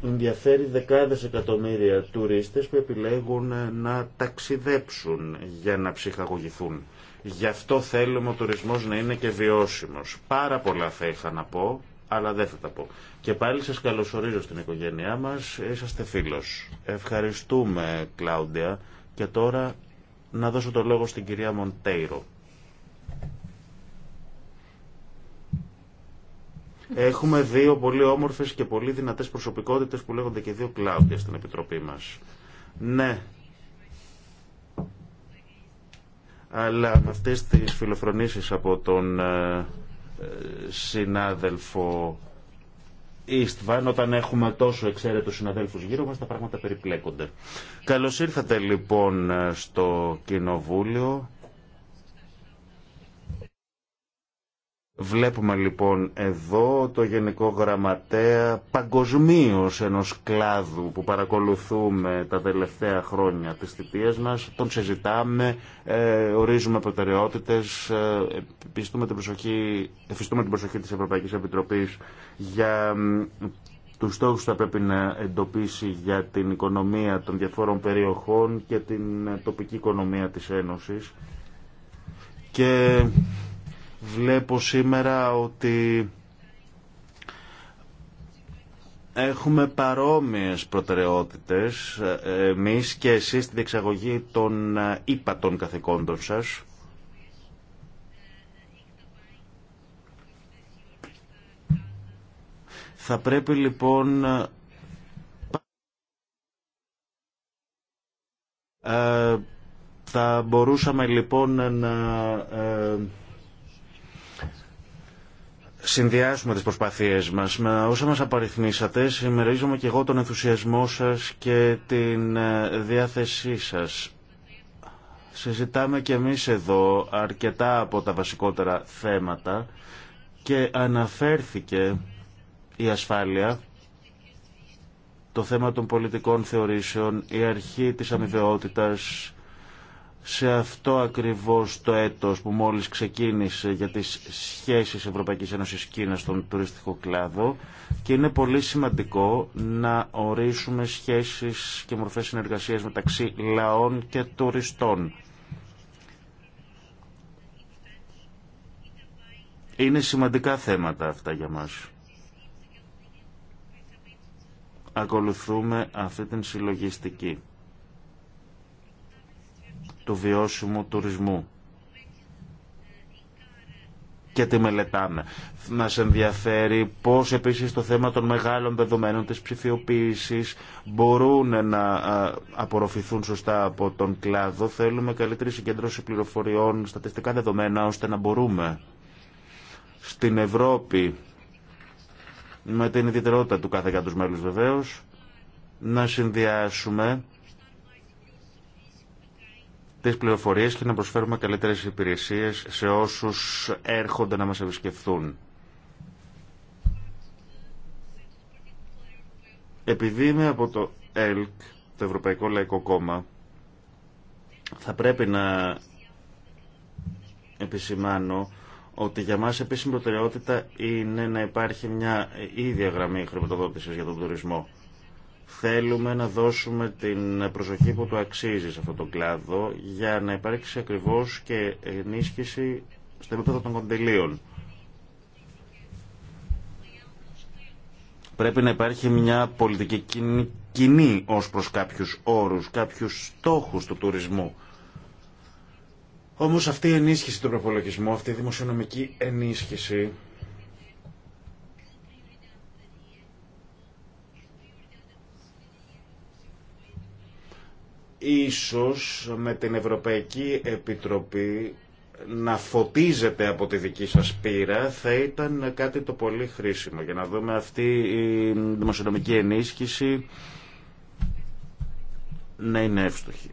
ενδιαφέρει δεκάδες εκατομμύρια τουρίστες που επιλέγουν ε, να ταξιδέψουν για να ψυχαγωγηθούν. Γι' αυτό θέλουμε ο τουρισμός να είναι και βιώσιμος. Πάρα πολλά θα είχα να πω, αλλά δεν θα τα πω. Και πάλι σας καλωσορίζω στην οικογένειά μας, είσαστε φίλος. Ευχαριστούμε, Κλάουντια. Και τώρα να δώσω το λόγο στην κυρία Μοντέιρο. Έχουμε δύο πολύ όμορφες και πολύ δυνατές προσωπικότητες που λέγονται και δύο κλάουδια στην Επιτροπή μας. Ναι. Αλλά με αυτές τις φιλοφρονήσεις από τον ε, ε, συνάδελφο Ιστβάν, όταν έχουμε τόσο εξαίρετους συναδέλφους γύρω μας, τα πράγματα περιπλέκονται. Καλώς ήρθατε λοιπόν ε, στο Κοινοβούλιο. Βλέπουμε λοιπόν εδώ το Γενικό Γραμματέα παγκοσμίω ενός κλάδου που παρακολουθούμε τα τελευταία χρόνια της θητείας μας. Τον συζητάμε, ε, ορίζουμε προτεραιότητες, ε, την προσοχή, εφιστούμε την προσοχή της Ευρωπαϊκής Επιτροπής για τους στόχου που θα πρέπει να εντοπίσει για την οικονομία των διαφόρων περιοχών και την τοπική οικονομία της Ένωσης. Βλέπω σήμερα ότι έχουμε παρόμοιες προτεραιότητες εμείς και εσείς στην διεξαγωγή των ύπατων ε, καθηκόντων σας. Θα πρέπει λοιπόν ε, θα μπορούσαμε λοιπόν να ε, συνδυάσουμε τις προσπάθειές μας. Με όσα μας απαριθμίσατε, συμμερίζομαι και εγώ τον ενθουσιασμό σας και την ε, διάθεσή σας. Συζητάμε και εμείς εδώ αρκετά από τα βασικότερα θέματα και αναφέρθηκε η ασφάλεια, το θέμα των πολιτικών θεωρήσεων, η αρχή της αμοιβαιότητας, σε αυτό ακριβώς το έτος που μόλις ξεκίνησε για τις σχέσεις Ευρωπαϊκής Ένωσης Κίνας στον τουριστικό κλάδο και είναι πολύ σημαντικό να ορίσουμε σχέσεις και μορφές συνεργασίας μεταξύ λαών και τουριστών. Είναι σημαντικά θέματα αυτά για μας. Ακολουθούμε αυτή την συλλογιστική του βιώσιμου τουρισμού και τη μελετάμε. Να ενδιαφέρει πώς επίσης το θέμα των μεγάλων δεδομένων της ψηφιοποίησης μπορούν να απορροφηθούν σωστά από τον κλάδο. Θέλουμε καλύτερη συγκέντρωση πληροφοριών, στατιστικά δεδομένα, ώστε να μπορούμε στην Ευρώπη, με την ιδιαιτερότητα του κάθε για τους μέλους βεβαίως, να συνδυάσουμε τις πληροφορίες και να προσφέρουμε καλύτερες υπηρεσίες σε όσους έρχονται να μας επισκεφθούν. Επειδή είμαι από το ΕΛΚ, το Ευρωπαϊκό Λαϊκό Κόμμα, θα πρέπει να επισημάνω ότι για μας επίσημη προτεραιότητα είναι να υπάρχει μια ίδια γραμμή χρηματοδότησης για τον τουρισμό. Θέλουμε να δώσουμε την προσοχή που του αξίζει σε αυτόν τον κλάδο για να υπάρξει ακριβώς και ενίσχυση στο επίπεδο των κοντελίων. Πρέπει να υπάρχει μια πολιτική κοινή, κοινή ως προς κάποιους όρους, κάποιους στόχους του τουρισμού. Όμως αυτή η ενίσχυση του προπολογισμού, αυτή η δημοσιονομική ενίσχυση Ίσως με την Ευρωπαϊκή Επιτροπή να φωτίζεται από τη δική σας πείρα θα ήταν κάτι το πολύ χρήσιμο για να δούμε αυτή η δημοσιονομική ενίσχυση να είναι εύστοχη.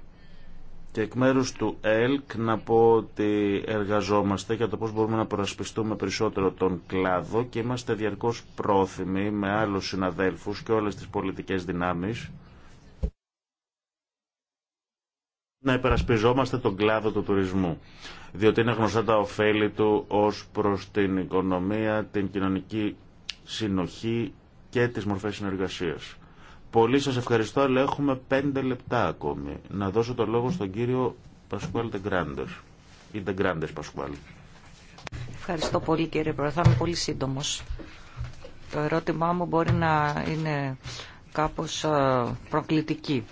Και εκ μέρους του ΕΛΚ να πω ότι εργαζόμαστε για το πώς μπορούμε να προασπιστούμε περισσότερο τον κλάδο και είμαστε διαρκώς πρόθυμοι με άλλους συναδέλφους και όλες τις πολιτικές δυνάμεις να υπερασπιζόμαστε τον κλάδο του τουρισμού, διότι είναι γνωστά τα ωφέλη του ως προς την οικονομία, την κοινωνική συνοχή και τις μορφές συνεργασίας. Πολύ σας ευχαριστώ, αλλά έχουμε πέντε λεπτά ακόμη. Να δώσω το λόγο στον κύριο Πασκουάλ Τεγκράντες. Ή Πασκουάλ. Ευχαριστώ πολύ κύριε Πρόεδρε. Θα είμαι πολύ σύντομος. Το ερώτημά μου μπορεί να είναι κάπως ε, προκλητική.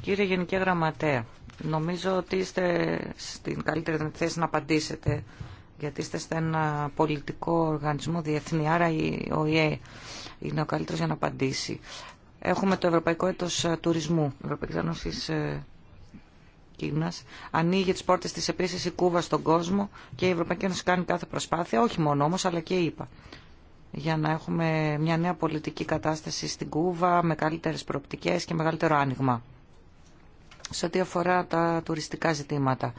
Κύριε Γενική Γραμματέα, νομίζω ότι είστε στην καλύτερη θέση να απαντήσετε, γιατί είστε σε ένα πολιτικό οργανισμό διεθνή, άρα η ΟΗΕ είναι ο καλύτερος για να απαντήσει. Έχουμε το Ευρωπαϊκό Έτος Τουρισμού, Ευρωπαϊκής Ένωση ε, Κίνας. Ανοίγει τις πόρτες της επίσης η Κούβα στον κόσμο και η Ευρωπαϊκή Ένωση κάνει κάθε προσπάθεια, όχι μόνο όμως, αλλά και είπα για να έχουμε μια νέα πολιτική κατάσταση στην Κούβα με καλύτερες προοπτικές και μεγαλύτερο άνοιγμα σε ό,τι αφορά τα τουριστικά ζητήματα.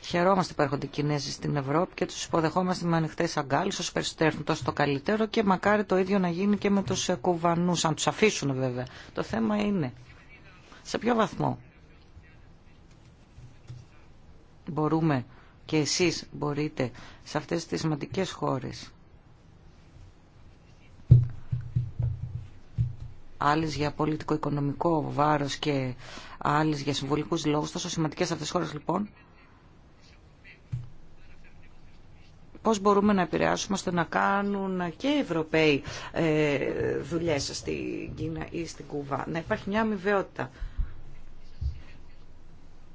Χαιρόμαστε που έρχονται οι Κινέζοι στην Ευρώπη και του υποδεχόμαστε με ανοιχτέ αγκάλε. Όσο περισσότερο τόσο το καλύτερο και μακάρι το ίδιο να γίνει και με του ε, Κουβανού, αν του αφήσουν βέβαια. Το θέμα είναι σε ποιο βαθμό μπορούμε και εσείς μπορείτε σε αυτές τις σημαντικές χώρες άλλες για πολιτικο-οικονομικό βάρος και άλλες για συμβολικούς λόγους, τόσο σημαντικές αυτές τις χώρες λοιπόν, πώς μπορούμε να επηρεάσουμε ώστε να κάνουν και οι Ευρωπαίοι ε, δουλειές στην Κίνα ή στην Κουβά. Να υπάρχει μια αμοιβαιότητα.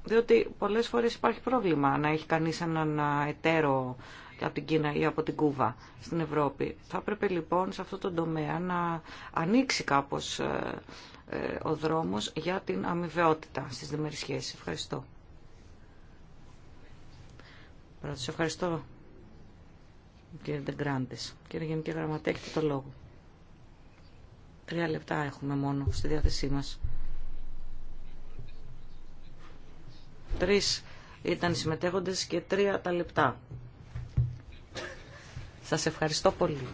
Διότι πολλές φορές υπάρχει πρόβλημα να έχει κανείς έναν εταίρο από την Κίνα ή από την Κούβα στην Ευρώπη. Θα έπρεπε λοιπόν σε αυτό το τομέα να ανοίξει κάπως ε, ε, ο δρόμος για την αμοιβαιότητα στις δημερισχέσεις. Ευχαριστώ. Σας ευχαριστώ κύριε Ντεγκράντες. Κύριε Γενική Γραμματέα, έχετε το λόγο. Τρία λεπτά έχουμε μόνο στη διάθεσή μας. Τρεις ήταν συμμετέχοντες και τρία τα λεπτά σας ευχαριστώ πολύ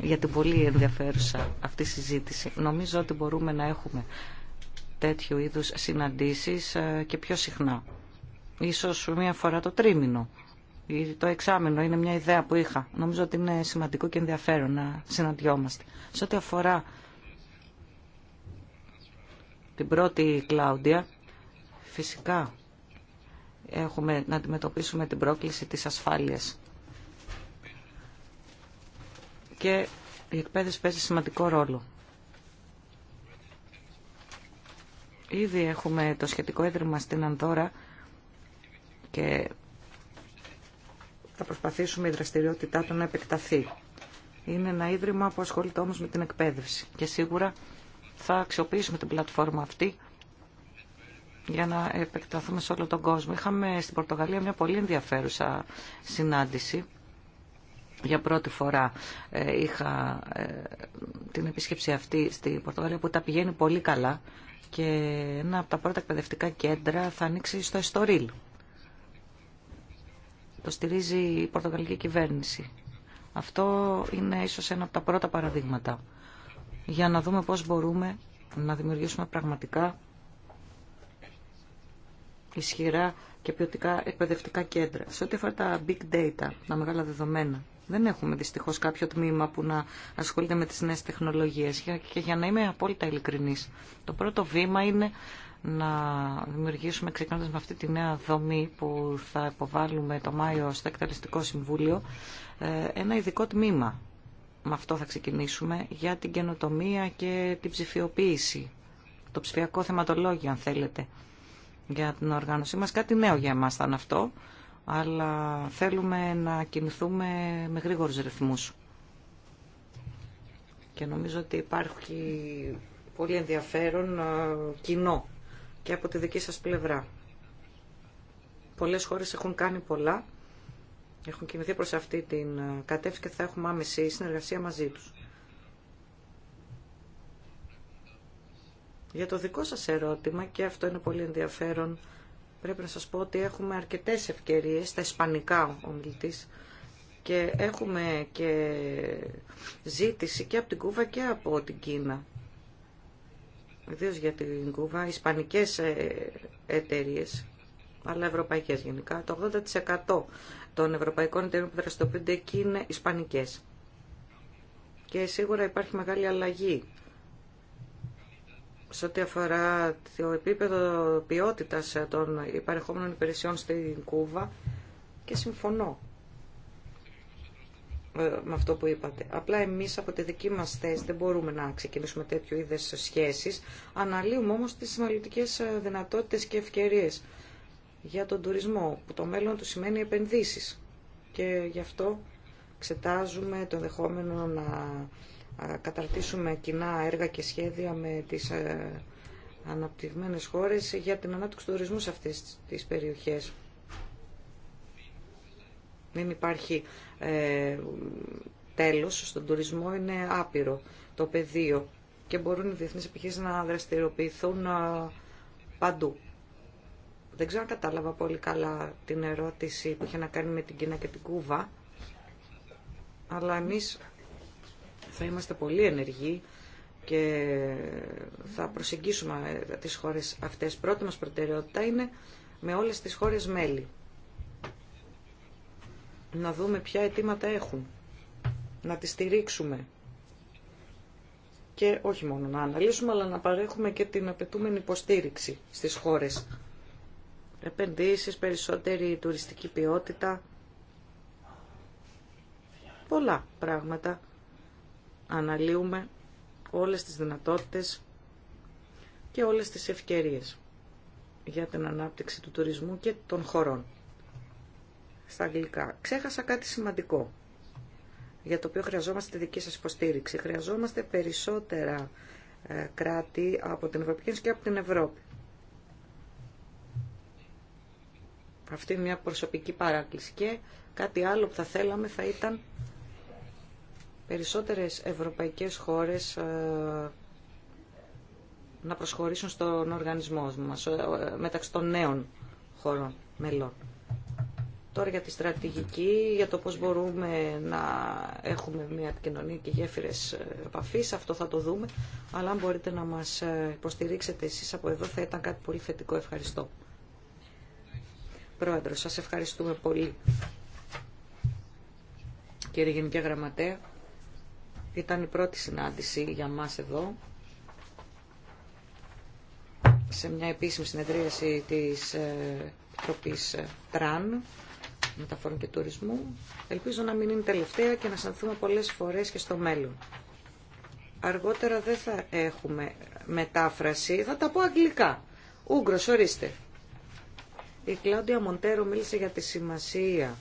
για την πολύ ενδιαφέρουσα αυτή συζήτηση. Νομίζω ότι μπορούμε να έχουμε τέτοιου είδους συναντήσεις ε, και πιο συχνά. Ίσως μία φορά το τρίμηνο ή το εξάμηνο είναι μια ιδέα που είχα. Νομίζω ότι είναι σημαντικό και ενδιαφέρον να συναντιόμαστε. Σε ό,τι αφορά την πρώτη Κλάουντια, φυσικά έχουμε να αντιμετωπίσουμε την πρόκληση της ασφάλειας και η εκπαίδευση παίζει σημαντικό ρόλο. Ήδη έχουμε το σχετικό ίδρυμα στην Ανδώρα και θα προσπαθήσουμε η δραστηριότητά του να επεκταθεί. Είναι ένα ίδρυμα που ασχολείται όμως με την εκπαίδευση και σίγουρα θα αξιοποιήσουμε την πλατφόρμα αυτή για να επεκταθούμε σε όλο τον κόσμο. Είχαμε στην Πορτογαλία μια πολύ ενδιαφέρουσα συνάντηση για πρώτη φορά ε, είχα ε, την επίσκεψη αυτή στη Πορτογαλία που τα πηγαίνει πολύ καλά και ένα από τα πρώτα εκπαιδευτικά κέντρα θα ανοίξει στο Εστορίλ. Το στηρίζει η πορτογαλική κυβέρνηση. Αυτό είναι ίσως ένα από τα πρώτα παραδείγματα για να δούμε πώς μπορούμε να δημιουργήσουμε πραγματικά ισχυρά και ποιοτικά εκπαιδευτικά κέντρα. Σε ό,τι αφορά τα big data, τα μεγάλα δεδομένα, δεν έχουμε δυστυχώς κάποιο τμήμα που να ασχολείται με τις νέες τεχνολογίες. Και για να είμαι απόλυτα ειλικρινής, το πρώτο βήμα είναι να δημιουργήσουμε ξεκινώντα με αυτή τη νέα δομή που θα υποβάλουμε το Μάιο στο Εκτελεστικό Συμβούλιο ε, ένα ειδικό τμήμα. Με αυτό θα ξεκινήσουμε για την καινοτομία και την ψηφιοποίηση. Το ψηφιακό θεματολόγιο αν θέλετε για την οργάνωσή μα Κάτι νέο για εμά θα αυτό αλλά θέλουμε να κινηθούμε με γρήγορους ρυθμούς. Και νομίζω ότι υπάρχει πολύ ενδιαφέρον ε, κοινό και από τη δική σας πλευρά. Πολλές χώρες έχουν κάνει πολλά, έχουν κινηθεί προς αυτή την ε, κατεύθυνση και θα έχουμε άμεση συνεργασία μαζί τους. Για το δικό σας ερώτημα, και αυτό είναι πολύ ενδιαφέρον, Πρέπει να σας πω ότι έχουμε αρκετές ευκαιρίες, στα ισπανικά ο και έχουμε και ζήτηση και από την Κούβα και από την Κίνα. Ιδίω για την Κούβα, ισπανικές ε, εταιρείε, αλλά ευρωπαϊκές γενικά. Το 80% των ευρωπαϊκών εταιρείων που δραστηριοποιούνται εκεί είναι ισπανικές. Και σίγουρα υπάρχει μεγάλη αλλαγή σε ό,τι αφορά το επίπεδο ποιότητας ε, των υπαρχόμενων υπηρεσιών στην Κούβα και συμφωνώ ε, με αυτό που είπατε. Απλά εμείς από τη δική μας θέση δεν μπορούμε να ξεκινήσουμε τέτοιου είδες σχέσεις. Αναλύουμε όμως τις μελλοντικές ε, δυνατότητες και ευκαιρίες για τον τουρισμό, που το μέλλον του σημαίνει επενδύσεις. Και γι' αυτό εξετάζουμε το δεχόμενο να καταρτήσουμε κοινά έργα και σχέδια με τις ε, αναπτυγμένες χώρες για την ανάπτυξη του τουρισμού σε αυτές τις περιοχές. Δεν υπάρχει ε, τέλος στον τουρισμό, είναι άπειρο το πεδίο και μπορούν οι διεθνείς επιχείρησεις να δραστηριοποιηθούν ε, παντού. Δεν ξέρω αν κατάλαβα πολύ καλά την ερώτηση που είχε να κάνει με την Κίνα και την Κούβα, αλλά εμείς θα είμαστε πολύ ενεργοί και θα προσεγγίσουμε ε, τις χώρες αυτές. Πρώτη μας προτεραιότητα είναι με όλες τις χώρες μέλη. Να δούμε ποια αιτήματα έχουν. Να τις στηρίξουμε. Και όχι μόνο να αναλύσουμε, αλλά να παρέχουμε και την απαιτούμενη υποστήριξη στις χώρες. Επενδύσεις, περισσότερη τουριστική ποιότητα. Πολλά πράγματα αναλύουμε όλες τις δυνατότητες και όλες τις ευκαιρίες για την ανάπτυξη του τουρισμού και των χωρών. Στα αγγλικά. Ξέχασα κάτι σημαντικό για το οποίο χρειαζόμαστε τη δική σας υποστήριξη. Χρειαζόμαστε περισσότερα ε, κράτη από την Ευρωπαϊκή και από την Ευρώπη. Αυτή είναι μια προσωπική παράκληση. Και κάτι άλλο που θα θέλαμε θα ήταν περισσότερες ευρωπαϊκές χώρες ε, να προσχωρήσουν στον οργανισμό μας, ε, ε, μεταξύ των νέων χωρών μελών. Τώρα για τη στρατηγική, για το πώς μπορούμε να έχουμε μια επικοινωνία και γέφυρες επαφής, αυτό θα το δούμε. Αλλά αν μπορείτε να μας υποστηρίξετε εσείς από εδώ θα ήταν κάτι πολύ θετικό. Ευχαριστώ. Πρόεδρο, σας ευχαριστούμε πολύ. Κύριε Γενική Γραμματέα. Ήταν η πρώτη συνάντηση για μας εδώ σε μια επίσημη συνεδρίαση της ε, Επιτροπής ε, ΤΡΑΝ Μεταφορών και Τουρισμού. Ελπίζω να μην είναι τελευταία και να σανθούμε πολλές φορές και στο μέλλον. Αργότερα δεν θα έχουμε μετάφραση, θα τα πω αγγλικά. Ούγκρος, ορίστε. Η Κλάουντια Μοντέρο μίλησε για τη σημασία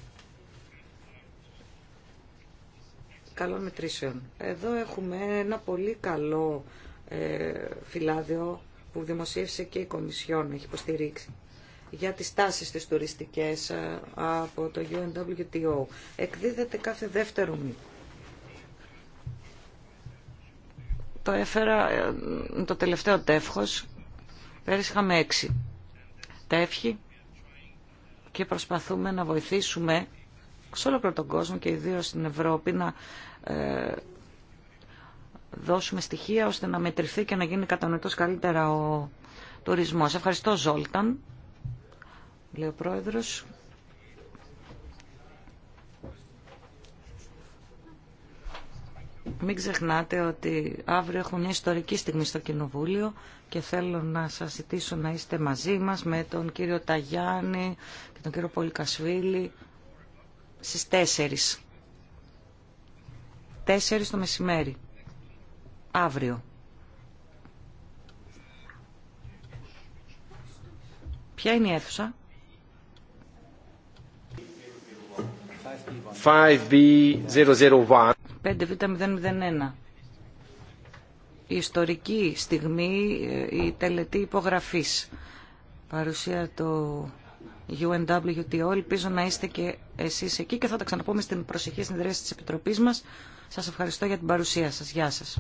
καλών μετρήσεων. Εδώ έχουμε ένα πολύ καλό ε, φυλάδιο που δημοσίευσε και η Κομισιόν, έχει υποστηρίξει για τις τάσεις τις τουριστικές ε, από το UNWTO. Εκδίδεται κάθε δεύτερο μήνα. Το έφερα ε, το τελευταίο τεύχος. Πέρυσι είχαμε έξι τεύχη και προσπαθούμε να βοηθήσουμε σε όλο τον κόσμο και ιδίω στην Ευρώπη να ε, δώσουμε στοιχεία ώστε να μετρηθεί και να γίνει κατανοητό καλύτερα ο τουρισμός. Ευχαριστώ Ζόλταν, λέει ο Πρόεδρος. Μην ξεχνάτε ότι αύριο έχουμε μια ιστορική στιγμή στο Κοινοβούλιο και θέλω να σας ζητήσω να είστε μαζί μας με τον κύριο Ταγιάννη και τον κύριο Πολυκασβίλη στις 4. 4 το μεσημέρι. Αύριο. Ποια είναι η αίθουσα? 5B001. 5B001. Η ιστορική στιγμή, ε, η τελετή υπογραφής. Παρουσία του UNWTO. Ελπίζω να είστε και εσείς εκεί και θα τα ξαναπούμε στην προσεχή συνεδρίαση της Επιτροπής μας. Σας ευχαριστώ για την παρουσία σας. Γεια σας.